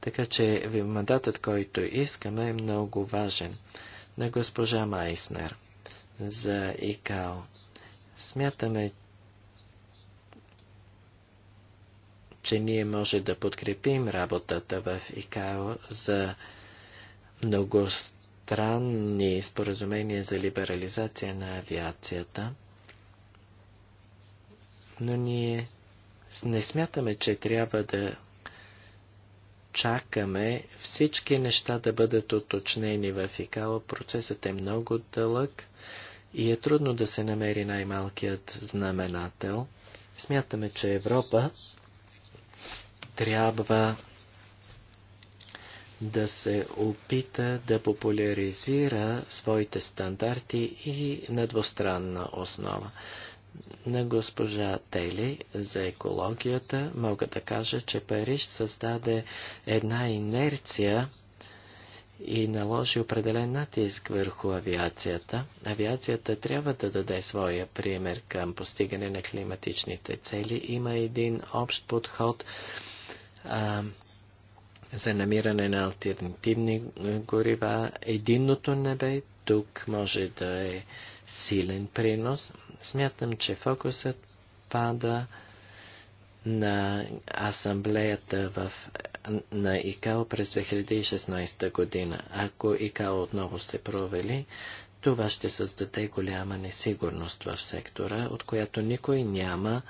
Така че мандатът, който искаме, е много важен на госпожа Майснер за ИКАО. Смятаме, че ние може да подкрепим работата в ИКАО за многостранни споразумения за либерализация на авиацията, но ние не смятаме, че трябва да чакаме всички неща да бъдат уточнени в ИКАО. Процесът е много дълъг и е трудно да се намери най-малкият знаменател. Смятаме, че Европа трябва да се опита да популяризира своите стандарти и на двустранна основа на госпожа Тели за екологията, мога да кажа, че Париж създаде една инерция и наложи определен натиск върху авиацията. Авиацията трябва да даде своя пример към постигане на климатичните цели. Има един общ подход а, за намиране на альтернативни горива. Единното небе тук може да е силен принос. Смятам, че фокусът пада на асамблеята в, на ИКАО през 2016 година. Ако ИКАО отново се провели, това ще създаде голяма несигурност в сектора, от която никой няма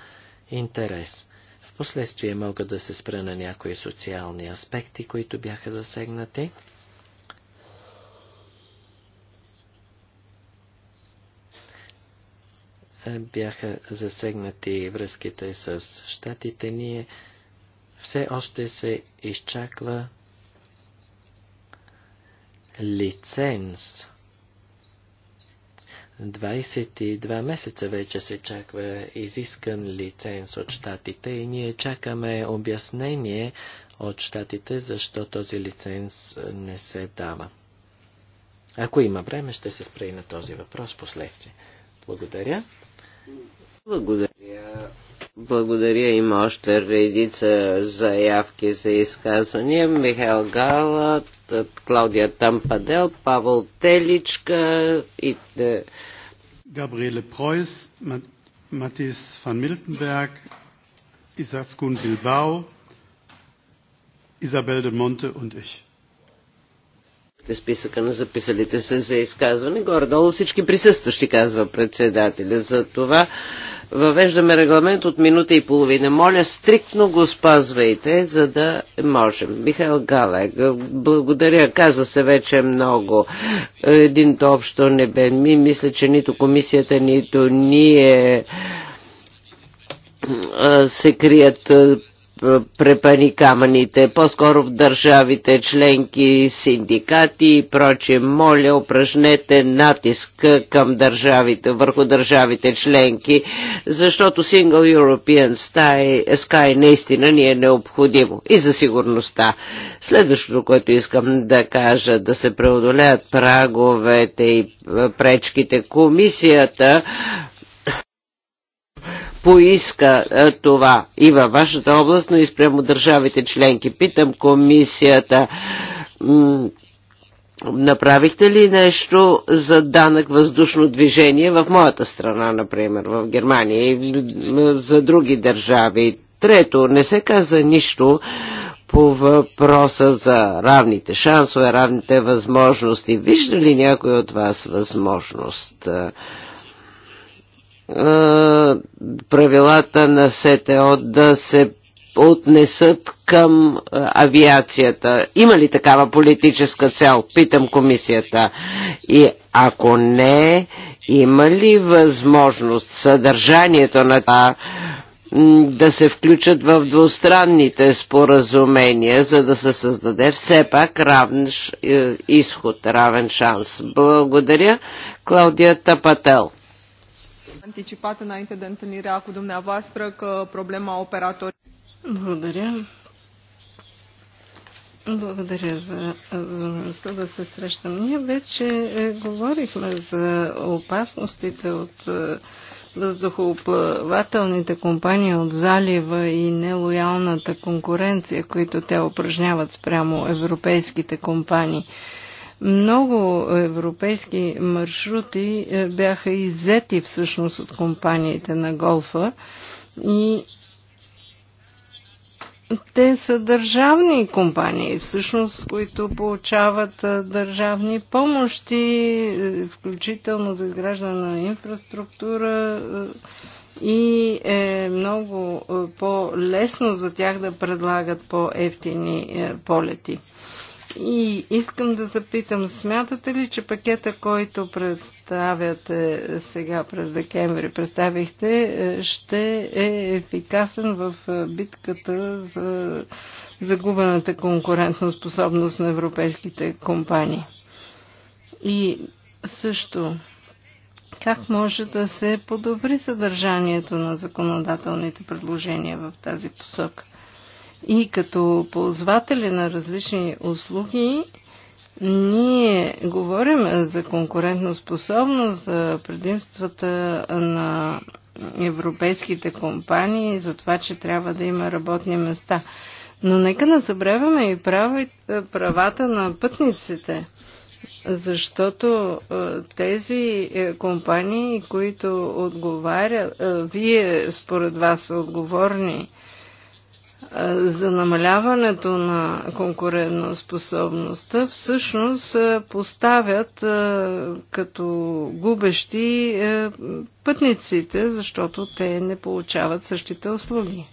интерес. Впоследствие мога да се спра на някои социални аспекти, които бяха засегнати. бяха засегнати връзките с щатите. Ние все още се изчаква лиценз. 22 месеца вече се чаква изискан лиценз от щатите и ние чакаме обяснение от щатите, защо този лиценз не се дава. Ако има време, ще се спре на този въпрос последствие. Благодаря. Благодаря. Благодаря. Има още редица заявки за изказвания. Михаил Гала, Клаудия Тампадел, Павел Теличка и... Е, Габриеле Пройс, Матис Фан Милтенберг, Исаскун Билбао, Изабел де Монте и аз списъка на записалите се за изказване. Горе-долу всички присъстващи, казва председателя. За това въвеждаме регламент от минута и половина. Моля, стриктно го спазвайте, за да можем. Михаил Галек, благодаря. Каза се вече много. Един то общо не бе. Ми мисля, че нито комисията, нито ние се крият е, препани камъните, по-скоро в държавите, членки, синдикати и прочие. Моля, упражнете натиск към държавите, върху държавите членки, защото Single European Sky наистина ни е необходимо и за сигурността. Следващото, което искам да кажа, да се преодолеят праговете и е, пречките. Комисията поиска е, това и във вашата област, но и спрямо държавите членки. Питам комисията, направихте ли нещо за данък въздушно движение в моята страна, например, в Германия и за други държави? Трето, не се каза нищо по въпроса за равните шансове, равните възможности. Вижда ли някой от вас възможност? Е, е, правилата на СТО да се отнесат към е, авиацията. Има ли такава политическа цел? Питам комисията. И ако не, има ли възможност съдържанието на това да се включат в двустранните споразумения, за да се създаде все пак равен е, изход, равен шанс. Благодаря, Клаудия Тапател anticipat înainte de întâlnirea cu dumneavoastră că problema operatorilor. Благодаря. Благодаря за възможността да се срещам. Ние вече е, говорихме за опасностите от е, въздухоплавателните компании от залива и нелоялната конкуренция, които те упражняват спрямо европейските компании. Много европейски маршрути е, бяха иззети всъщност от компаниите на голфа и те са държавни компании, всъщност, които получават е, държавни помощи, е, включително за изграждане на инфраструктура и е много по-лесно за тях да предлагат по-ефтини полети. И искам да запитам, смятате ли, че пакета, който представяте сега през декември, представихте, е, ще е ефикасен в е, битката за загубената конкурентна способност на европейските компании? И също, как може да се подобри съдържанието на законодателните предложения в тази посока? И като ползватели на различни услуги, ние говорим за конкурентоспособност, за предимствата на европейските компании, за това, че трябва да има работни места. Но нека не забравяме и правата на пътниците, защото е, тези е, компании, които отговарят, е, вие според вас са отговорни, за намаляването на конкурентоспособността всъщност поставят като губещи пътниците, защото те не получават същите услуги.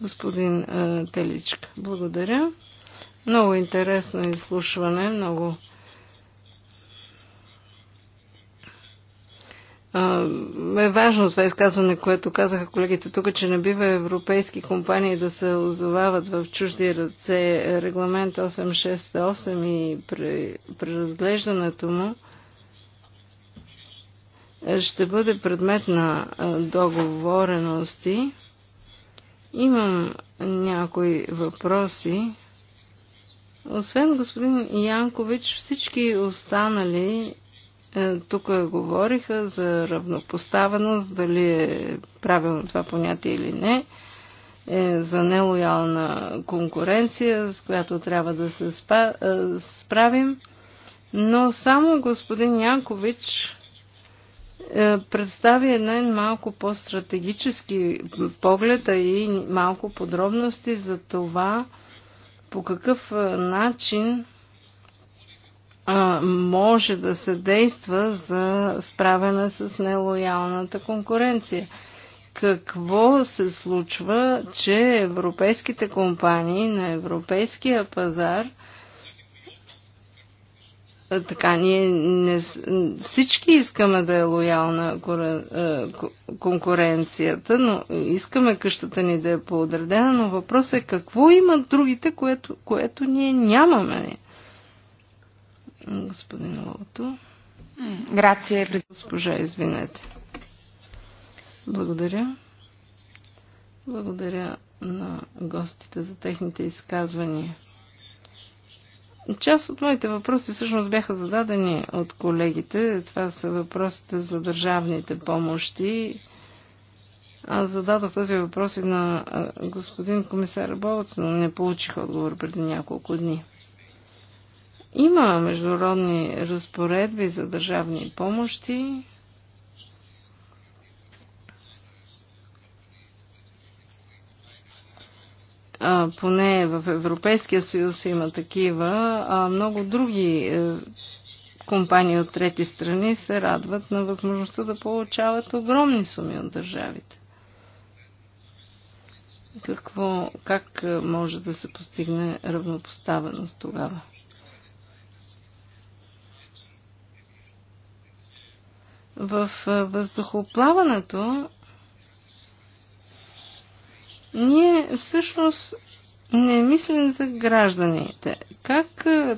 Господин Теличка, благодаря. Много интересно изслушване, много е важно това изказване, което казаха колегите тук, че не бива европейски компании да се озовават в чужди ръце. Регламент 868 и преразглеждането му ще бъде предмет на договорености. Имам някои въпроси. Освен господин Янкович, всички останали е, тук говориха за равнопоставеност, дали е правилно това понятие или не, е за нелоялна конкуренция, с която трябва да се спа, е, справим. Но само господин Янкович е, представи един малко по-стратегически поглед, и малко подробности за това по какъв е, начин може да се действа за справяне с нелоялната конкуренция. Какво се случва, че европейските компании на европейския пазар така ние не, всички искаме да е лоялна конкуренцията, но искаме къщата ни да е поодредена, но въпросът е какво имат другите, което, което ние нямаме господин Лото. Грация, госпожа, извинете. Благодаря. Благодаря на гостите за техните изказвания. Част от моите въпроси всъщност бяха зададени от колегите. Това са въпросите за държавните помощи. Аз зададох този въпрос и на господин комисар Болц, но не получих отговор преди няколко дни. Има международни разпоредби за държавни помощи. А, поне в Европейския съюз има такива, а много други е, компании от трети страни се радват на възможността да получават огромни суми от държавите. Какво, как е, може да се постигне равнопоставеност тогава? В въздухоплаването ние всъщност не мислим за гражданите. Как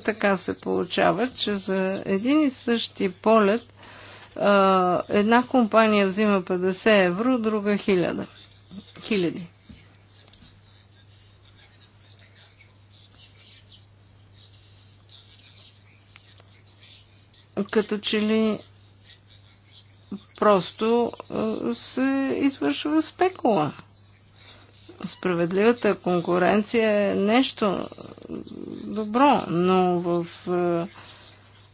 така се получава, че за един и същи полет една компания взима 50 евро, друга 1000? Хиляди. Като че ли просто се извършва спекула. Справедливата конкуренция е нещо добро, но в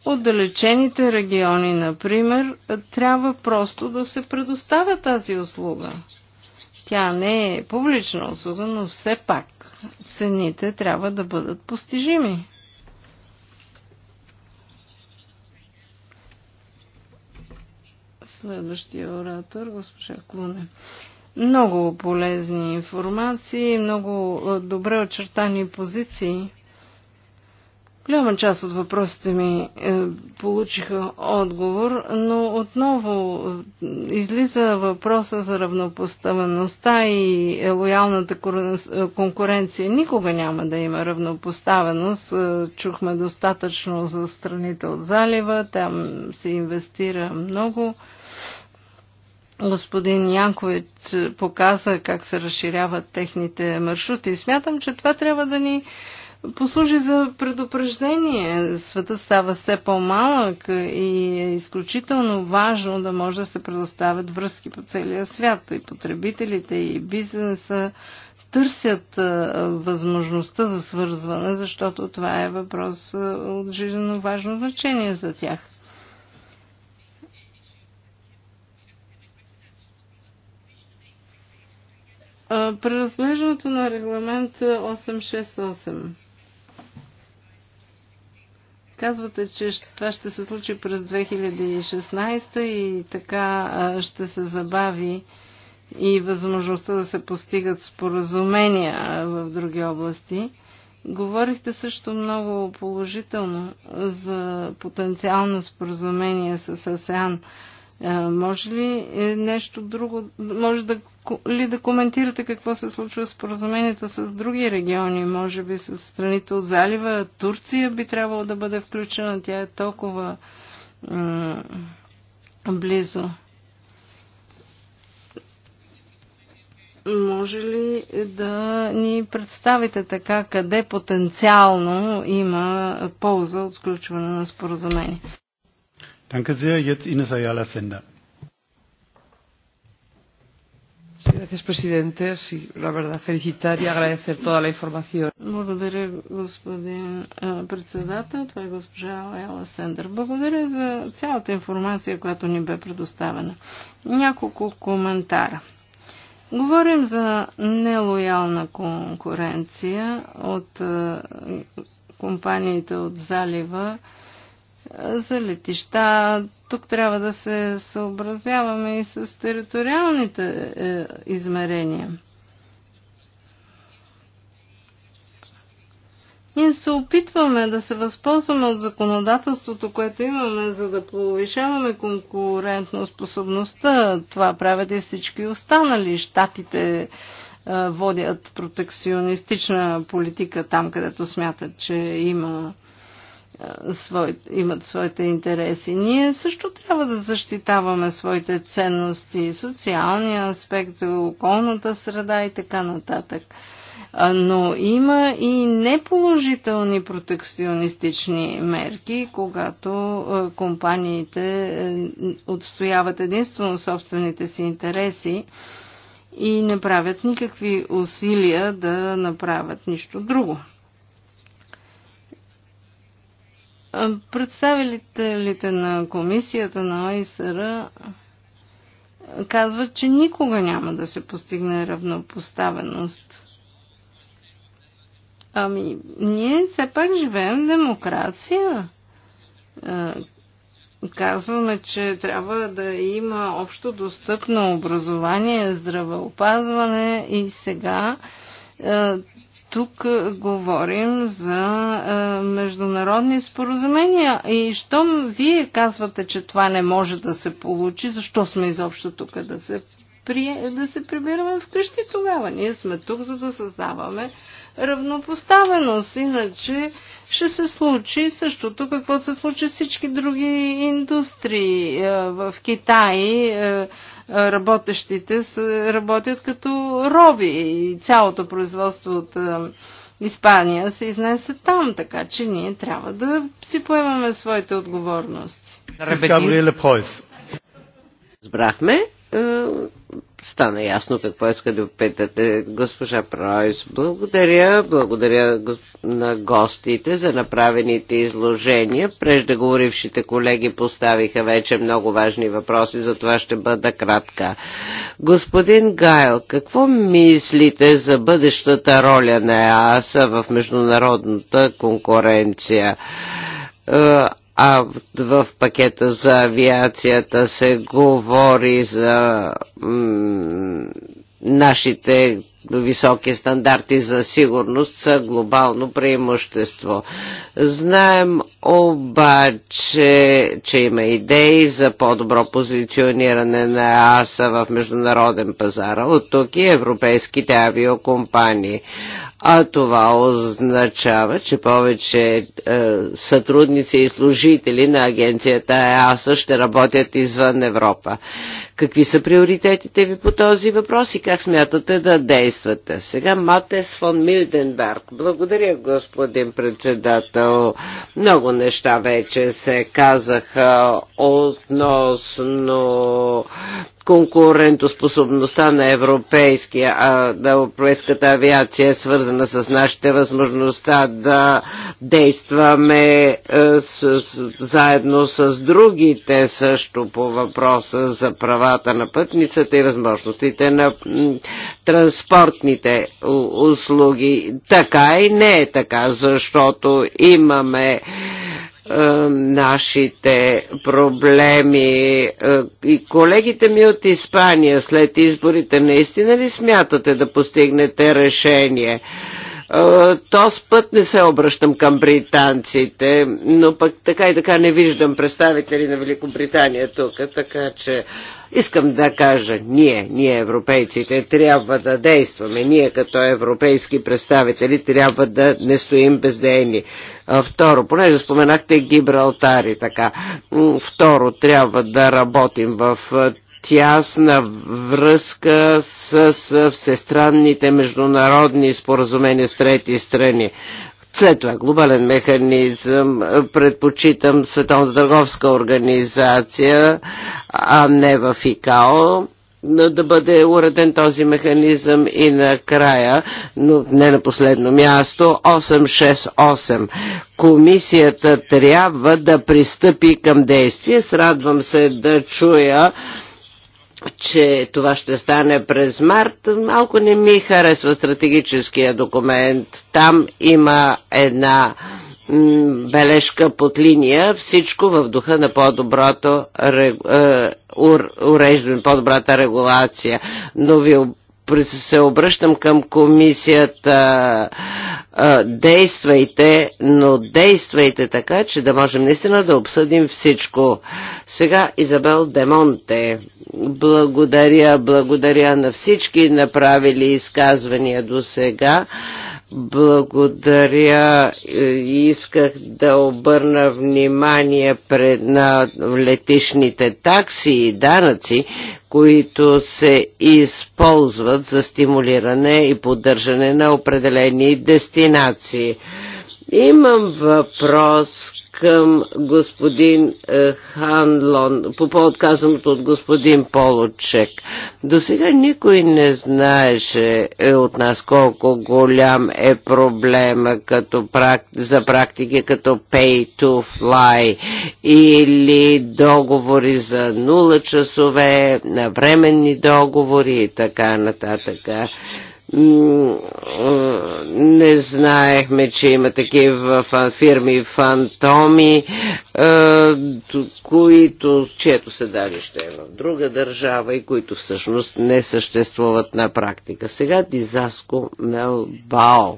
отдалечените региони, например, трябва просто да се предоставя тази услуга. Тя не е публична услуга, но все пак цените трябва да бъдат постижими. Следващия оратор, госпожа Клуне. Много полезни информации, много добре очертани позиции. Голяма част от въпросите ми е, получиха отговор, но отново е, излиза въпроса за равнопоставеността и е, лоялната е, конкуренция. Никога няма да има равнопоставеност. Чухме достатъчно за страните от залива, там се инвестира много. Господин Янковец показа как се разширяват техните маршрути. Смятам, че това трябва да ни послужи за предупреждение. Светът става все по-малък и е изключително важно да може да се предоставят връзки по целия свят. И потребителите, и бизнеса търсят възможността за свързване, защото това е въпрос от жизненно важно значение за тях. Преразглеждането на регламент 868. Казвате, че това ще се случи през 2016 и така ще се забави и възможността да се постигат споразумения в други области. Говорихте също много положително за потенциално споразумение с АСЕАН. Може ли е, нещо друго, може да ли да коментирате какво се случва с поразумението с други региони, може би с страните от залива? Турция би трябвало да бъде включена, тя е толкова близо. Може ли да ни представите така, къде потенциално има полза от включване на споразумение? Danke sehr, jetzt Ines Ayala Sender. Gracias, presidente. Sí, la verdad, felicitar y agradecer toda la información. Благодаря, господин председател. Това е госпожа Ела Сендър. Благодаря за цялата информация, която ни бе предоставена. Няколко коментара. Говорим за нелоялна конкуренция от компаниите от залива за летища. Тук трябва да се съобразяваме и с териториалните е, измерения. Ние се опитваме да се възползваме от законодателството, което имаме, за да повишаваме конкурентно способността. Това правят и всички останали. Штатите е, водят протекционистична политика там, където смятат, че има е, своите, имат своите интереси. Ние също трябва да защитаваме своите ценности, социалния аспект, околната среда и така нататък. Но има и неположителни протекционистични мерки, когато е, компаниите е, отстояват единствено собствените си интереси и не правят никакви усилия да направят нищо друго. Представителите на комисията на ОИСР казват, че никога няма да се постигне равнопоставеност. Ами, ние все пак живеем в демокрация. Казваме, че трябва да има общо достъпно образование, здравеопазване и сега тук е, говорим за а, е, международни споразумения. И щом вие казвате, че това не може да се получи, защо сме изобщо тук да се, при... да се прибираме вкъщи тогава? Ние сме тук, за да създаваме равнопоставеност. Иначе ще се случи същото, каквото се случи всички други индустрии. Е, в Китай работещите работят като роби и цялото производство от е, Испания се изнесе там, така че ние трябва да си поемаме своите отговорности. Разбрахме е, стана ясно какво иска да питате госпожа Пройс. Благодаря, благодаря на гостите за направените изложения. Преждеговорившите колеги поставиха вече много важни въпроси, за това ще бъда кратка. Господин Гайл, какво мислите за бъдещата роля на ЕАСА в международната конкуренция? Е, а в пакета за авиацията се говори за нашите високи стандарти за сигурност са глобално преимущество. Знаем обаче, че има идеи за по-добро позициониране на АСА в международен пазар, от тук и европейските авиокомпании. А това означава, че повече е, сътрудници и служители на агенцията ЕАСА ще работят извън Европа. Какви са приоритетите ви по този въпрос и как смятате да действате? Сега Матес фон Милденберг. Благодаря, господин председател. Много неща вече се казаха относно конкурентоспособността на европейския, а, да европейската авиация е свързана с нашите възможността да действаме е, с, с, заедно с другите също по въпроса за правата на пътницата и възможностите на транспортните услуги. Така и не е така, защото имаме е, нашите проблеми. Е, и колегите ми от Испания след изборите, наистина ли смятате да постигнете решение? Е, Този път не се обръщам към британците, но пък така и така не виждам представители на Великобритания тук, така че искам да кажа, ние, ние европейците, трябва да действаме, ние като европейски представители трябва да не стоим бездейни. Второ, понеже споменахте Гибралтар и така. Второ, трябва да работим в тясна връзка с всестранните международни споразумения с трети страни. След това глобален механизъм, предпочитам Световната търговска организация, а не в ИКАО да бъде уреден този механизъм и накрая, но не на последно място, 868. Комисията трябва да пристъпи към действие. Срадвам се да чуя че това ще стане през март. Малко не ми харесва стратегическия документ. Там има една бележка под линия, всичко в духа на по-доброто е, уреждане, по-добрата регулация. Но ви се обръщам към комисията. Е, действайте, но действайте така, че да можем наистина да обсъдим всичко. Сега Изабел Демонте. Благодаря, благодаря на всички направили изказвания до сега. Благодаря. Исках да обърна внимание пред на летишните такси и данъци, които се използват за стимулиране и поддържане на определени дестинации. Имам въпрос към господин е, Ханлон, по повод казаното от господин Полочек. До сега никой не знаеше е, от нас колко голям е проблема като практи, за практики като pay to fly или договори за нула часове, на временни договори и така нататък не знаехме, че има такива фирми фантоми, които, чието седалище е в друга държава и които всъщност не съществуват на практика. Сега Дизаско Мелбао.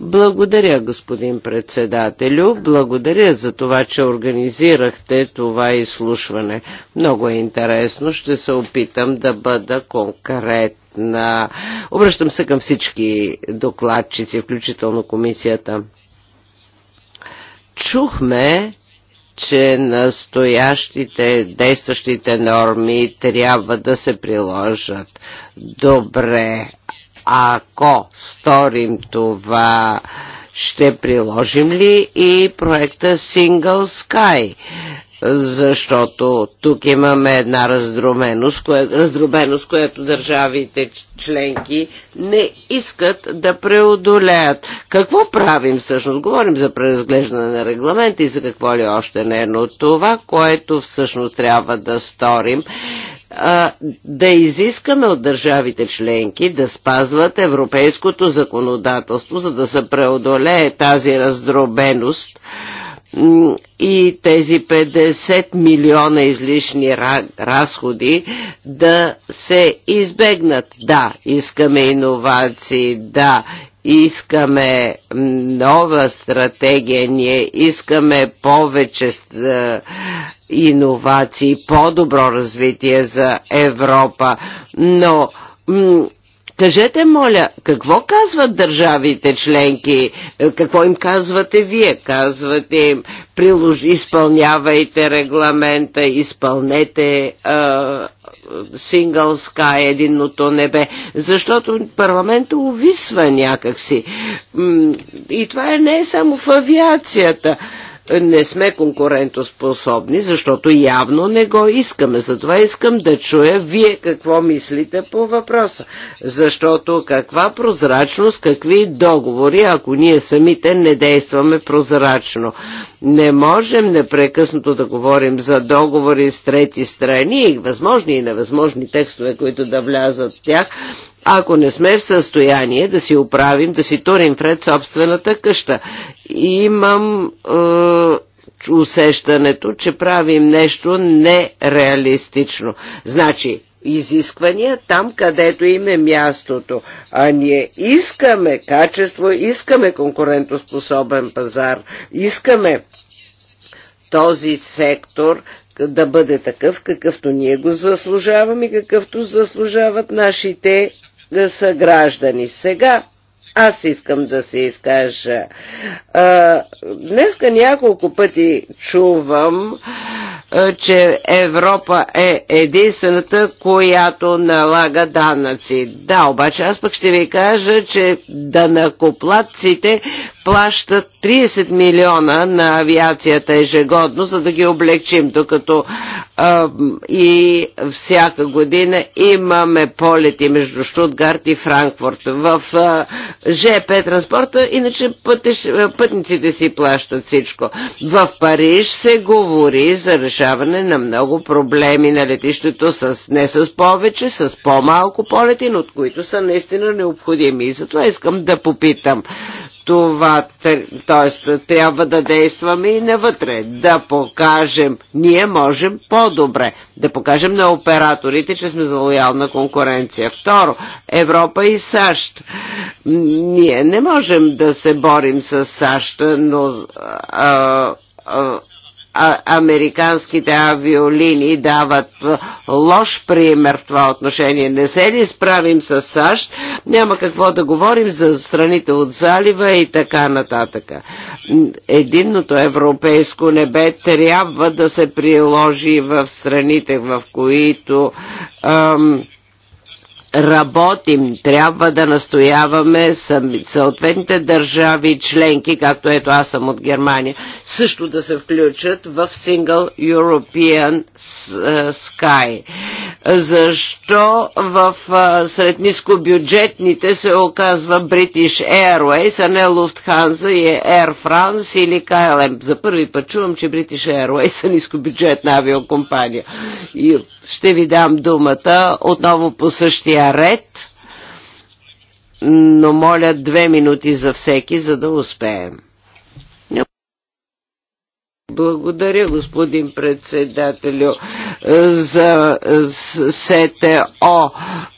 Благодаря, господин председателю. Благодаря за това, че организирахте това изслушване. Много е интересно. Ще се опитам да бъда конкретен на... Обръщам се към всички докладчици, включително комисията. Чухме, че настоящите действащите норми трябва да се приложат. Добре, ако сторим това, ще приложим ли и проекта Single Sky? защото тук имаме една раздробеност, кое, раздробеност която държавите членки не искат да преодолеят. Какво правим всъщност? Говорим за преразглеждане на регламента и за какво ли още не, е но това, което всъщност трябва да сторим, а, да изискаме от държавите членки да спазват европейското законодателство, за да се преодолее тази раздробеност и тези 50 милиона излишни разходи да се избегнат. Да, искаме иновации, да, искаме нова стратегия, ние искаме повече е, иновации, по-добро развитие за Европа, но Кажете, моля, какво казват държавите членки? Е, какво им казвате вие? Казвате им, прилож... изпълнявайте регламента, изпълнете сингъл е, Sky, единното небе, защото парламента увисва някакси. И това е не е само в авиацията не сме конкурентоспособни, защото явно не го искаме. Затова искам да чуя вие какво мислите по въпроса. Защото каква прозрачност, какви договори, ако ние самите не действаме прозрачно. Не можем непрекъснато да говорим за договори с трети страни и възможни и невъзможни текстове, които да влязат в тях, ако не сме в състояние да си оправим, да си турим пред собствената къща. Имам е, усещането, че правим нещо нереалистично. Значи, изисквания там, където им е мястото. А ние искаме качество, искаме конкурентоспособен пазар, искаме този сектор да бъде такъв, какъвто ние го заслужаваме и какъвто заслужават нашите са граждани. Сега аз искам да се изкажа. днеска няколко пъти чувам, че Европа е единствената, която налага данъци. Да, обаче аз пък ще ви кажа, че данъкоплатците плащат 30 милиона на авиацията ежегодно, за да ги облегчим, докато а, и всяка година имаме полети между Штутгарт и Франкфурт. В а, ЖП транспорта, иначе пътеш, пътниците си плащат всичко. В Париж се говори за решаване на много проблеми на летището с, не с повече, с по-малко полети, но от които са наистина необходими. И затова искам да попитам това, т.е. трябва да действаме и навътре, да покажем, ние можем по-добре, да покажем на операторите, че сме за лоялна конкуренция. Второ, Европа и САЩ. Ние не можем да се борим с САЩ, но а, а, американските авиолинии дават лош пример в това отношение. Не се ли справим с САЩ, няма какво да говорим за страните от залива и така нататък. Единното европейско небе трябва да се приложи в страните, в които ам, работим, трябва да настояваме съответните държави членки, както ето аз съм от Германия, също да се включат в Single European е, Sky. Защо в е, сред нискобюджетните се оказва British Airways, а не Lufthansa и Air France или KLM? За първи път чувам, че British Airways е нискобюджетна авиокомпания. И ще ви дам думата отново по същия ред, но моля две минути за всеки, за да успеем. Благодаря, господин председателю, за СТО.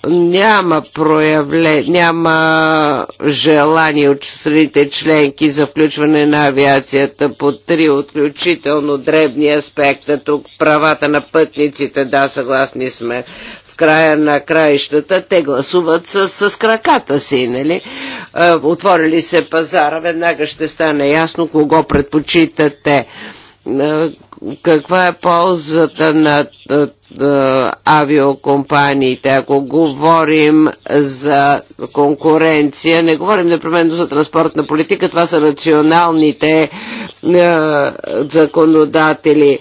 Няма проявле, няма желание от страните членки за включване на авиацията по три отключително дребни аспекта. Тук правата на пътниците, да, съгласни сме края на краищата те гласуват с, с краката си, нали? Отворили се пазара, веднага ще стане ясно кого предпочитате каква е ползата на е, авиокомпаниите. Ако говорим за конкуренция, не говорим непременно за транспортна политика, това са националните е, законодатели.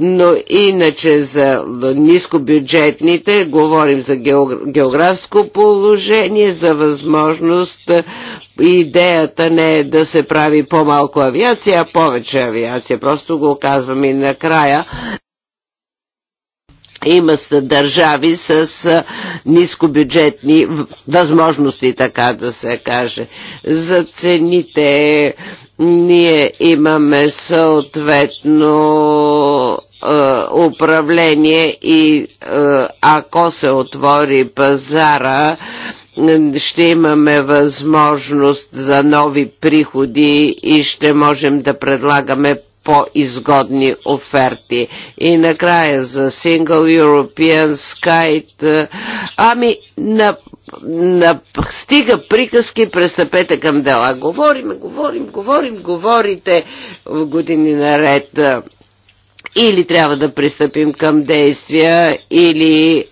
Но иначе за нискобюджетните говорим за географско положение, за възможност. Е, идеята не е да се прави по-малко авиация, а повече авиация. Просто го казвам и накрая. Има държави с нискобюджетни възможности, така да се каже. За цените ние имаме съответно управление и ако се отвори пазара, ще имаме възможност за нови приходи и ще можем да предлагаме по-изгодни оферти. И накрая за Single European Sky. Ами, на, на, стига приказки, престъпете към дела. Говорим, говорим, говорим, говорите в години наред или трябва да пристъпим към действия, или е,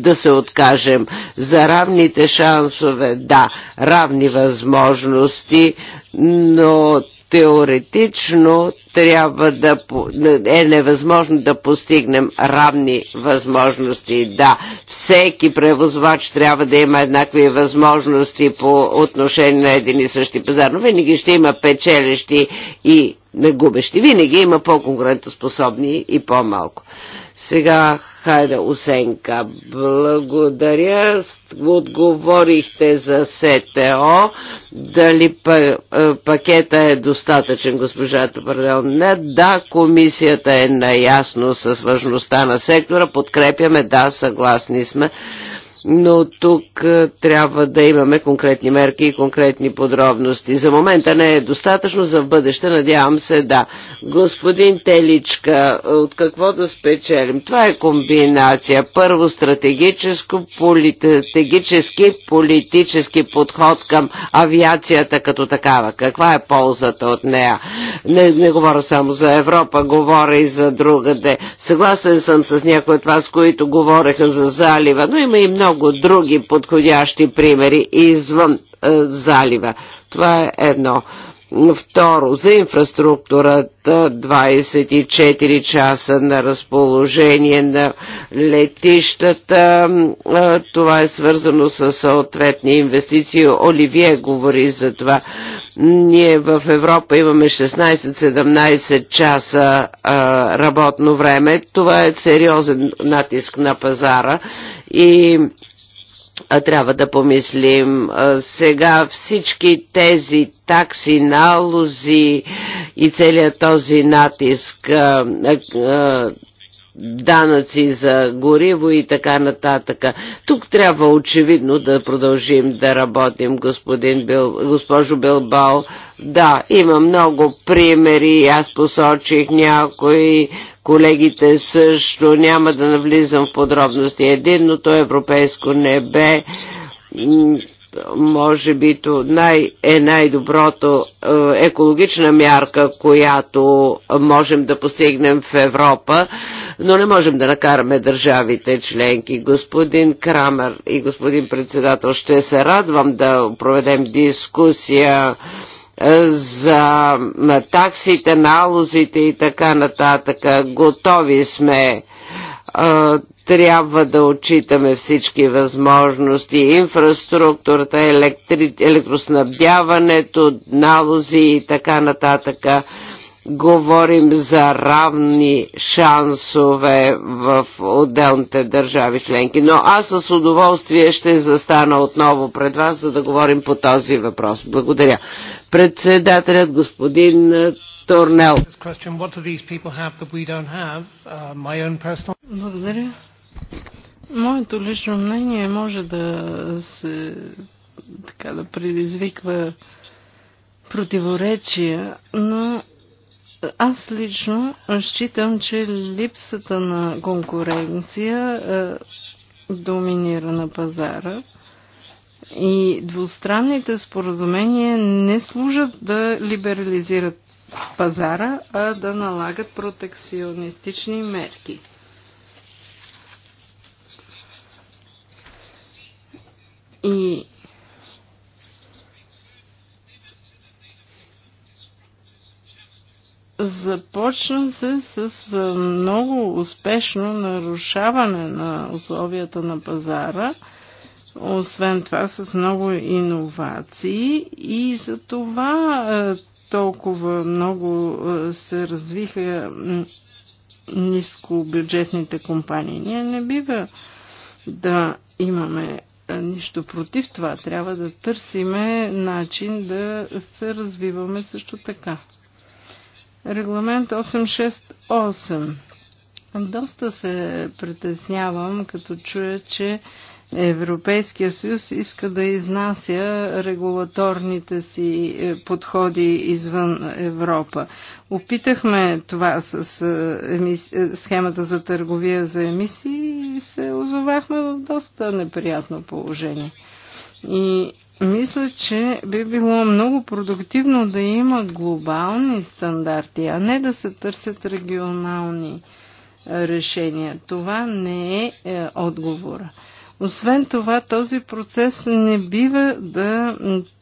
да се откажем. За равните шансове, да, равни възможности, но теоретично трябва да е невъзможно да постигнем равни възможности. Да, всеки превозвач трябва да има еднакви възможности по отношение на един и същи пазар, но винаги ще има печелещи и не губещи. Винаги има по-конкурентоспособни и по-малко. Сега Хайде Осенка, благодаря. Отговорихте за СТО. Дали е, пакета е достатъчен, госпожата Топардел? Не, да, комисията е наясно с важността на сектора. Подкрепяме, да, съгласни сме но тук е, трябва да имаме конкретни мерки и конкретни подробности. За момента не е достатъчно, за в бъдеще надявам се да. Господин Теличка, е, от какво да спечелим? Това е комбинация. Първо стратегическо, политически, политически подход към авиацията като такава. Каква е ползата от нея? Не, не говоря само за Европа, говоря и за другаде. Съгласен съм с някои от вас, които говореха за залива, но има и много много други подходящи примери извън е, залива. Това е едно. Второ, за инфраструктурата 24 часа на разположение на летищата. Това е свързано с съответни инвестиции. Оливие говори за това. Ние в Европа имаме 16-17 часа работно време. Това е сериозен натиск на пазара и трябва да помислим. Сега всички тези такси, налози и целият този натиск, данъци за гориво и така нататък. Тук трябва очевидно да продължим да работим, господин Бил, госпожо Билбао. Да, има много примери, аз посочих някои Колегите също няма да навлизам в подробности. Единното европейско небе може би най, е най-доброто е, екологична мярка, която можем да постигнем в Европа, но не можем да накараме държавите членки. Господин Крамер и господин председател, ще се радвам да проведем дискусия за таксите, налозите и така нататък. Готови сме трябва да отчитаме всички възможности, инфраструктурата, електри... електроснабдяването, налози и така нататък. Говорим за равни шансове в отделните държави членки. Но аз с удоволствие ще застана отново пред вас, за да говорим по този въпрос. Благодаря. Председателят господин Торнел. Благодаря. Моето лично мнение може да се така да предизвиква противоречия, но аз лично считам, че липсата на конкуренция доминира на пазара и двустранните споразумения не служат да либерализират пазара, а да налагат протекционистични мерки. И започна се с много успешно нарушаване на условията на пазара – освен това с много иновации и за това е, толкова много е, се развиха нискобюджетните компании. Ние не бива да имаме е, нищо против това. Трябва да търсиме начин да се развиваме също така. Регламент 868. Доста се притеснявам, като чуя, че Европейския съюз иска да изнася регулаторните си е, подходи извън Европа. Опитахме това с е, е, схемата за търговия за емисии и се озовахме в доста неприятно положение. И мисля, че би било много продуктивно да има глобални стандарти, а не да се търсят регионални решения. Това не е, отговора. Освен това, този процес не бива да,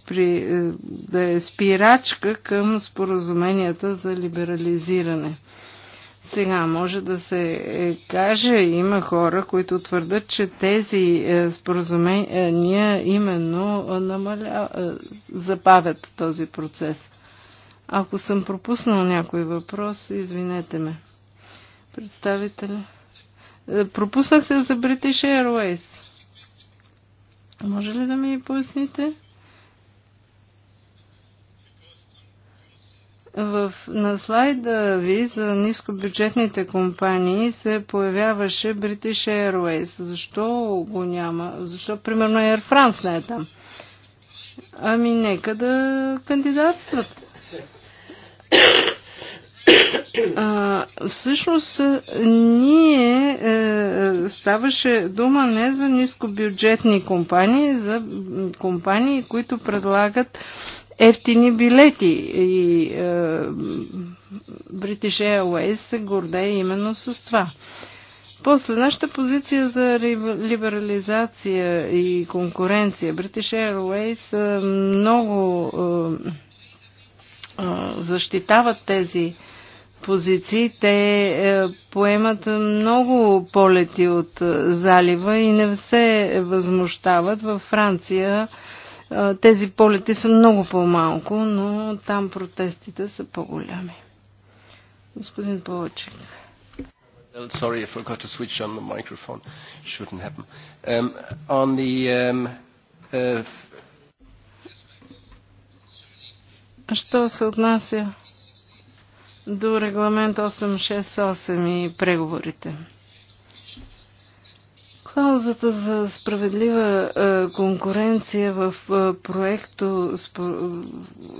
при, да е спирачка към споразуменията за либерализиране. Сега може да се е, каже, има хора, които твърдат, че тези е, споразумения именно е, намаля, запавят този процес. Ако съм пропуснал някой въпрос, извинете ме. Представителя. Пропуснахте за British Airways. Може ли да ми поясните? В, на слайда ви за нискобюджетните компании се появяваше British Airways. Защо го няма? Защо, примерно, Air France не е там? Ами, нека да кандидатстват а, всъщност ние е, ставаше дума не за нискобюджетни компании, за компании, които предлагат ефтини билети. И е, British Airways се гордее именно с това. После, нашата позиция за либерализация и конкуренция. British Airways е, много е, е, защитават тези позиции. Те е, поемат много полети от е, залива и не се възмущават. Във Франция е, тези полети са много по-малко, но там протестите са по-голями. Господин Повечек. Sorry, I forgot to switch on the microphone. Shouldn't happen. Um, on the um, uh... Що се отнася до регламент 868 и преговорите. Клаузата за справедлива е, конкуренция в е, проекто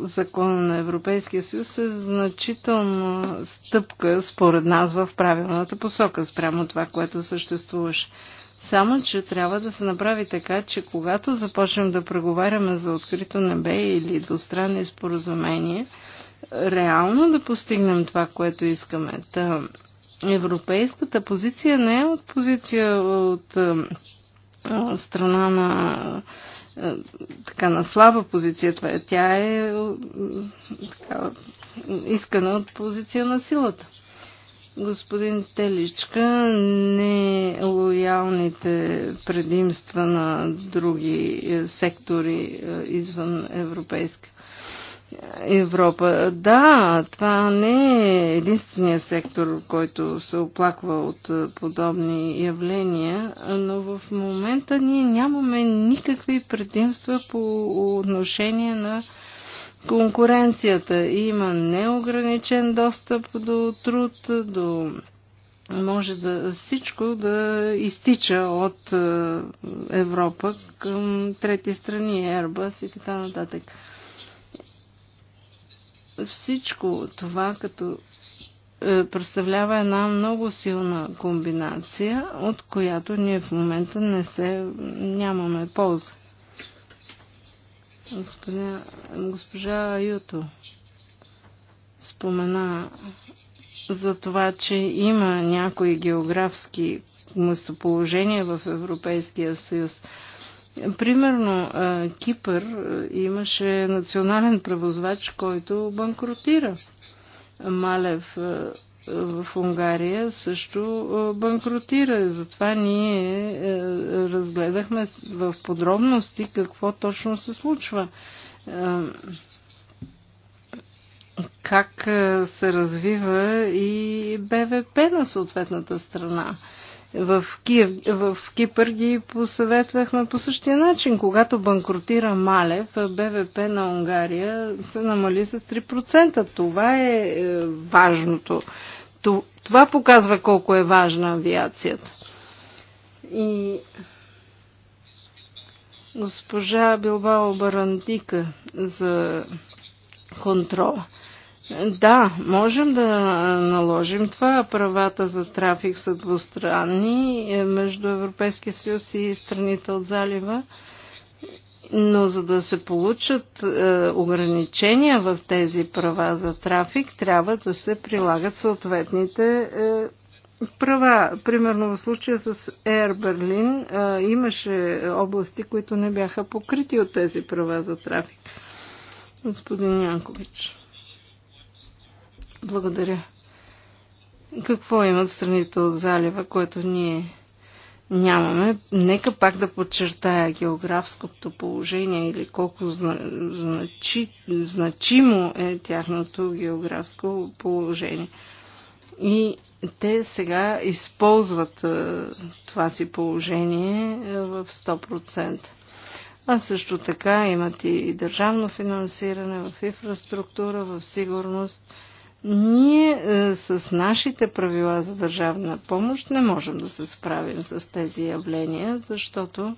закона на Европейския съюз е значителна стъпка, според нас, в правилната посока спрямо това, което съществуваше. Само, че трябва да се направи така, че когато започнем да преговаряме за открито небе или двустранни споразумения, реално да постигнем това, което искаме. Та, европейската позиция не е от позиция от страна на така на слаба позиция. Това е. Тя е така, искана от позиция на силата. Господин Теличка, не лоялните предимства на други е, сектори е, извън европейска Европа. Да, това не е единствения сектор, който се оплаква от подобни явления, но в момента ние нямаме никакви предимства по отношение на конкуренцията. Има неограничен достъп до труд, до може да всичко да изтича от Европа към трети страни, Airbus и така нататък всичко това като е, представлява една много силна комбинация, от която ние в момента не се нямаме полза. госпожа Юто спомена за това, че има някои географски местоположения в Европейския съюз. Примерно Кипър имаше национален превозвач, който банкротира. Малев в Унгария също банкротира. Затова ние разгледахме в подробности какво точно се случва. Как се развива и БВП на съответната страна. В, Киев, в Кипър ги посъветвахме по същия начин. Когато банкротира Малев, БВП на Унгария се намали с 3%. Това е, е важното. Това показва колко е важна авиацията. И госпожа Билбао Барантика за контрола. Да, можем да наложим това. Правата за трафик са двустранни е, между Европейския съюз и страните от залива. Но за да се получат е, ограничения в тези права за трафик, трябва да се прилагат съответните е, права. Примерно в случая с Air Berlin имаше области, които не бяха покрити от тези права за трафик. Господин Янкович. Благодаря. Какво имат страните от залива, което ние нямаме? Нека пак да подчертая географското положение или колко значи, значимо е тяхното географско положение. И те сега използват е, това си положение е, в 100%. А също така имат и държавно финансиране в инфраструктура, в сигурност ние е, с нашите правила за държавна помощ не можем да се справим с тези явления, защото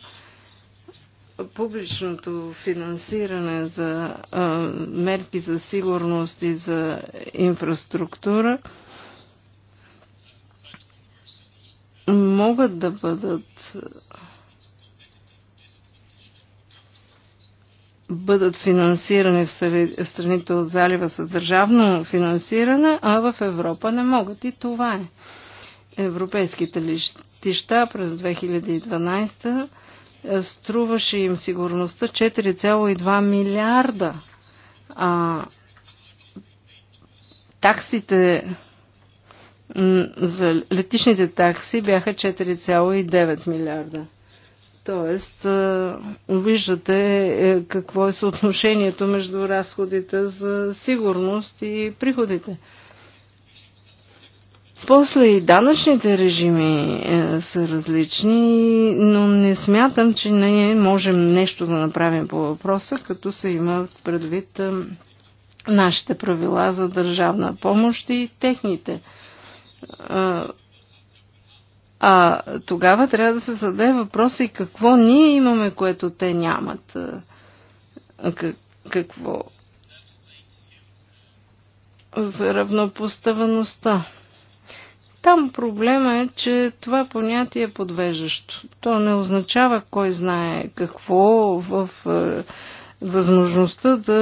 публичното финансиране за е, мерки за сигурност и за инфраструктура могат да бъдат бъдат финансирани в страните от залива с държавно финансиране, а в Европа не могат. И това е. Европейските летища през 2012 е, струваше им сигурността 4,2 милиарда. А таксите за летишните такси бяха 4,9 милиарда. Тоест, виждате е, какво е съотношението между разходите за сигурност и приходите. После и данъчните режими е, са различни, но не смятам, че не можем нещо да направим по въпроса, като се има предвид е, нашите правила за държавна помощ и техните. А тогава трябва да се зададе въпроса и какво ние имаме, което те нямат. Как, какво? За равнопоставеността. Там проблема е, че това понятие е подвеждащо. То не означава кой знае какво в е, възможността да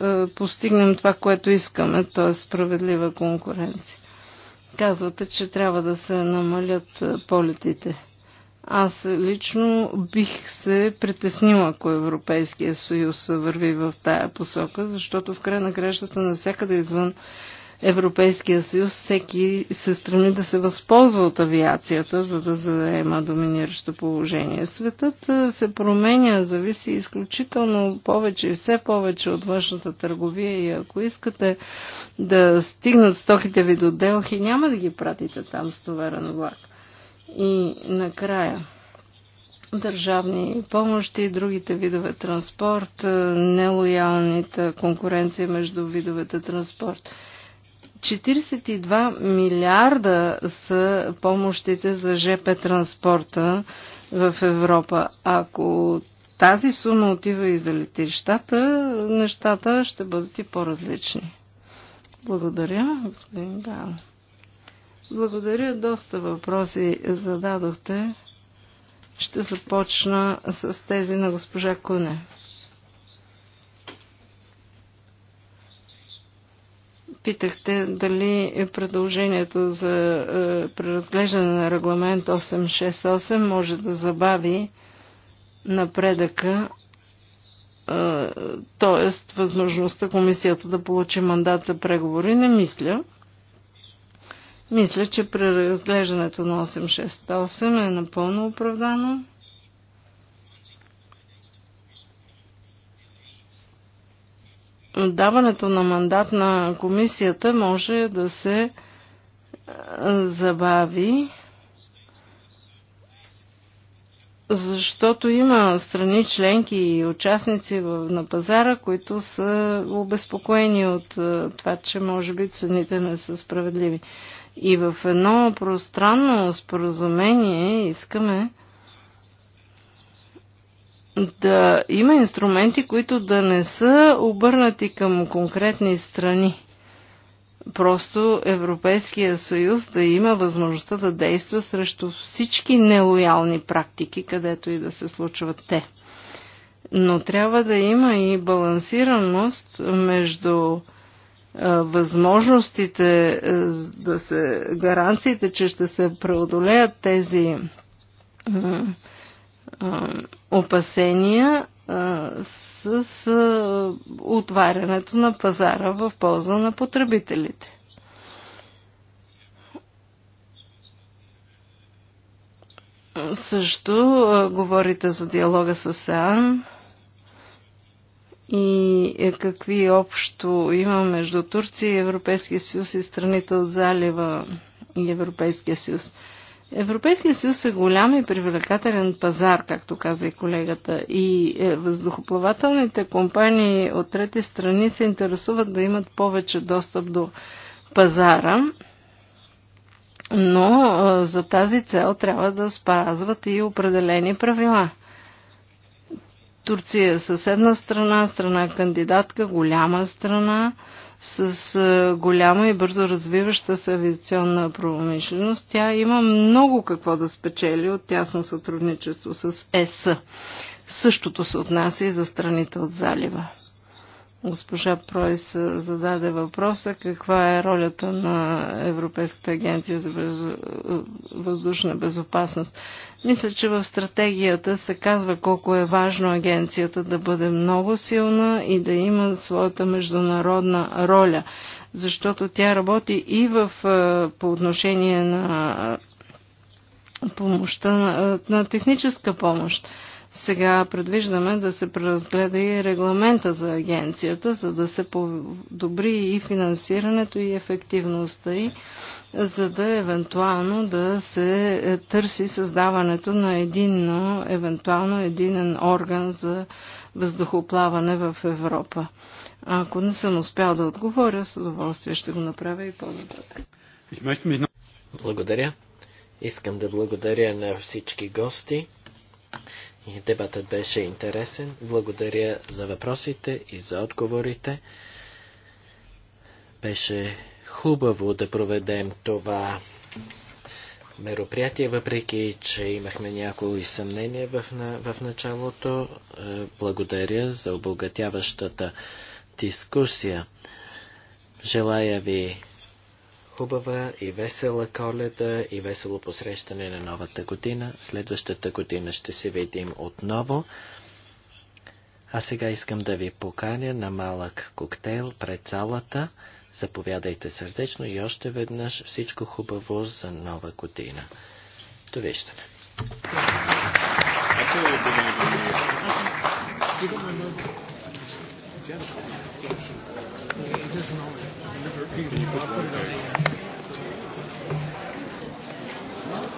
е, постигнем това, което искаме, т.е. справедлива конкуренция. Казвате, че трябва да се намалят полетите. Аз лично бих се притеснила, ако Европейския съюз върви в тая посока, защото в край на грешата навсякъде извън Европейския съюз всеки се страни да се възползва от авиацията, за да заема доминиращо положение. Светът е, се променя, зависи изключително повече и все повече от външната търговия и ако искате да стигнат стоките ви до Делхи, няма да ги пратите там с товарен влак. И накрая държавни помощи другите видове транспорт, е, нелоялните конкуренции между видовете транспорт. 42 милиарда са помощите за ЖП транспорта в Европа. Ако тази сума отива и за летищата, нещата ще бъдат и по-различни. Благодаря, господин Гал. Благодаря, доста въпроси зададохте. Ще започна с тези на госпожа Куне. Питахте дали предложението за е, преразглеждане на регламент 868 може да забави напредъка, т.е. възможността комисията да получи мандат за преговори. Не мисля. Мисля, че преразглеждането на 868 е напълно оправдано. даването на мандат на комисията може да се е, забави, защото има страни членки и участници на пазара, които са обезпокоени от е, това, че може би цените не са справедливи. И в едно пространно споразумение искаме да има инструменти, които да не са обърнати към конкретни страни. Просто Европейския съюз да има възможността да действа срещу всички нелоялни практики, където и да се случват те. Но трябва да има и балансираност между възможностите да се гаранциите, че ще се преодолеят тези опасения с отварянето на пазара в полза на потребителите. Също говорите за диалога с СЕАН и какви общо има между Турция и Европейския съюз и страните от залива и Европейския съюз. Европейския съюз е голям и привлекателен пазар, както каза и колегата, и е, въздухоплавателните компании от трети страни се интересуват да имат повече достъп до пазара, но е, за тази цел трябва да спазват и определени правила. Турция е съседна страна, страна кандидатка, голяма страна, с е, голяма и бързо развиваща се авиационна промишленост. Тя има много какво да спечели от тясно сътрудничество с ЕС. Същото се отнася и за страните от залива. Госпожа Пройс зададе въпроса каква е ролята на Европейската агенция за без... въздушна безопасност. Мисля, че в стратегията се казва колко е важно агенцията да бъде много силна и да има своята международна роля, защото тя работи и в, по отношение на помощта на, на техническа помощ. Сега предвиждаме да се преразгледа и регламента за агенцията, за да се подобри и финансирането и ефективността й, за да евентуално да се търси създаването на един, евентуално единен орган за въздухоплаване в Европа. Ако не съм успял да отговоря, с удоволствие ще го направя и по-нататък. Благодаря. Искам да благодаря на всички гости. Дебатът беше интересен. Благодаря за въпросите и за отговорите. Беше хубаво да проведем това мероприятие, въпреки че имахме някои съмнения в, в началото. Е, благодаря за обогатяващата дискусия. Желая ви хубава и весела коледа и весело посрещане на новата година. Следващата година ще се видим отново. А сега искам да ви поканя на малък коктейл пред залата. Заповядайте сърдечно и още веднъж всичко хубаво за нова година. Довиждане! Thank you.